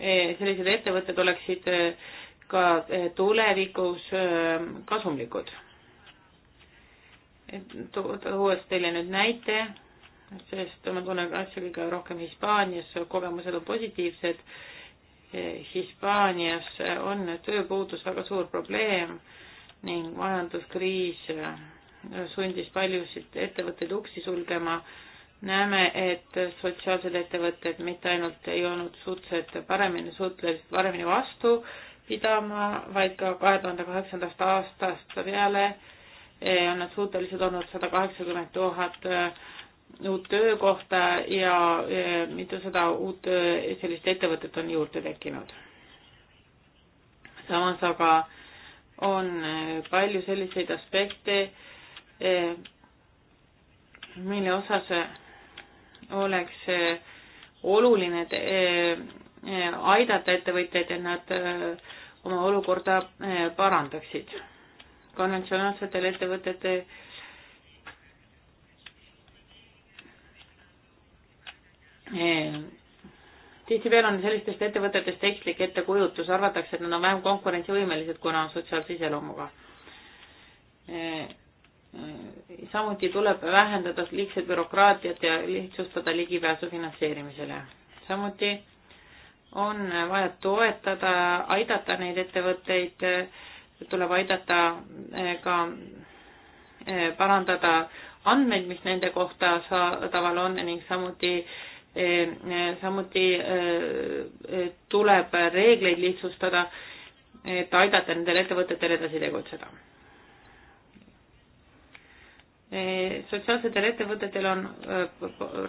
Speaker 1: eh, sellised ettevõtted oleksid eh, ka tulevikus kasumlikud. tuues teile nüüd näite, sest ma tunnen asja kõige rohkem Hispaanias, kogemused on positiivsed. Hispaanias on tööpuudus väga suur probleem ning majanduskriis sundis paljusid ettevõtteid uksi sulgema näeme, et sotsiaalsed ettevõtted mitte ainult ei olnud suhteliselt paremini, suhteliselt paremini vastu pidama, vaid ka kahe tuhande kaheksandast aastast peale eh, on nad suutelised olnud sada kaheksakümmend tuhat eh, uut töökohta ja eh, mitusada uut sellist ettevõtet on juurde tekkinud. samas aga on palju selliseid aspekte, mille osas oleks eh, oluline eh, eh, aidata ettevõtjaid, et nad oma olukorda parandaksid. konventsionaalsetel ettevõtetel tihtipeale on sellistest ettevõtetest ekslik ettekujutus, arvatakse, et nad on vähem konkurentsivõimelised, kuna on sotsiaalse iseloomuga samuti tuleb vähendada liigset bürokraatiat ja lihtsustada ligipääsu finantseerimisele. samuti on vaja toetada, aidata neid ettevõtteid, tuleb aidata eh, ka eh, parandada andmeid, mis nende kohta saadaval on ning samuti eh, samuti tuleb reegleid lihtsustada, et aidata nendel ettevõtetel edasi tegutseda Eh, sotsiaalsetel ettevõtetel on eh,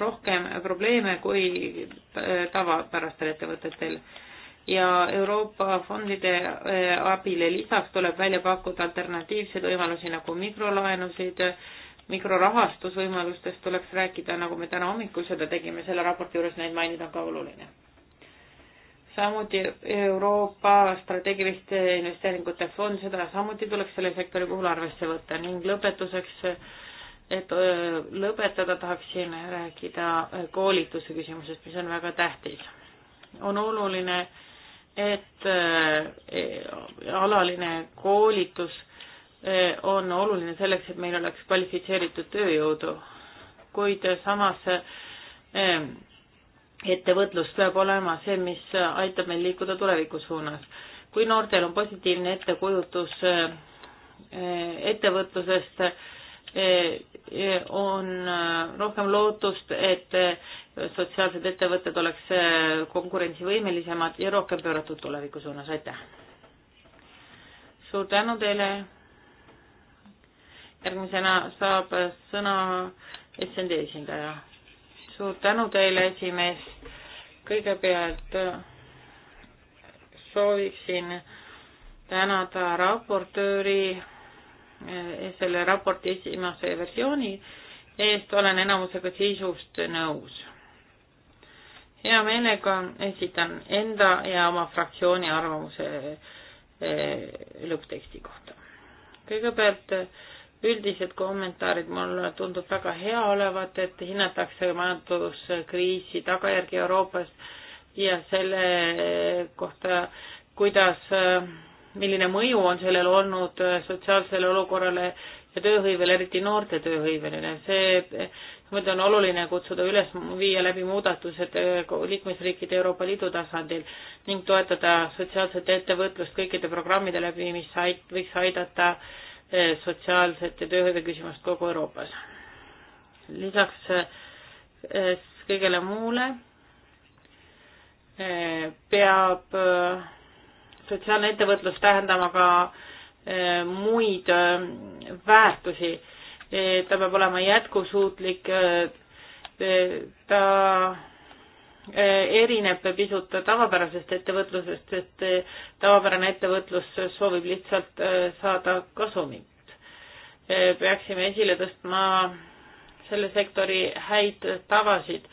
Speaker 1: rohkem probleeme kui eh, tavapärastel ettevõtetel ja Euroopa fondide abile lisaks tuleb välja pakkuda alternatiivseid võimalusi nagu mikrolaenusid, mikrorahastusvõimalustest tuleks rääkida, nagu me täna hommikul seda tegime, selle raporti juures neid mainida on ka oluline. samuti Euroopa strateegiliste investeeringute fond, seda samuti tuleks selle sektori puhul arvesse võtta ning lõpetuseks et lõpetada tahaksin rääkida koolituse küsimusest, mis on väga tähtis. on oluline, et e, alaline koolitus on oluline selleks, et meil oleks kvalifitseeritud tööjõudu, kuid samas ettevõtlus peab olema see, mis aitab meil liikuda tuleviku suunas. kui noortel on positiivne ettekujutus e, ettevõtlusest, E, e, on e, rohkem lootust, et sotsiaalsed ettevõtted oleks konkurentsivõimelisemad ja rohkem pööratud tuleviku suunas, aitäh! suur tänu teile, järgmisena saab sõna SND esindaja. suur tänu teile, esimees, kõigepealt sooviksin tänada raportööri Eh, selle raporti esimese versiooni eest, olen enamusega sisust nõus. hea meelega esitan enda ja oma fraktsiooni arvamuse eh, lõppteksti kohta. kõigepealt eh, üldised kommentaarid mulle tundub väga hea olevat, et hinnatakse majanduskriisi tagajärgi Euroopas ja selle kohta, kuidas milline mõju on sellel olnud äh, sotsiaalsele olukorrale ja tööhõivele, eriti noorte tööhõiveline. see, ma ütlen, oluline kutsuda üles viia läbi muudatused äh, liikmesriikide Euroopa Liidu tasandil ning toetada sotsiaalset ettevõtlust kõikide programmide läbi, mis ait-, võiks aidata äh, sotsiaalset ja tööhõive küsimust kogu Euroopas. lisaks kõigele muule peab sotsiaalne ettevõtlus tähendama ka eh, muid eh, väärtusi. Eh, ta peab olema jätkusuutlik, ta erineb pisut tavapärasest ettevõtlusest, sest tavapärane ettevõtlus soovib lihtsalt saada kasumit. peaksime esile tõstma selle sektori häid tavasid.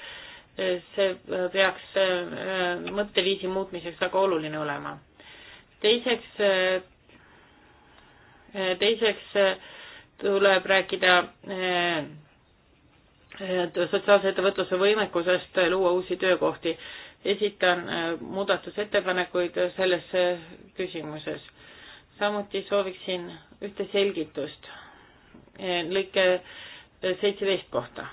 Speaker 1: see peaks mõtteviisi muutmiseks väga oluline olema teiseks, eh, eh, teiseks eh, tuleb rääkida sotsiaalse ettevõtluse võimekusest luua uusi töökohti. esitan muudatusettepanekuid selles küsimuses. samuti sooviksin ühte selgitust lõike seitseteist kohta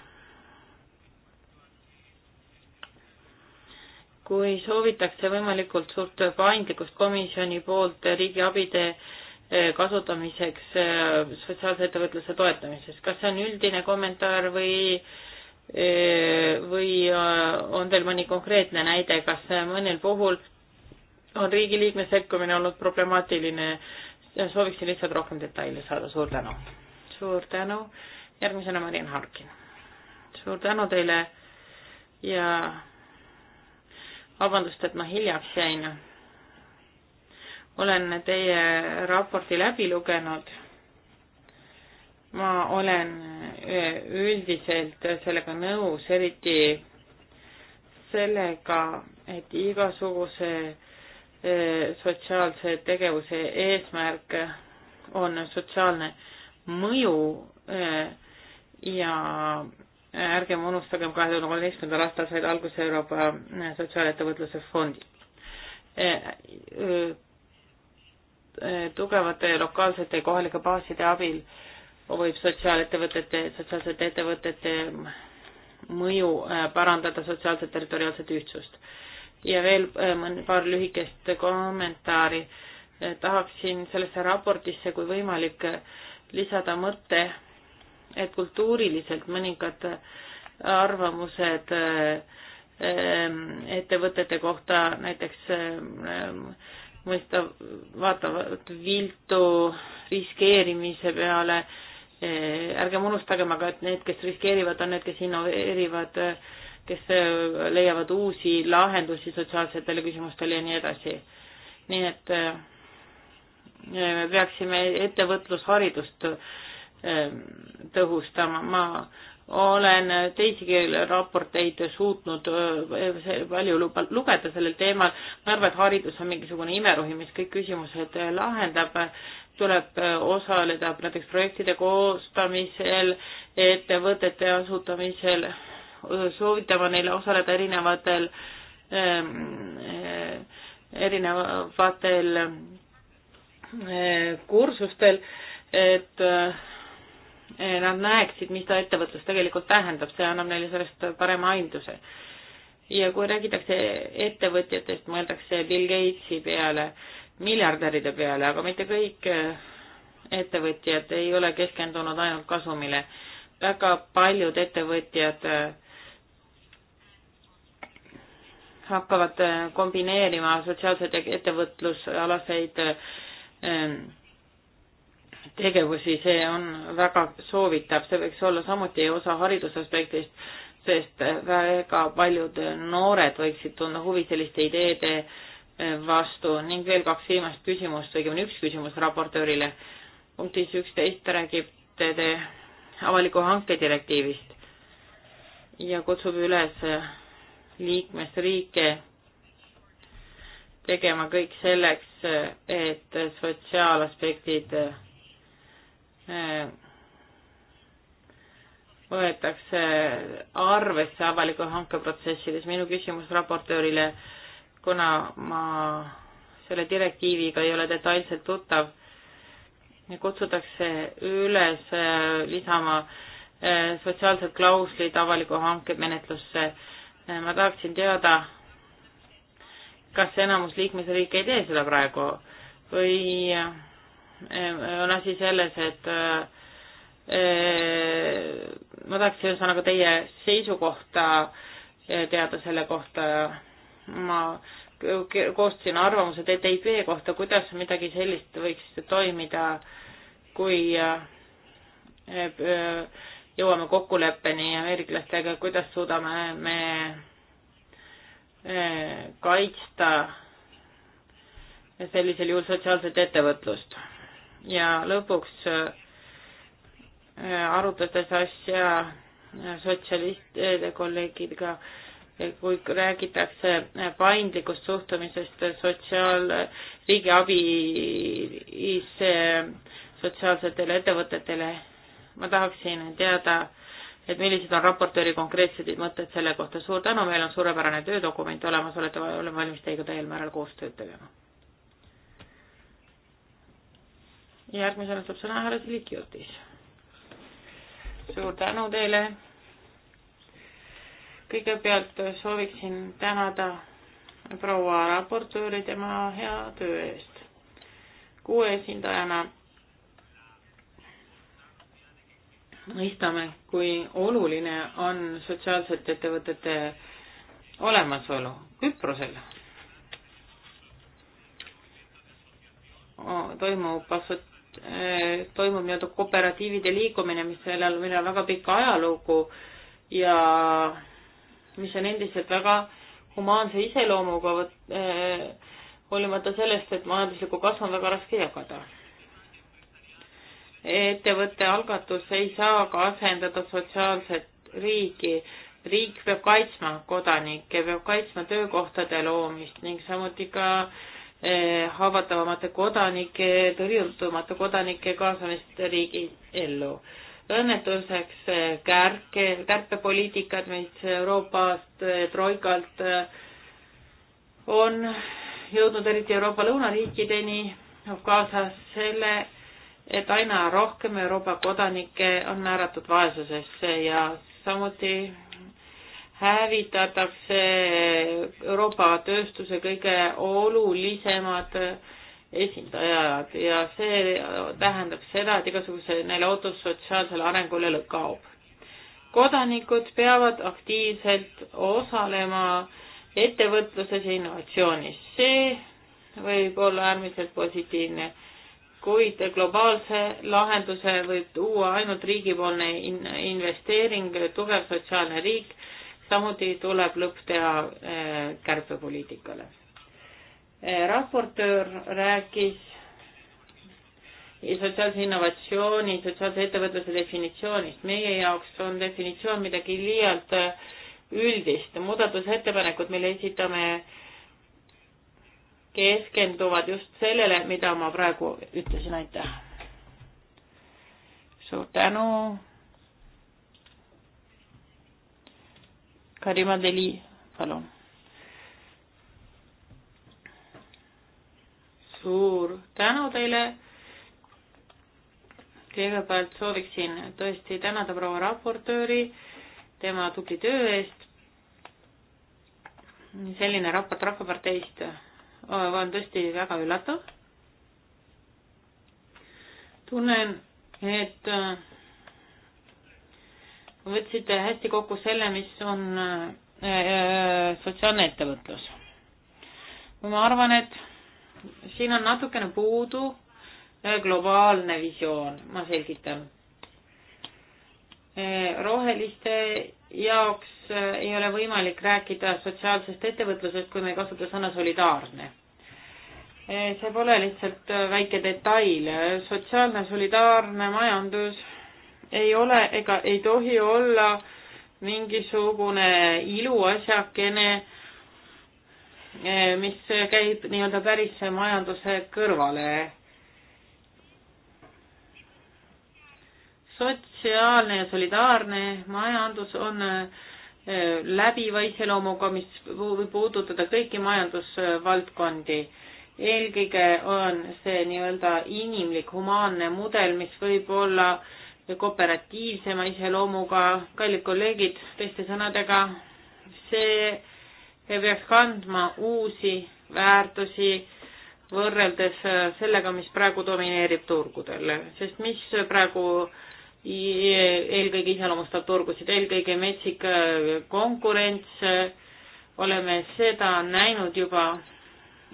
Speaker 1: kui soovitakse võimalikult suurt paindlikkust komisjoni poolt riigiabide eh, kasutamiseks eh, sotsiaalse ettevõtluse toetamises. kas see on üldine kommentaar või, eh, või on teil mõni konkreetne näide, kas mõnel puhul on riigi liikme sekkumine olnud problemaatiline? sooviksin lihtsalt rohkem detaile saada, suur tänu. suur tänu, järgmisena Mariann Harkin. suur tänu teile ja vabandust, et ma hiljaks jäin. olen teie raporti läbi lugenud. ma olen e, üldiselt sellega nõus, eriti sellega, et igasuguse e, sotsiaalse tegevuse eesmärk on sotsiaalne mõju e, ja ärgem unustagem, kahe tuhande kolmeteistkümnendal aastal said alguse Euroopa äh, Sotsiaalettevõtluse Fondid. Äh, äh, tugevate lokaalsete ja kohalike baaside abil võib sotsiaalettevõtete, sotsiaalsete ettevõtete mõju parandada sotsiaalset territoriaalset ühtsust. ja veel mõni, paar lühikest kommentaari. tahaksin sellesse raportisse, kui võimalik, lisada mõtte et kultuuriliselt mõningad arvamused ehm, ettevõtete kohta näiteks ehm, mõista, vaatavad viltu riskeerimise peale, ehm, ärgem unustagem aga, et need, kes riskeerivad, on need, kes innoveerivad, kes leiavad uusi lahendusi sotsiaalsetele küsimustele ja nii edasi. nii et me peaksime ettevõtlusharidust Ähm, tõhustama. ma olen teisigi raporteid suutnud äh, palju lugeda sellel teemal. ma arvan, et haridus on mingisugune imerohi, mis kõik küsimused äh, lahendab. tuleb äh, osaleda näiteks projektide koostamisel, ettevõtete asutamisel, soovitama neile osaleda erinevatel ähm, erinevatel kursustel, et Eh, nad näeksid, mis ta ettevõtlus tegelikult tähendab, see annab neile sellest parema aimduse. ja kui räägitakse ettevõtjatest, mõeldakse Bill Gatesi peale, miljardäride peale, aga mitte kõik eh, ettevõtjad ei ole keskendunud ainult kasumile. väga paljud ettevõtjad eh, hakkavad kombineerima sotsiaalseid ettevõtlusalaseid tegevusi, see on väga soovitav, see võiks olla samuti osa haridusaspektist, sest väga paljud noored võiksid tunda huvi selliste ideede vastu ning veel kaks viimast küsimust, õigemini üks küsimus raportöörile. punktis üksteist räägite te avaliku hanke direktiivist ja kutsub üles liikmesriike tegema kõik selleks, et sotsiaalaspektid võetakse arvesse avaliku hanke protsessides. minu küsimus raportöörile, kuna ma selle direktiiviga ei ole detailselt tuttav, kutsutakse üles äh, lisama äh, sotsiaalsed klauslid avaliku hanke menetlusse. Äh, ma tahaksin teada, kas enamus liikmesriike ei tee seda praegu või on asi selles, et äh, ma tahaks ühesõnaga teie seisukohta äh, teada selle kohta. ma koostasin arvamused ETIP kohta, kuidas midagi sellist võiks toimida, kui äh, jõuame kokkuleppeni ameeriklastega, kuidas suudame me kaitsta sellisel juhul sotsiaalset ettevõtlust ja lõpuks äh, arutades asja äh, sotsialistide kolleegidega, kui räägitakse äh, paindlikust suhtumisest sotsiaal, riigi abis sotsiaalsetele ettevõtetele. ma tahaksin teada, et millised on raportööri konkreetsed mõtted selle kohta. suur tänu, meil on suurepärane töödokument olemas, olete, olen valmis teiega täiel määral koostööd tegema järgmisena saab sõna härra Silikiotis. suur tänu teile. kõigepealt sooviksin tänada proua raportööri tema hea töö eest. kuue esindajana mõistame, kui oluline on sotsiaalsete ettevõtete olemasolu Küprosel. toimub assots-, Eh, toimub nii-öelda kooperatiivide liikumine, mis sellel, millel on väga pikka ajalugu ja mis on endiselt väga humaanse iseloomuga, eh, hoolimata sellest, et majanduslikku kasvu on väga raske jagada. ettevõtte algatus ei saa ka asendada sotsiaalset riiki. riik peab kaitsma kodanikke, peab kaitsma töökohtade loomist ning samuti ka äh, Eh, haavatavamate kodanike, tõrjutumate kodanike kaasamist riigi ellu. õnnetuseks eh, kärke, kärpepoliitikad, mis Euroopast, eh, Troikalt on jõudnud eriti Euroopa lõunariikideni, toob noh, kaasa selle, et aina rohkem Euroopa kodanikke on määratud vaesusesse ja samuti hävitatakse Euroopa tööstuse kõige olulisemad esindajad ja see tähendab seda, et igasuguse neile ootus sotsiaalsele arengule kaob. kodanikud peavad aktiivselt osalema ettevõtluses ja innovatsioonis, see võib olla äärmiselt positiivne, kuid globaalse lahenduse võib tuua ainult riigipoolne investeering, tugev sotsiaalne riik samuti tuleb lõpp teha eh, kärpepoliitikale. Eh, raportöör rääkis sotsiaalse innovatsiooni, sotsiaalse ettevõtluse definitsioonist. meie jaoks on definitsioon midagi liialt eh, üldist. muudatusettepanekud, mille esitame, keskenduvad just sellele, mida ma praegu ütlesin. aitäh! suur tänu! Karima Deli, palun. suur tänu teile. kõigepealt sooviksin tõesti tänada proua raportööri tema tubli töö eest. selline raport Rahvaparteist on tõesti väga üllatav. tunnen, et võtsite hästi kokku selle, mis on äh, äh, sotsiaalne ettevõtlus. ma arvan, et siin on natukene puudu äh, globaalne visioon, ma selgitan. roheliste jaoks ei ole võimalik rääkida sotsiaalsest ettevõtlusest, kui me ei kasuta sõna solidaarne. see pole lihtsalt väike detail, sotsiaalne solidaarne majandus ei ole ega ei tohi olla mingisugune iluasjakene, eh, mis käib nii-öelda päris majanduse kõrvale. sotsiaalne ja solidaarne majandus on eh, läbiva iseloomuga, mis võib puudutada kõiki majandusvaldkondi. eelkõige on see nii-öelda inimlik, humaanne mudel, mis võib olla äh, kooperatiivsema iseloomuga, kallid kolleegid, teiste sõnadega, see peaks kandma uusi väärtusi võrreldes sellega, mis praegu domineerib turgudel, sest mis praegu eelkõige iseloomustab turgusid, eelkõige metsik konkurents, oleme seda näinud juba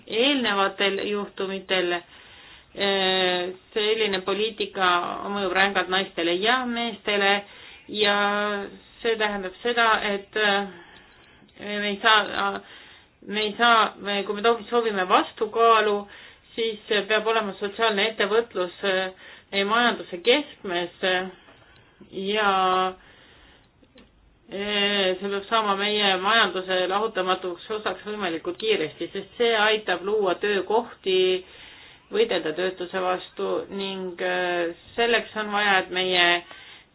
Speaker 1: eelnevatel juhtumitel Äh, selline poliitika mõjub rängalt naistele ja meestele ja see tähendab seda, et äh, me ei saa, me ei saa, kui me soovime vastukaalu, siis peab olema sotsiaalne ettevõtlus äh, meie majanduse keskmes ja see peab saama meie majanduse lahutamatuks osaks võimalikult kiiresti, sest see aitab luua töökohti äh, võidelda töötuse vastu ning äh, selleks on vaja, et meie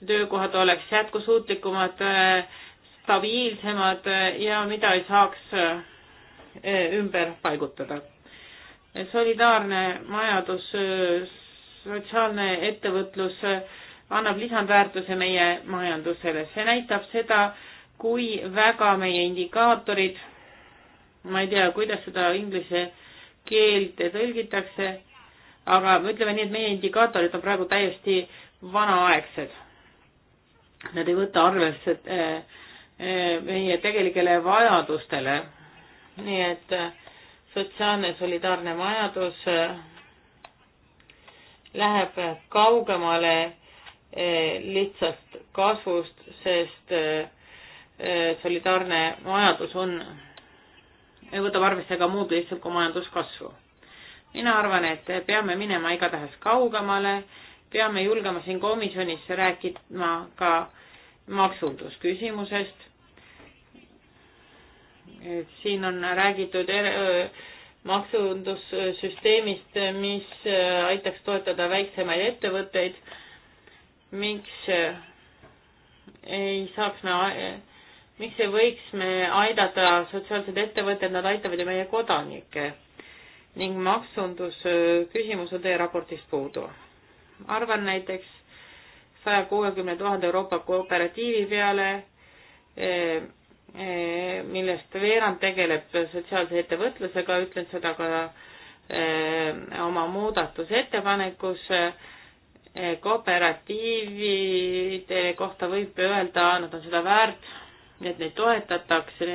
Speaker 1: töökohad oleks jätkusuutlikumad, äh, stabiilsemad äh, ja mida ei saaks ümber paigutada. solidaarne majandus, sotsiaalne ettevõtlus annab lisandväärtuse meie majandusele, see näitab seda, kui väga meie indikaatorid, ma ei tea, kuidas seda inglise keelde tõlgitakse, aga ütleme nii, et meie indikaatorid on praegu täiesti vanaaegsed. Nad ei võta arvesse eh, eh, meie tegelikele vajadustele. nii et eh, sotsiaalne solidaarne majandus läheb kaugemale lihtsast kasvust, sest solidaarne majandus on võtab arvesse ka muud lihtsalt kui majanduskasvu. mina arvan, et peame minema igatahes kaugemale, peame julgema siin komisjonis rääkima ka maksundusküsimusest. siin on räägitud er maksundussüsteemist, mis äh, aitaks toetada väiksemaid ettevõtteid. miks äh, ei saaks me miks ei võiks me aidata sotsiaalsed ettevõtted, nad aitavad ju meie kodanikke ning maksundusküsimus on teie raportist puudu. arvan näiteks saja kuuekümne tuhande Euroopa kooperatiivi peale, e, e, millest veerand tegeleb sotsiaalse ettevõtlusega, ütlen seda ka e, oma muudatusettepanekus kooperatiivide kohta võib öelda, nad on seda väärt, et neid toetatakse,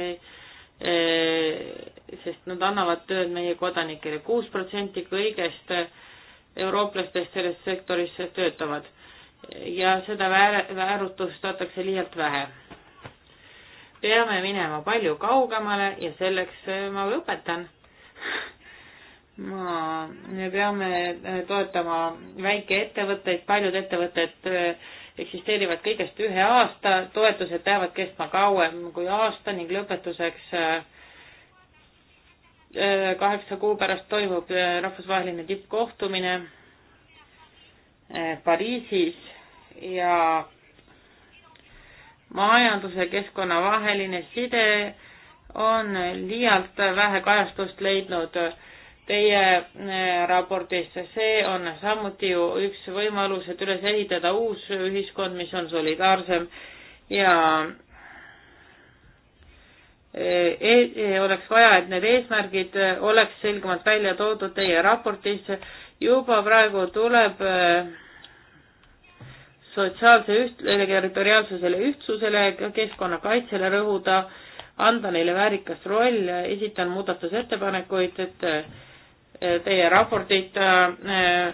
Speaker 1: eh, sest nad annavad tööd meie kodanikele. kuus protsenti kõigest eurooplastest selles sektoris töötavad ja seda väär-, väärutustatakse liialt vähe. peame minema palju kaugemale ja selleks eh, ma õpetan. *laughs* ma, me peame eh, toetama väikeettevõtteid, paljud ettevõtted et eksisteerivad kõigest ühe aasta, toetused peavad kestma kauem kui aasta ning lõpetuseks äh, äh, kaheksa kuu pärast toimub äh, rahvusvaheline tippkohtumine Pariisis ja majanduse keskkonna vaheline side on liialt vähe kajastust leidnud äh, teie eh, raportis, see on samuti ju üks võimalus, et üles ehitada uus ühiskond, mis on solidaarsem ja eh, e e oleks vaja, et need eesmärgid eh, oleks selgemalt välja toodud teie raportis. juba praegu tuleb sotsiaalse üht-, territoriaalsusele ühtsusele, keskkonnakaitsele rõhuda, anda neile väärikas roll, esitan muudatusettepanekuid, et teie raportit äh, äh,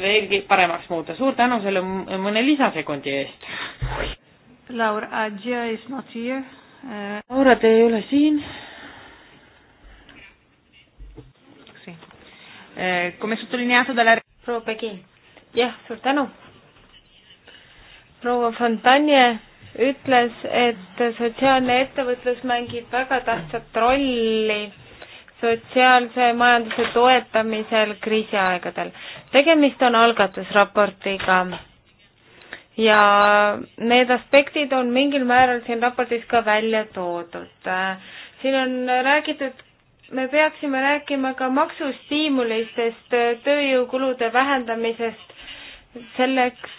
Speaker 1: veelgi paremaks muuta. suur tänu selle mõne lisasekundi eest. Laura Adja uh, is not here uh.... Laura, te ei ole siin. Eh, come sottolineato dalla proua Pegi. jah, suur tänu. proua Fontanje ütles, et sotsiaalne ettevõtlus mängib väga tähtsat rolli sotsiaalse majanduse toetamisel kriisiaegadel. tegemist on algatusraportiga ja need aspektid on mingil määral siin raportis ka välja toodud. siin on räägitud, me peaksime rääkima ka maksustiimulistest, tööjõukulude vähendamisest selleks,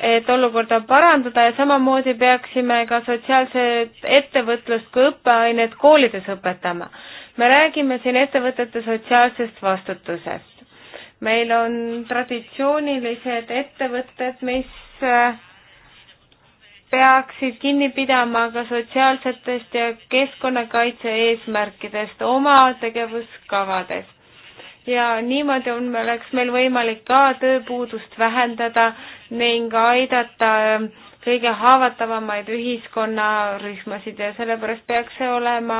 Speaker 1: et olukorda parandada ja samamoodi peaksime ka sotsiaalset ettevõtlust kui õppeainet koolides õpetama me räägime siin ettevõtete sotsiaalsest vastutusest. meil on traditsioonilised ettevõtted, mis äh, peaksid kinni pidama ka sotsiaalsetest ja keskkonnakaitse eesmärkidest oma tegevuskavades. ja niimoodi on, oleks meil võimalik ka tööpuudust vähendada ning aidata äh, kõige haavatavamaid ühiskonnarühmasid ja sellepärast peaks see olema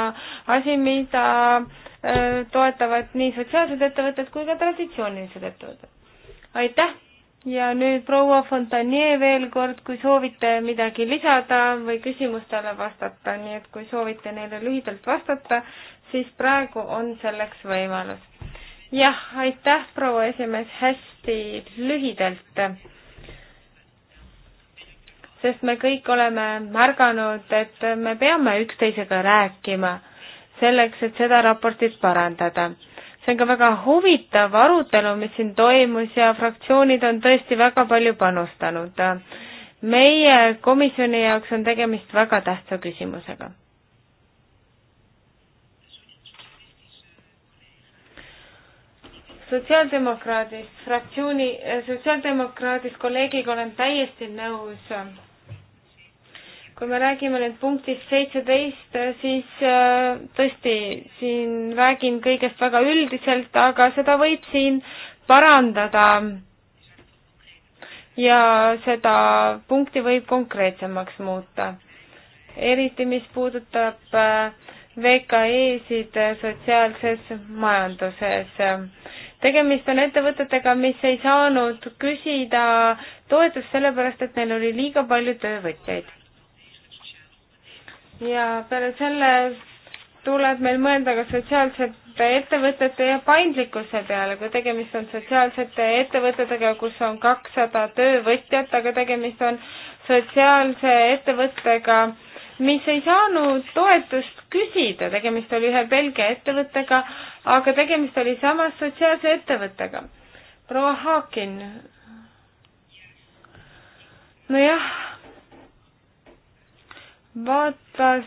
Speaker 1: asi, mida äh, toetavad nii sotsiaalsed ettevõtted kui ka traditsioonilised ettevõtted. aitäh ja nüüd proua Fontanier veel kord, kui soovite midagi lisada või küsimustele vastata, nii et kui soovite neile lühidalt vastata, siis praegu on selleks võimalus. jah, aitäh, proua esimees, hästi lühidalt sest me kõik oleme märganud, et me peame üksteisega rääkima selleks, et seda raportit parandada. see on ka väga huvitav arutelu, mis siin toimus ja fraktsioonid on tõesti väga palju panustanud. meie komisjoni jaoks on tegemist väga tähtsa küsimusega. sotsiaaldemokraadist fraktsiooni, sotsiaaldemokraadist kolleegiga olen täiesti nõus kui me räägime nüüd punktist seitseteist, siis äh, tõesti, siin räägin kõigest väga üldiselt, aga seda võib siin parandada. ja seda punkti võib konkreetsemaks muuta. eriti, mis puudutab äh, VKE-sid sotsiaalses majanduses. tegemist on ettevõtetega, mis ei saanud küsida toetust sellepärast, et neil oli liiga palju töövõtjaid ja peale selle tuleb meil mõelda ka sotsiaalsete ettevõtete ja paindlikkuse peale, kui tegemist on sotsiaalsete ettevõtetega, kus on kakssada töövõtjat, aga tegemist on sotsiaalse ettevõttega, mis ei saanud toetust küsida, tegemist oli ühe Belgia ettevõttega, aga tegemist oli samas sotsiaalse ettevõttega. proua Haakin. nojah vaatas,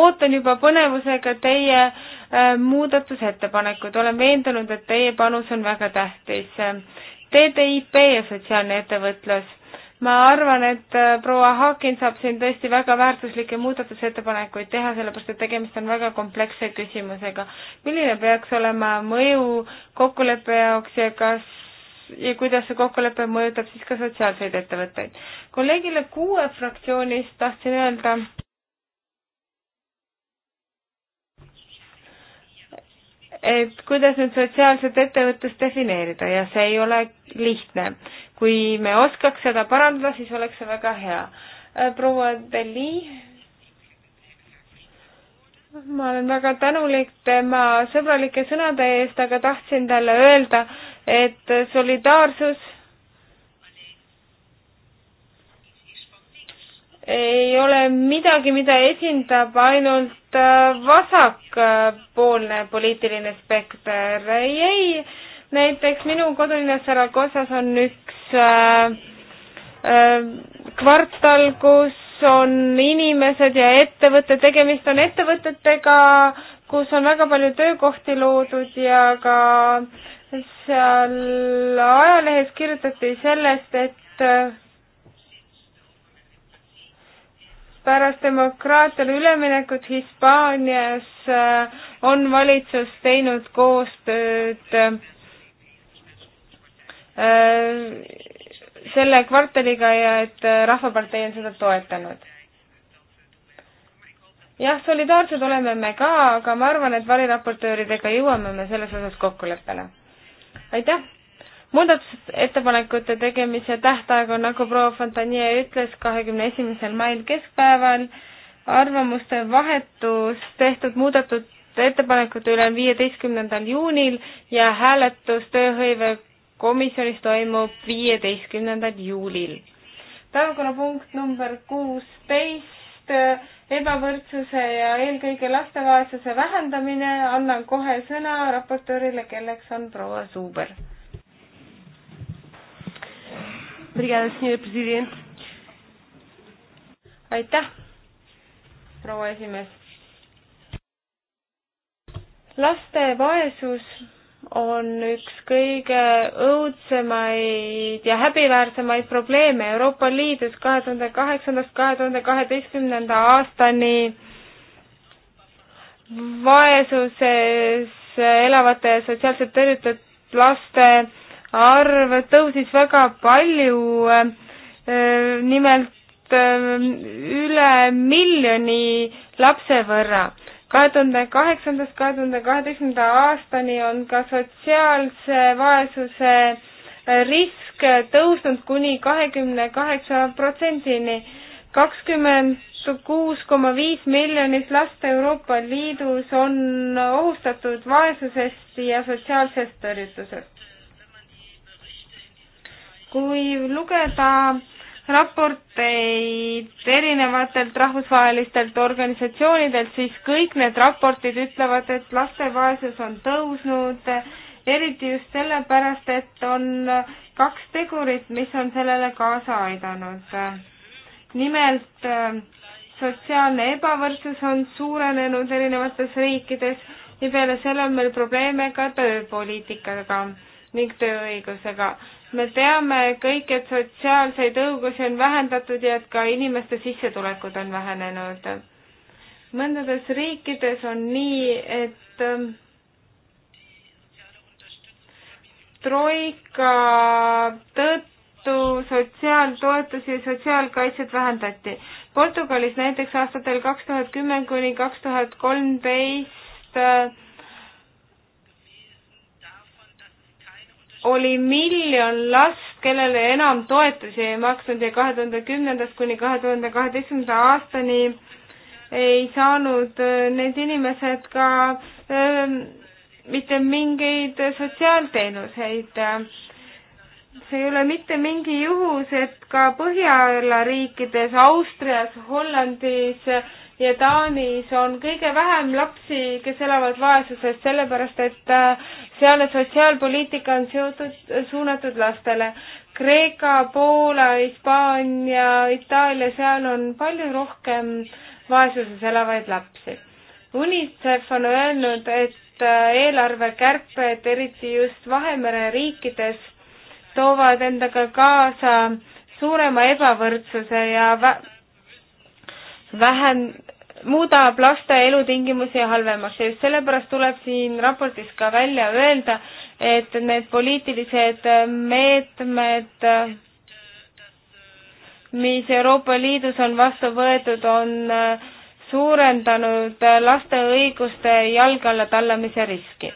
Speaker 1: ootan juba põnevusega teie äh, muudatusettepanekuid, olen veendunud, et teie panus on väga tähtis. TTIP ja sotsiaalne ettevõtlus. ma arvan, et äh, proua Haakin saab siin tõesti väga väärtuslikke muudatusettepanekuid teha, sellepärast et tegemist on väga kompleksse küsimusega. milline peaks olema mõju kokkuleppe jaoks ja kas ja kuidas see kokkulepe mõjutab siis ka sotsiaalseid ettevõtteid. kolleegile kuue fraktsioonist tahtsin öelda, et kuidas nüüd sotsiaalset ettevõtlust defineerida ja see ei ole lihtne. kui me oskaks seda parandada, siis oleks see väga hea. proua Deli, ma olen väga tänulik tema sõbralike sõnade eest, aga tahtsin talle öelda, et solidaarsus ei ole midagi, mida esindab ainult äh, vasakpoolne poliitiline spekter. ei, ei, näiteks minu kodulinnas Saragossas on üks äh, äh, kvartal, kus on inimesed ja ettevõtted, tegemist on ettevõtetega, kus on väga palju töökohti loodud ja ka äh, seal ajalehes kirjutati sellest, et äh, pärast demokraatiale üleminekut Hispaanias äh, on valitsus teinud koostööd äh, selle kvartaliga ja et Rahvapartei on seda toetanud. jah, solidaarsed oleme me ka, aga ma arvan, et variraportööridega jõuame me selles osas kokkuleppele aitäh! muudatusettepanekute tegemise tähtaeg on, nagu proua Fontanier ütles, kahekümne esimesel mail keskpäeval. arvamuste vahetus tehtud muudatud ettepanekute üle on viieteistkümnendal juunil ja hääletus tööhõivekomisjonis toimub viieteistkümnendal juulil. päevakorrapunkt number kuusteist ebavõrdsuse ja eelkõige laste vaesuse vähendamine, annan kohe sõna raportöörile, kelleks on proua Suuber. aitäh, proua esimees. laste vaesus on üks kõige õudsemaid ja häbiväärsemaid probleeme Euroopa Liidus kahe tuhande kaheksandast kahe tuhande kaheteistkümnenda aastani vaesuses elavate ja sotsiaalselt tõrjutud laste arv tõusis väga palju, nimelt üle miljoni lapse võrra kahe tuhande kaheksandast kahe tuhande kaheteistkümnenda aastani on ka sotsiaalse vaesuse risk tõusnud kuni kahekümne kaheksa protsendini. kakskümmend kuus koma viis miljonit last Euroopa Liidus on ohustatud vaesusest ja sotsiaalsest tõrjutusest. kui lugeda raporteid erinevatelt rahvusvahelistelt organisatsioonidelt, siis kõik need raportid ütlevad, et laste vaesus on tõusnud, eriti just sellepärast, et on kaks tegurit, mis on sellele kaasa aidanud. nimelt sotsiaalne ebavõrdsus on suurenenud erinevates riikides ja peale selle on meil probleeme ka tööpoliitikaga ning tööõigusega me teame kõik, et sotsiaalseid õigusi on vähendatud ja et ka inimeste sissetulekud on vähenenud. mõndades riikides on nii, et ähm, troika tõttu sotsiaaltoetusi ja sotsiaalkaitset vähendati. Portugalis näiteks aastatel kaks tuhat kümme kuni kaks tuhat kolmteist äh, oli miljon last, kellele enam toetusi ei maksnud ja kahe tuhande kümnendast kuni kahe tuhande kaheteistkümnenda aastani ei saanud äh, need inimesed ka öö, ähm, mitte mingeid sotsiaalteenuseid. see ei ole mitte mingi juhus, et ka Põhjala riikides, Austrias, Hollandis ja Taanis on kõige vähem lapsi, kes elavad vaesuses, sellepärast et äh, sealne sotsiaalpoliitika on seotud, suunatud lastele. Kreeka, Poola, Hispaania, Itaalia, seal on palju rohkem vaesuses elavaid lapsi. UNICEF on öelnud, et äh, eelarvekärped, eriti just Vahemere riikides, toovad endaga kaasa suurema ebavõrdsuse ja vä vähem muudab laste elutingimusi halvemaks ja just sellepärast tuleb siin raportis ka välja öelda, et need poliitilised meetmed, mis Euroopa Liidus on vastu võetud, on suurendanud laste õiguste jalge alla tallamise riski.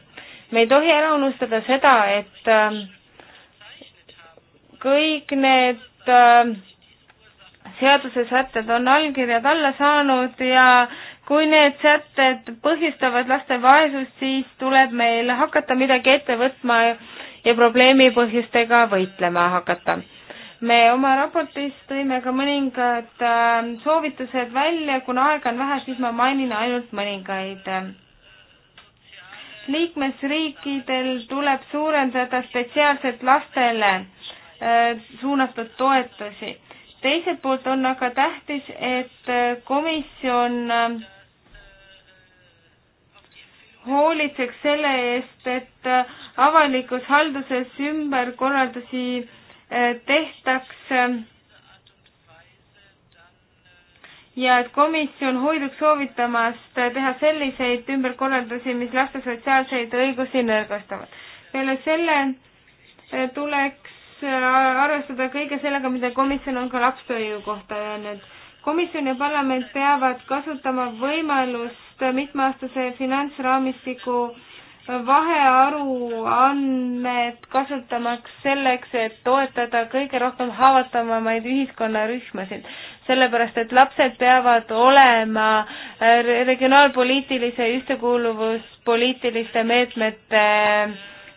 Speaker 1: me ei tohi ära unustada seda, et kõik need äh, seaduse sätted on allkirjad alla saanud ja kui need sätted põhjustavad laste vaesust, siis tuleb meil hakata midagi ette võtma ja probleemi põhjustega võitlema hakata me oma raportis tõime ka mõningad äh, soovitused välja, kuna aega on vähe, siis ma mainin ainult mõningaid. liikmesriikidel tuleb suurendada spetsiaalselt lastele äh, suunatud toetusi teiselt poolt on aga tähtis, et komisjon äh, hoolitseks selle eest, et äh, avalikus halduses ümberkorraldusi äh, tehtaks ja et komisjon hoiduks soovitamast teha selliseid ümberkorraldusi, mis laste sotsiaalseid õigusi nõrgestavad. peale selle tuleks Äh, arvestada kõige sellega, mida komisjon on ka lapstööjõu kohta öelnud. komisjon ja parlament peavad kasutama võimalust mitmeaastase finantsraamistiku vahearuandmed kasutamaks selleks, et toetada kõige rohkem haavatavamaid ühiskonnarühmasid. sellepärast, et lapsed peavad olema äh, regionaalpoliitilise ühtekuuluvuspoliitiliste meetmete äh,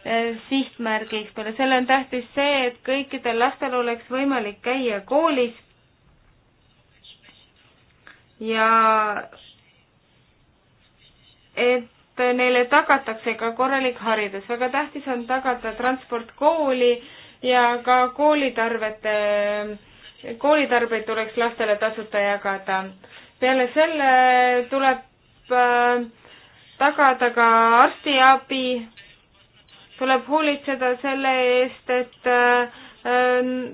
Speaker 1: Eh, sihtmärgiks. peale selle on tähtis see, et kõikidel lastel oleks võimalik käia koolis ja et neile tagatakse ka korralik haridus. väga tähtis on tagada transport kooli ja ka koolitarvete, koolitarbeid tuleks lastele tasuta jagada. peale selle tuleb äh, tagada ka arstiabi tuleb hoolitseda selle eest, et äh,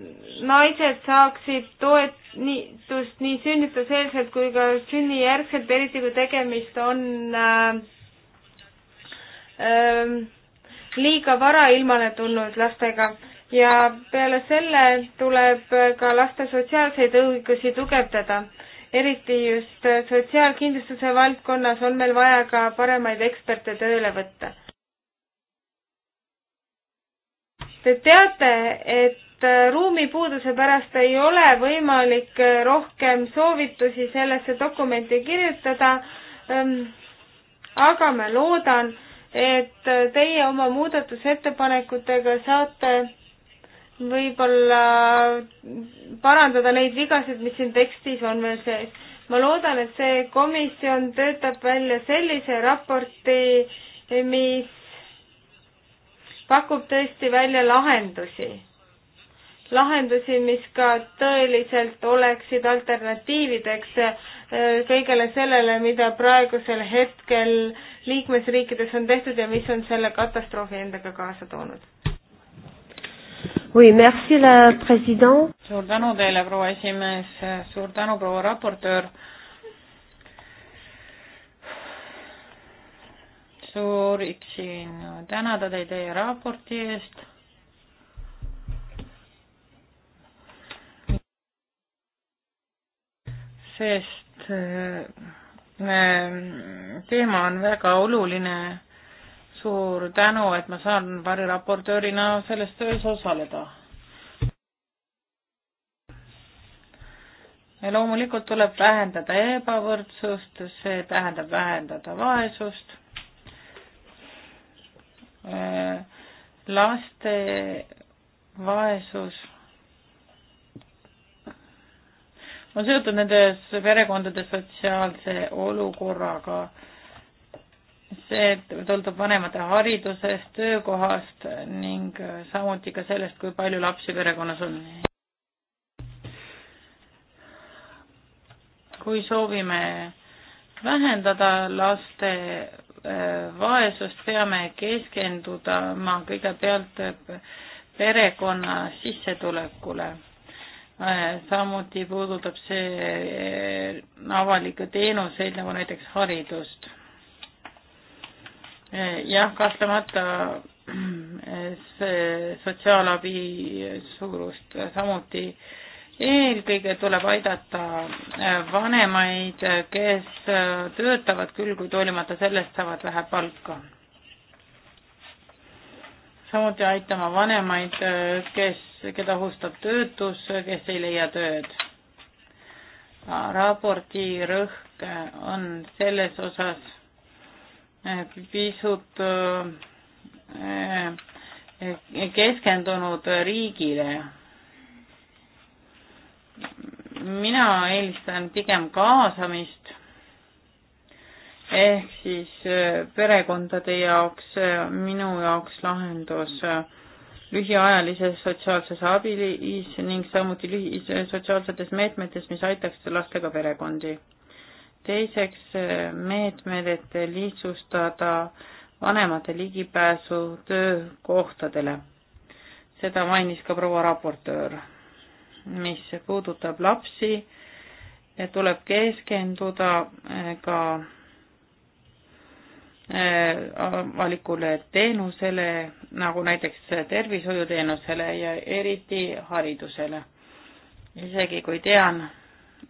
Speaker 1: naised saaksid toetust nii sünnituseelselt kui ka sünnijärgselt, eriti kui tegemist on äh, äh, liiga vara ilmale tulnud lastega ja peale selle tuleb ka laste sotsiaalseid õigusi tugevdada. eriti just sotsiaalkindlustuse valdkonnas on meil vaja ka paremaid eksperte tööle võtta Te teate, et äh, ruumipuuduse pärast ei ole võimalik äh, rohkem soovitusi sellesse dokumenti kirjutada, ähm, aga ma loodan, et äh, teie oma muudatusettepanekutega saate võib-olla parandada neid vigasid, mis siin tekstis on veel sees. ma loodan, et see komisjon töötab välja sellise raporti, mis pakub tõesti välja lahendusi, lahendusi, mis ka tõeliselt oleksid alternatiivideks äh, kõigele sellele, mida praegusel hetkel liikmesriikides on tehtud ja mis on selle katastroofi endaga kaasa toonud. Oui, merci la président. suur tänu teile, proua esimees, suur tänu, proua raportöör sooviksin äh, tänada teid teie raporti eest. sest äh, ähm, teema on väga oluline. suur tänu, et ma saan variraportöörina selles töös osaleda. ja loomulikult tuleb vähendada ebavõrdsust, see tähendab vähendada vaesust Äh, laste vaesus on seotud nendes perekondade sotsiaalse olukorraga. see tõltub vanemate haridusest, töökohast ning samuti ka sellest, kui palju lapsi perekonnas on. kui soovime vähendada laste Äh, vaesust, peame keskenduma kõigepealt perekonna sissetulekule. Äh, samuti puudutab see äh, avalikke teenuseid nagu näiteks haridust. jah, kahtlemata see sotsiaalabi suurust samuti äh, eelkõige tuleb aidata äh, vanemaid, äh, kes äh, töötavad küll, kuid hoolimata sellest saavad vähe palka. samuti aitama vanemaid, kes, keda ohustab töötus, kes ei leia tööd. raporti rõhk on selles osas pisut keskendunud riigile mina eelistan pigem kaasamist ehk siis äh, perekondade jaoks, äh, minu jaoks lahendus äh, lühiajalises sotsiaalses abilis ning samuti lühi-, sotsiaalsetes meetmetes, mis aitaks lastega perekondi. teiseks meetmed, et lihtsustada vanemate ligipääsu töökohtadele. seda mainis ka proua raportöör mis puudutab lapsi, tuleb keskenduda eh, ka eh, avalikule teenusele, nagu näiteks tervishoiuteenusele ja eriti haridusele. isegi kui tean,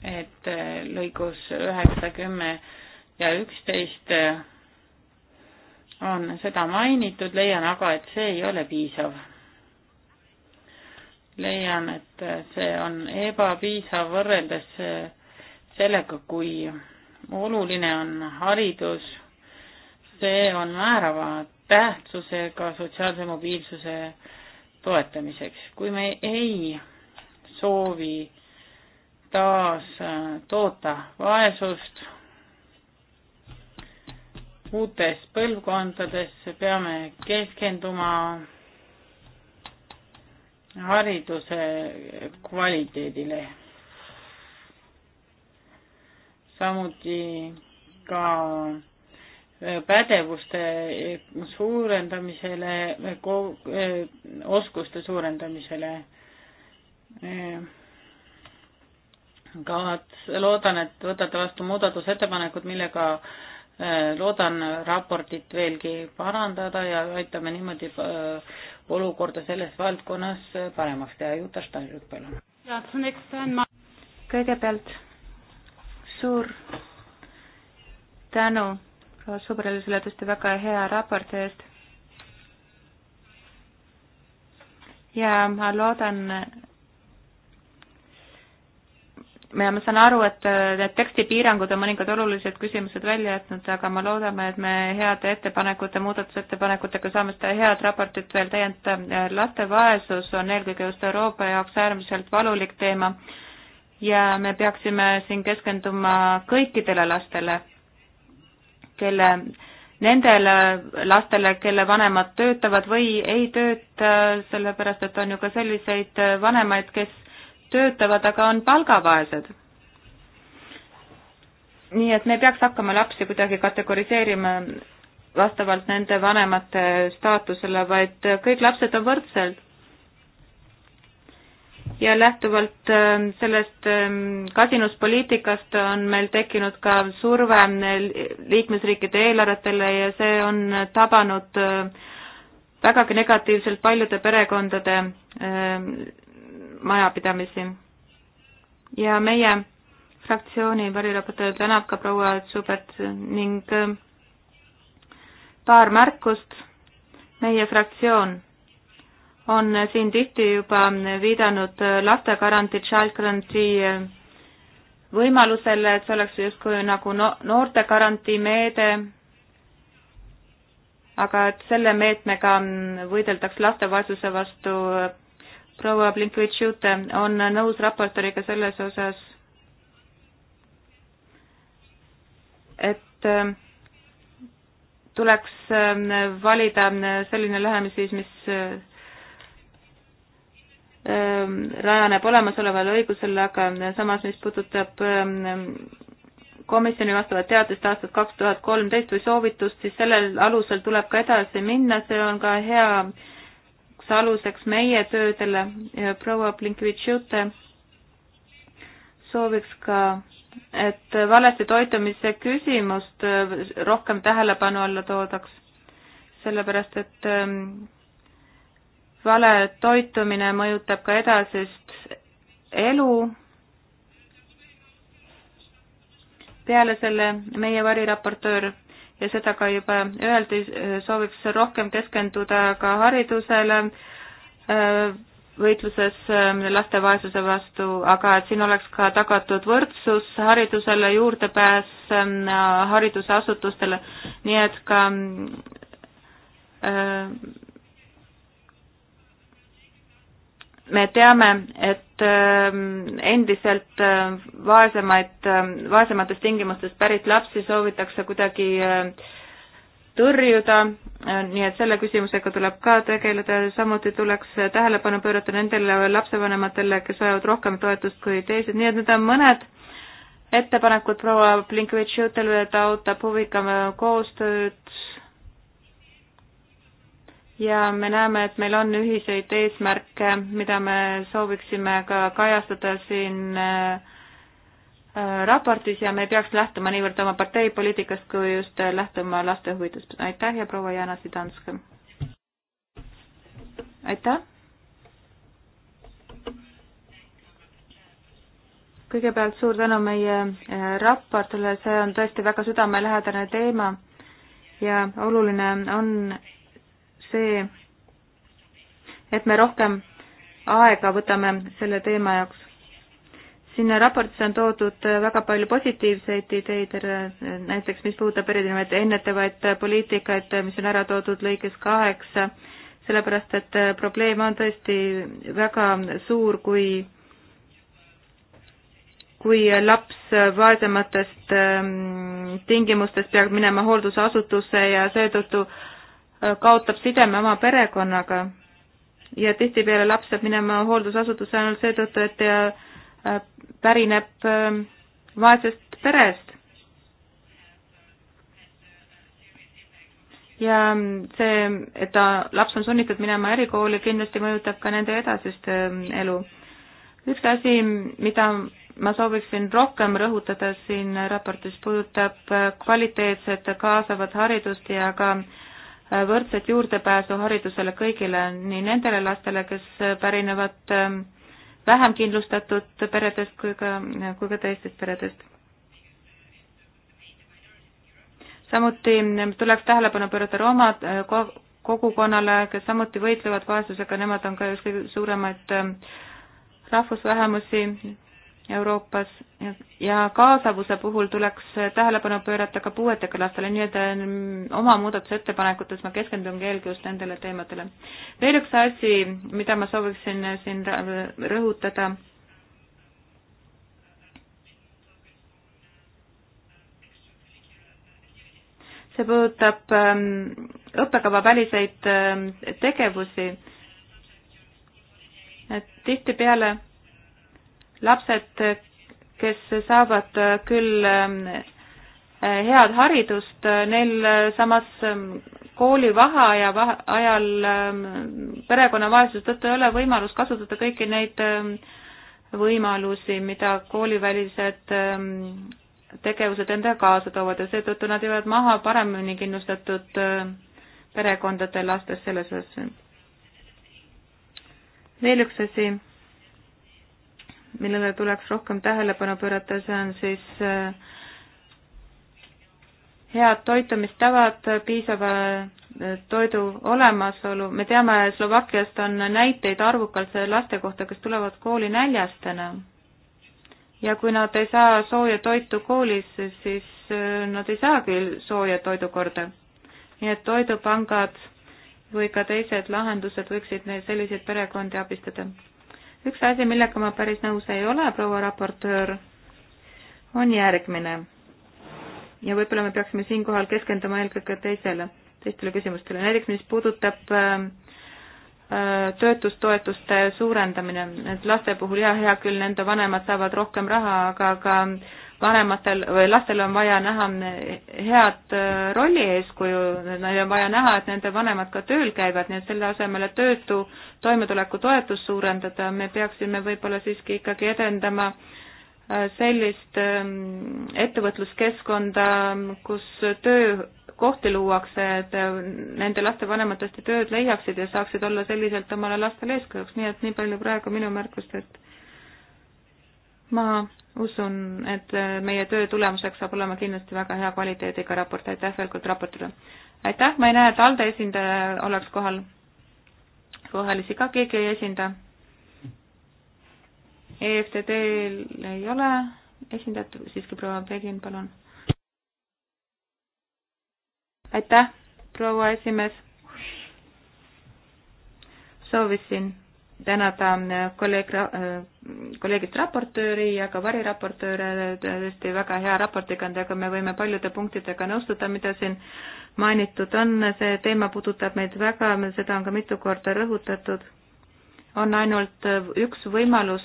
Speaker 1: et eh, lõigus üheksa, kümme ja üksteist on seda mainitud, leian aga, et see ei ole piisav leian, et see on ebapiisav võrreldes eh, sellega, kui oluline on haridus. see on määrava tähtsusega sotsiaalse mobiilsuse toetamiseks. kui me ei soovi taas eh, toota vaesust uutes põlvkondades, peame keskenduma hariduse kvaliteedile. samuti ka pädevuste suurendamisele, oskuste suurendamisele. ka loodan, et võtate vastu muudatusettepanekud, millega eh, loodan raportit veelgi parandada ja aitame niimoodi eh, olukorda selles valdkonnas paremaks teha. Juta Steinrück, palun. kõigepealt suur tänu proua Subrele selle tõesti väga hea raporti eest. ja ma loodan, ja ma saan aru, et äh, need tekstipiirangud on mõningad olulised küsimused välja jätnud, aga me loodame, et me heade ettepanekute, muudatusettepanekutega saame seda head raportit veel täiendada. Äh, laste vaesus on eelkõige just Euroopa jaoks äärmiselt valulik teema ja me peaksime siin keskenduma kõikidele lastele, kelle nendele lastele, kelle vanemad töötavad või ei tööta, sellepärast et on ju ka selliseid äh, vanemaid, kes töötavad, aga on palgavaesed. nii et me peaks hakkama lapsi kuidagi kategoriseerima vastavalt nende vanemate staatusele, vaid kõik lapsed on võrdsed. ja lähtuvalt ähm, sellest ähm, kasinuspoliitikast on meil tekkinud ka surve liikmesriikide eelarvetele ja see on tabanud äh, vägagi negatiivselt paljude perekondade ähm, majapidamisi. ja meie fraktsiooni variraportöör tänab ka proua Schubert ning äh, paar märkust. meie fraktsioon on siin tihti juba viidanud äh, lastegarantii, child guarantee äh, võimalusele, et see oleks justkui nagu no noortegarantii meede, aga et selle meetmega mm, võideldaks laste vaesuse vastu proua Blinkvitš-Jute on nõus raportoriga selles osas, et ähm, tuleks ähm, valida ähm, selline lähemisviis, mis rajaneb olemasolevale õigusele, aga samas, mis puudutab komisjoni vastavat teadust aastast kaks tuhat kolmteist või soovitust, siis sellel alusel tuleb ka edasi minna, see on ka hea äh, heaks aluseks meie töödele. proua Blinkvitšute sooviks ka, et valesti toitumise küsimust rohkem tähelepanu alla toodaks, sellepärast et ähm, vale toitumine mõjutab ka edasist elu. peale selle meie variraportöör ja seda ka juba öeldi, sooviks rohkem keskenduda ka haridusele, äh, võitluses äh, laste vaesuse vastu, aga et siin oleks ka tagatud võrdsus haridusele, juurdepääs äh, haridusasutustele, nii et ka me teame, et ähm, endiselt ähm, vaesemaid, ähm, vaesematest tingimustest pärit lapsi soovitakse kuidagi äh, tõrjuda, äh, nii et selle küsimusega tuleb ka tegeleda, samuti tuleks tähelepanu pöörata nendele lapsevanematele, kes vajavad rohkem toetust kui teised, nii et need on mõned ettepanekud proua Blinkevitš-Jutel, ta ootab huviga koostööd ja me näeme, et meil on ühiseid eesmärke, mida me sooviksime ka kajastada siin äh, äh, raportis ja me ei peaks lähtuma niivõrd oma partei poliitikast, kui just lähtuma laste huvidest. aitäh ja proua Jana Sidanska! aitäh! kõigepealt suur tänu meie äh, raportile, see on tõesti väga südamelähedane teema ja oluline on, see, et me rohkem aega võtame selle teema jaoks. siin raportis on toodud väga palju positiivseid ideid, näiteks mis puudutab erinevaid ennetavaid poliitikaid, mis on ära toodud lõikes kaheksa, sellepärast et probleem on tõesti väga suur, kui kui laps vaesematest mm, tingimustest peab minema hooldusasutusse ja seetõttu äh, kaotab sideme oma perekonnaga ja tihtipeale laps peab minema hooldusasutusse ainult seetõttu, et ta äh, pärineb äh, vaesest perest. ja see, et ta, laps on sunnitud minema erikooli, kindlasti mõjutab ka nende edasist äh, elu. üks asi, mida ma sooviksin rohkem rõhutada siin raportis, puudutab kvaliteetset kaasavat haridust ja ka äh, võrdset juurdepääsu haridusele kõigile, nii nendele lastele, kes pärinevad ähm, vähem kindlustatud peredest kui ka, kui ka teistest peredest. samuti tuleks tähelepanu pöörata Rooma äh, kogukonnale, kes samuti võitlevad vaesusega, nemad on ka üks kõige suuremaid ähm, rahvusvähemusi Euroopas ja kaasavuse puhul tuleks tähelepanu pöörata ka puuetega lastele, nii et ähm, oma muudatusettepanekutes ma keskendungi eelkõige just nendele teemadele. veel üks asi, mida ma sooviksin siin rõhutada, see puudutab ähm, õppekavaväliseid ähm, tegevusi, et tihtipeale lapsed, kes saavad küll ähm, head haridust, neil samas ähm, koolivaheaja ajal ähm, perekonna vaesuse tõttu ei ole võimalus kasutada kõiki neid võimalusi, mida koolivälised tegevused endaga kaasa toovad ja seetõttu nad jäävad maha paremini kindlustatud perekondade lastest selles osas. veel üks asi millele tuleks rohkem tähelepanu pöörata, see on siis äh, head toitumistavad, piisava äh, toidu olemasolu, me teame, Slovakkiast on näiteid arvukalt laste kohta, kes tulevad kooli näljastena. ja kui nad ei saa sooja toitu koolis, siis äh, nad ei saagi sooja toidukorda. nii et toidupangad või ka teised lahendused võiksid neid selliseid perekondi abistada üks asi, millega ma päris nõus ei ole, proua raportöör, on järgmine. ja võib-olla me peaksime siinkohal keskenduma eelkõige teisele, teistele küsimustele, näiteks mis puudutab äh, äh töötustoetuste suurendamine, et laste puhul jah, hea küll, nende vanemad saavad rohkem raha, aga ka äh, vanematel või lastel on vaja näha head äh, rolli eeskuju, neil on vaja näha, et nende vanemad ka tööl käivad, nii et selle asemel, et töötu toimetulekutoetust suurendada, me peaksime võib-olla siiski ikkagi edendama äh, sellist ähm, ettevõtluskeskkonda, kus töökohti luuakse, et äh, nende lastevanematest tööd leiaksid ja saaksid olla selliselt omale lastele eeskujuks, nii et nii palju praegu minu märkust, et ma usun, et meie töö tulemuseks saab olema kindlasti väga hea kvaliteediga raport, aitäh veel kord raportile. aitäh, ma ei näe, et ALDE esindaja oleks kohal. rohelisi ka keegi ei esinda. EFTD-l ei ole esindajat, siiski proua Pegin, palun. aitäh, proua esimees. soovisin tänada äh, kolleeg, äh, kolleegist raportööri ja ka variraportööre, äh, tõesti väga hea raportiga on, aga me võime paljude punktidega nõustuda, mida siin mainitud on, see teema puudutab meid väga, seda on ka mitu korda rõhutatud. on ainult üks võimalus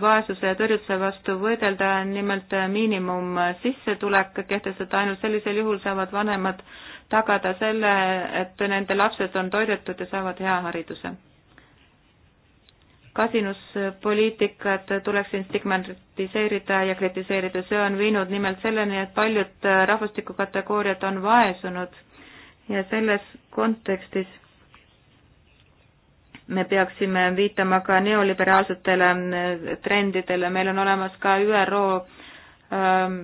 Speaker 1: vaesuse ja tõrjutuse vastu võidelda, nimelt miinimumsissetulek kehtestada, ainult sellisel juhul saavad vanemad tagada selle, et nende lapsed on toidetud ja saavad hea hariduse kasinuspoliitikat tuleks siin stigmatiseerida ja kritiseerida, see on viinud nimelt selleni, et paljud rahvastikukategooriad on vaesunud ja selles kontekstis me peaksime viitama ka neoliberaalsetele äh, trendidele, meil on olemas ka ÜRO ähm,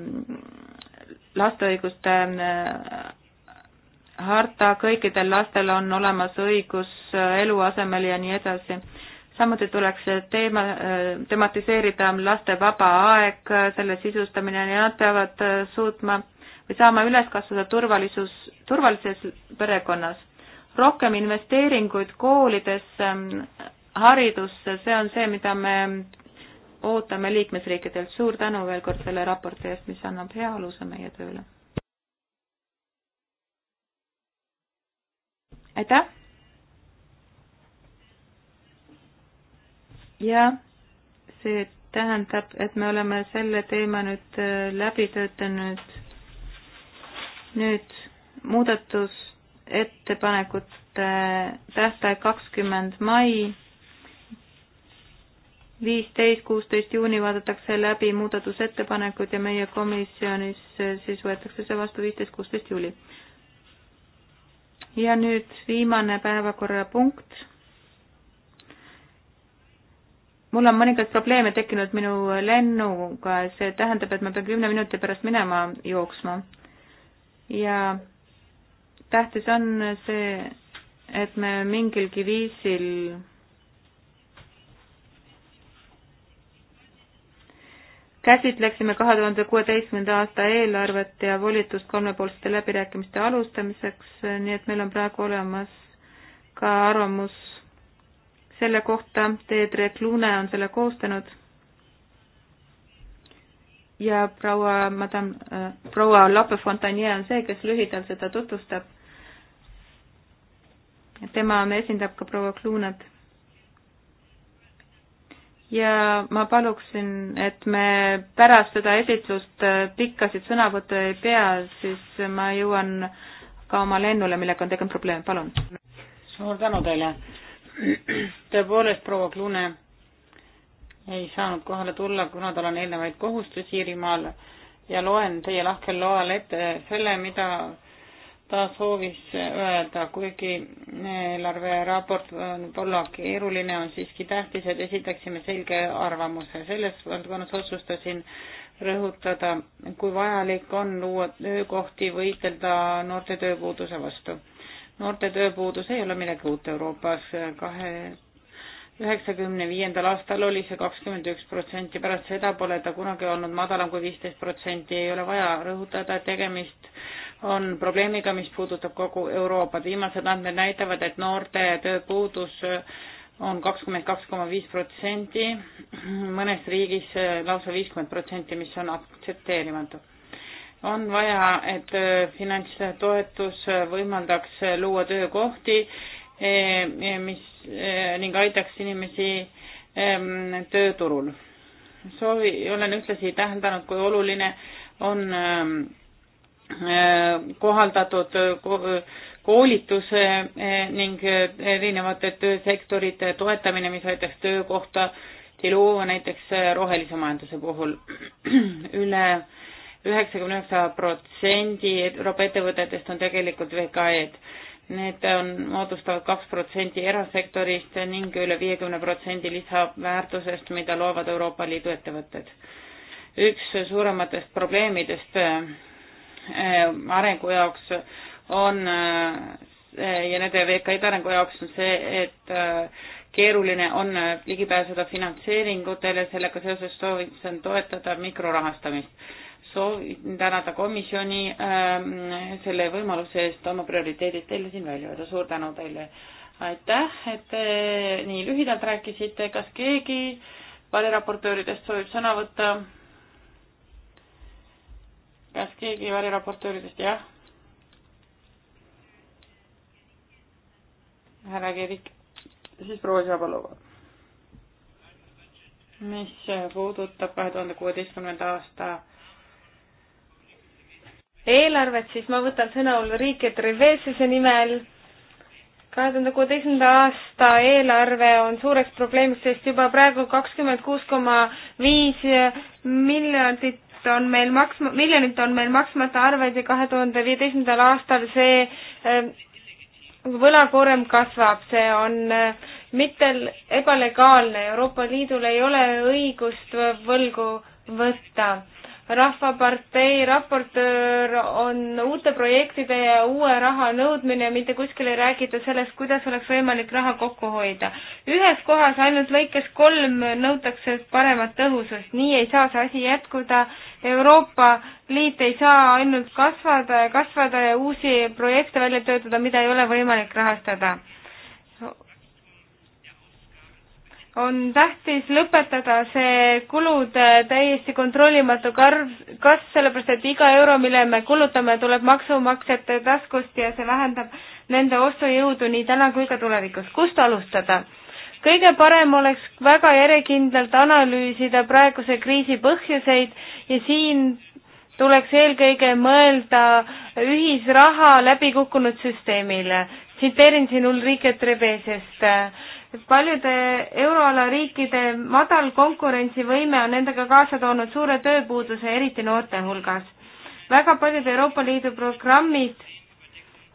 Speaker 1: laste õiguste äh, harta, kõikidel lastel on olemas õigus äh, eluasemele ja nii edasi samuti tuleks teema, äh, tematiseerida laste vaba aeg, äh, selle sisustamine, nad peavad äh, suutma või saama üles kasvada turvalisus, turvalises perekonnas. rohkem investeeringuid koolidesse, ähm, haridusse, see on see, mida me ootame liikmesriikidelt. suur tänu veel kord selle raporti eest, mis annab hea aluse meie tööle. aitäh! ja see tähendab, et me oleme selle teema nüüd äh, läbi töötanud. nüüd muudatusettepanekute tähtaeg kakskümmend mai, viisteist, kuusteist juuni vaadatakse läbi muudatusettepanekud ja meie komisjonis äh, siis võetakse see vastu viisteist, kuusteist juuli. ja nüüd viimane päevakorrapunkt mul on mõningaid probleeme tekkinud minu lennuga, see tähendab, et ma pean kümne minuti pärast minema jooksma. ja tähtis on see, et me mingilgi viisil käsitleksime kahe tuhande kuueteistkümnenda aasta eelarvet ja volitust kolmepoolsete läbirääkimiste alustamiseks, nii et meil on praegu olemas ka arvamus selle kohta, Teedre Klune on selle koostanud. ja proua, madam äh,, proua Lappe-Fontanier on see, kes lühidalt seda tutvustab. tema esindab ka proua Klunat. ja ma paluksin, et me pärast seda esitlust äh, pikkasid sõnavõtte ei pea, siis ma jõuan ka oma lennule, millega on tekkinud probleem, palun. suur tänu teile tõepoolest proua Klune ei saanud kohale tulla, kuna tal on eelnevaid kohustusi Iirimaal ja loen teie lahkel loal ette selle, mida ta soovis öelda, kuigi eelarveraport võib-olla keeruline, on siiski tähtis, et esitaksime selge arvamuse. selles valdkonnas otsustasin rõhutada, kui vajalik on luua töökohti, võidelda noorte tööpuuduse vastu noorte tööpuudus ei ole midagi uut Euroopas, kahe, üheksakümne viiendal aastal oli see kakskümmend üks protsenti, pärast seda pole ta kunagi olnud madalam kui viisteist protsenti, ei ole vaja rõhutada, et tegemist on probleemiga, mis puudutab kogu Euroopat, viimased andmed näitavad, et noorte tööpuudus on kakskümmend kaks koma viis protsenti, mõnes riigis lausa viiskümmend protsenti, mis on aktsepteerimatu on vaja, et äh, finantstoetus äh, võimaldaks äh, luua töökohti, mis ning aitaks inimesi ähm, tööturul. soovi, olen ühtlasi täheldanud, kui oluline on ähm, kohaldatud koolituse ning erinevate töösektorite toetamine, mis aitaks töökohta luua näiteks rohelise majanduse puhul. *clears throat* üle üheksakümne üheksa protsendi Euroopa ettevõtetest on tegelikult VKE-d. Need on, moodustavad kaks protsenti erasektorist ning üle viiekümne protsendi lisaväärtusest, mida loovad Euroopa Liidu ettevõtted. üks suurematest probleemidest äh, arengu jaoks on äh, ja nende VKI-de arengu jaoks on see, et äh, keeruline on ligi pääseda finantseeringutele, sellega seoses soovitan toetada mikrorahastamist soovin tänada komisjoni ähm, selle võimaluse eest oma prioriteedid teile siin välja öelda, suur tänu teile. aitäh, et te nii lühidalt rääkisite, kas keegi variraportööridest soovib sõna võtta? kas keegi variraportööridest, jah? härra Kirik, siis proua Žabalova. mis puudutab kahe tuhande kuueteistkümnenda aasta eelarvet, siis ma võtan sõna Ulrike Trevesese nimel. kahe tuhande kuueteistkümnenda aasta eelarve on suureks probleemiks, sest juba praegu kakskümmend kuus koma viis miljardit on meil maksma, miljonit on meil maksmata arveid ja kahe tuhande viieteistkümnendal aastal see äh, võlakoorem kasvab, see on äh, mitte ebalegaalne, Euroopa Liidul ei ole õigust võlgu võtta rahvapartei raportöör on uute projektide ja uue raha nõudmine, mitte kuskil ei räägita sellest, kuidas oleks võimalik raha kokku hoida. ühes kohas, ainult lõikes kolm nõutakse paremat tõhusust, nii ei saa see asi jätkuda. Euroopa Liit ei saa ainult kasvada ja kasvada ja uusi projekte välja töötada, mida ei ole võimalik rahastada on tähtis lõpetada see kulude täiesti kontrollimatu karv, kasv, sellepärast et iga euro, mille me kulutame, tuleb maksumaksjate taskust ja see vähendab nende ostujõudu nii täna kui ka tulevikus. kust alustada? kõige parem oleks väga järjekindlalt analüüsida praeguse kriisi põhjuseid ja siin tuleks eelkõige mõelda ühisraha läbikukkunud süsteemile. tsiteerin siin Ulrike Trebesest paljude euroala riikide madal konkurentsivõime on endaga kaasa toonud suure tööpuuduse, eriti noorte hulgas. väga paljud Euroopa Liidu programmid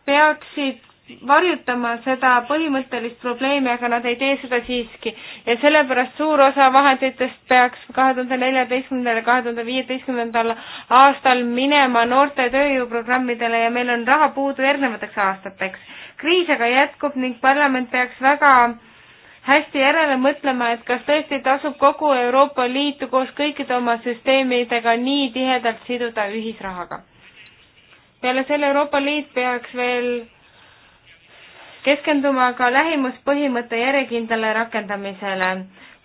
Speaker 1: peaksid varjutama seda põhimõttelist probleemi, aga nad ei tee seda siiski. ja sellepärast suur osa vahenditest peaks kahe tuhande neljateistkümnendal ja kahe tuhande viieteistkümnendal aastal minema noorte tööjõuprogrammidele ja meil on raha puudu järgnevateks aastateks. kriis aga jätkub ning parlament peaks väga hästi järele mõtlema, et kas tõesti tasub kogu Euroopa Liitu koos kõikide oma süsteemidega nii tihedalt siduda ühisrahaga. peale selle Euroopa Liit peaks veel keskenduma ka lähimuspõhimõtte järjekindlale rakendamisele.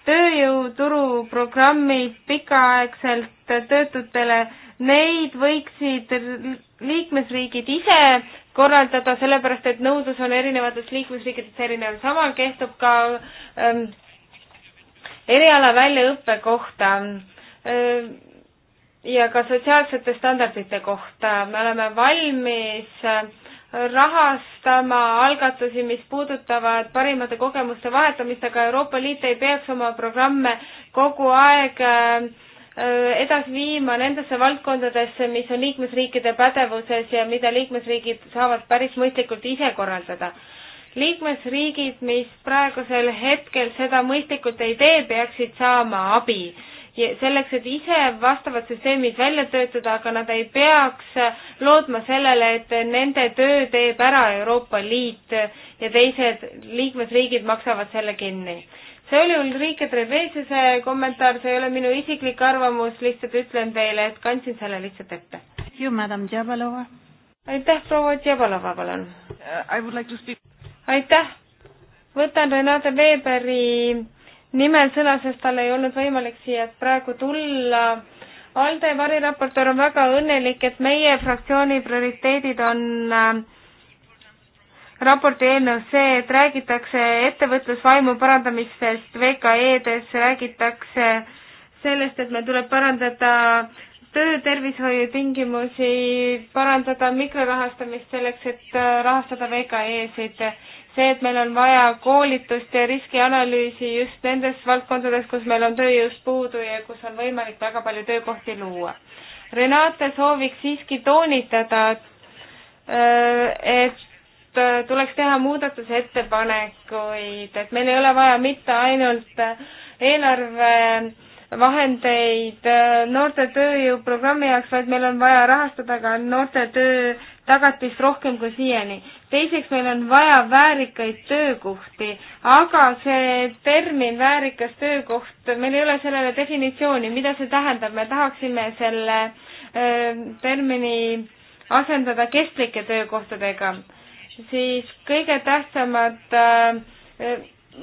Speaker 1: tööjõuturu programmid pikaaegselt töötutele, neid võiksid liikmesriigid ise korraldada, sellepärast et nõudlus on erinevates liikmesriikides erinev, sama kehtib ka ähm, eriala väljaõppe kohta ähm, ja ka sotsiaalsete standardite kohta. me oleme valmis äh, rahastama algatusi, mis puudutavad parimate kogemuste vahetamist, aga Euroopa Liit ei peaks oma programme kogu aeg äh, edasi viima nendesse valdkondadesse, mis on liikmesriikide pädevuses ja mida liikmesriigid saavad päris mõistlikult ise korraldada. liikmesriigid, mis praegusel hetkel seda mõistlikult ei tee, peaksid saama abi ja selleks, et ise vastavad süsteemid välja töötada, aga nad ei peaks lootma sellele, et nende töö teeb ära Euroopa Liit ja teised liikmesriigid maksavad selle kinni see oli Ulrike Trebesiuse kommentaar, see ei ole minu isiklik arvamus, lihtsalt ütlen teile, et kandsin selle lihtsalt ette. aitäh, proua Djabalova, palun uh,. Like speak... aitäh, võtan Renate Weberi nimel sõna, sest tal ei olnud võimalik siia praegu tulla. Alde variraportöör on väga õnnelik, et meie fraktsiooni prioriteedid on äh, raporti eelnõus see, et räägitakse ettevõtlusvaimu parandamistest VKE-des, räägitakse sellest, et meil tuleb parandada töötervishoiutingimusi, parandada mikrorahastamist selleks, et äh, rahastada VKE-sid. see, et meil on vaja koolitust ja riskianalüüsi just nendes valdkondades, kus meil on tööjõust puudu ja kus on võimalik väga palju töökohti luua. Renate sooviks siiski toonitada, äh, et Äh, tuleks teha muudatusettepanekuid, et meil ei ole vaja mitte ainult äh, eelarvevahendeid äh, noorte tööjõuprogrammi jaoks, vaid meil on vaja rahastada ka noorte töö tagatist rohkem kui siiani. teiseks, meil on vaja väärikaid töökohti, aga see termin väärikas töökoht, meil ei ole sellele definitsiooni, mida see tähendab, me tahaksime selle öö, termini asendada kestlike töökohtadega siis kõige tähtsamad äh,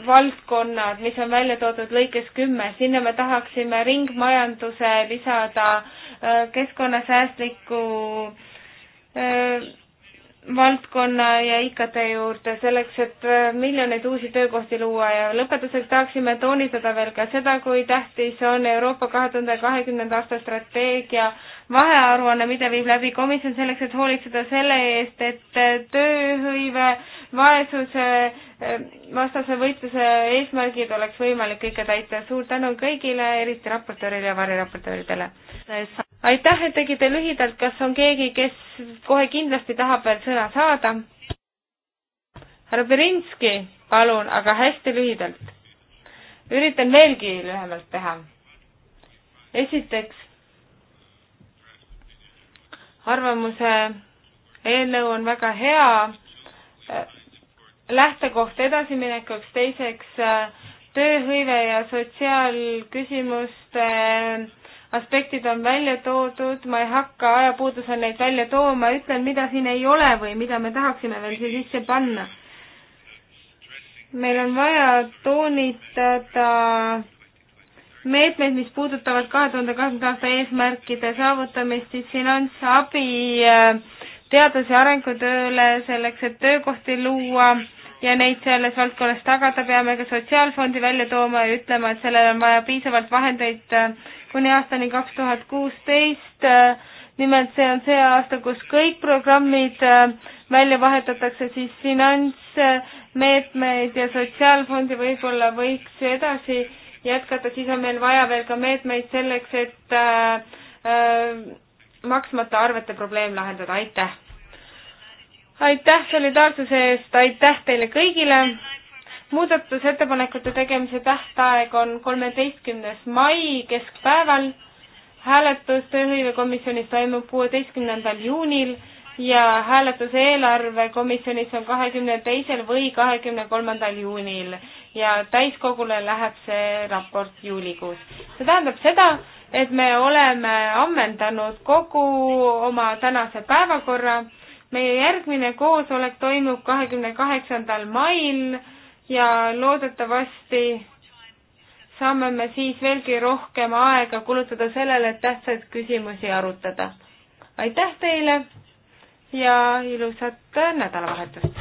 Speaker 1: valdkonnad, mis on välja toodud lõikes kümme, sinna me tahaksime ringmajanduse lisada äh,, keskkonnasäästliku äh, valdkonna ja IKT juurde, selleks et äh, miljoneid uusi töökohti luua ja lõpetuseks tahaksime toonitada veel ka seda, kui tähtis on Euroopa kahe tuhande kahekümnenda aasta strateegia vahearuanne, mida viib läbi komisjon selleks, et hoolitseda selle eest, et äh, tööhõive, vaesuse, äh, vastase võitluse eesmärgid oleks võimalik ikka täita. suur tänu kõigile, eriti raportöörile ja variraportööridele aitäh, et tegite lühidalt, kas on keegi, kes kohe kindlasti tahab veel sõna saada? härra Berinski, palun, aga hästi lühidalt. üritan veelgi lühemalt teha. esiteks, arvamuse eelnõu on väga hea äh, lähtekoht edasiminekuks, teiseks äh, tööhõive ja sotsiaalküsimuste äh, aspektid on välja toodud, ma ei hakka ajapuudusel neid välja tooma, ütlen, mida siin ei ole või mida me tahaksime veel siia sisse panna. meil on vaja toonitada meetmeid, mis puudutavad kahe tuhande kahekümnenda aasta eesmärkide saavutamist, siis finantsabi äh, teadus- ja arengutööle selleks, et töökohti luua ja neid selles valdkonnas tagada, peame ka Sotsiaalfondi välja tooma ja ütlema, et sellel on vaja piisavalt vahendeid äh, kuni aastani kaks tuhat kuusteist. Äh, nimelt see on see aasta, kus kõik programmid äh, välja vahetatakse, siis finantsmeetmeid ja Sotsiaalfondi võib-olla võiks edasi jätkata, siis on meil vaja veel ka meetmeid selleks, et maksmata arvete probleem lahendada, aitäh! aitäh solidaarsuse eest, aitäh teile kõigile. muudatusettepanekute tegemise tähtaeg on kolmeteistkümnes mai keskpäeval. hääletus tööhõivekomisjonis toimub kuueteistkümnendal juunil ja hääletus eelarvekomisjonis on kahekümne teisel või kahekümne kolmandal juunil ja täiskogule läheb see raport juulikuus. see tähendab seda, et me oleme ammendanud kogu oma tänase päevakorra meie järgmine koosolek toimub kahekümne kaheksandal mail ja loodetavasti saame me siis veelgi rohkem aega kulutada sellele, et tähtsaid küsimusi arutada. aitäh teile ja ilusat nädalavahetust!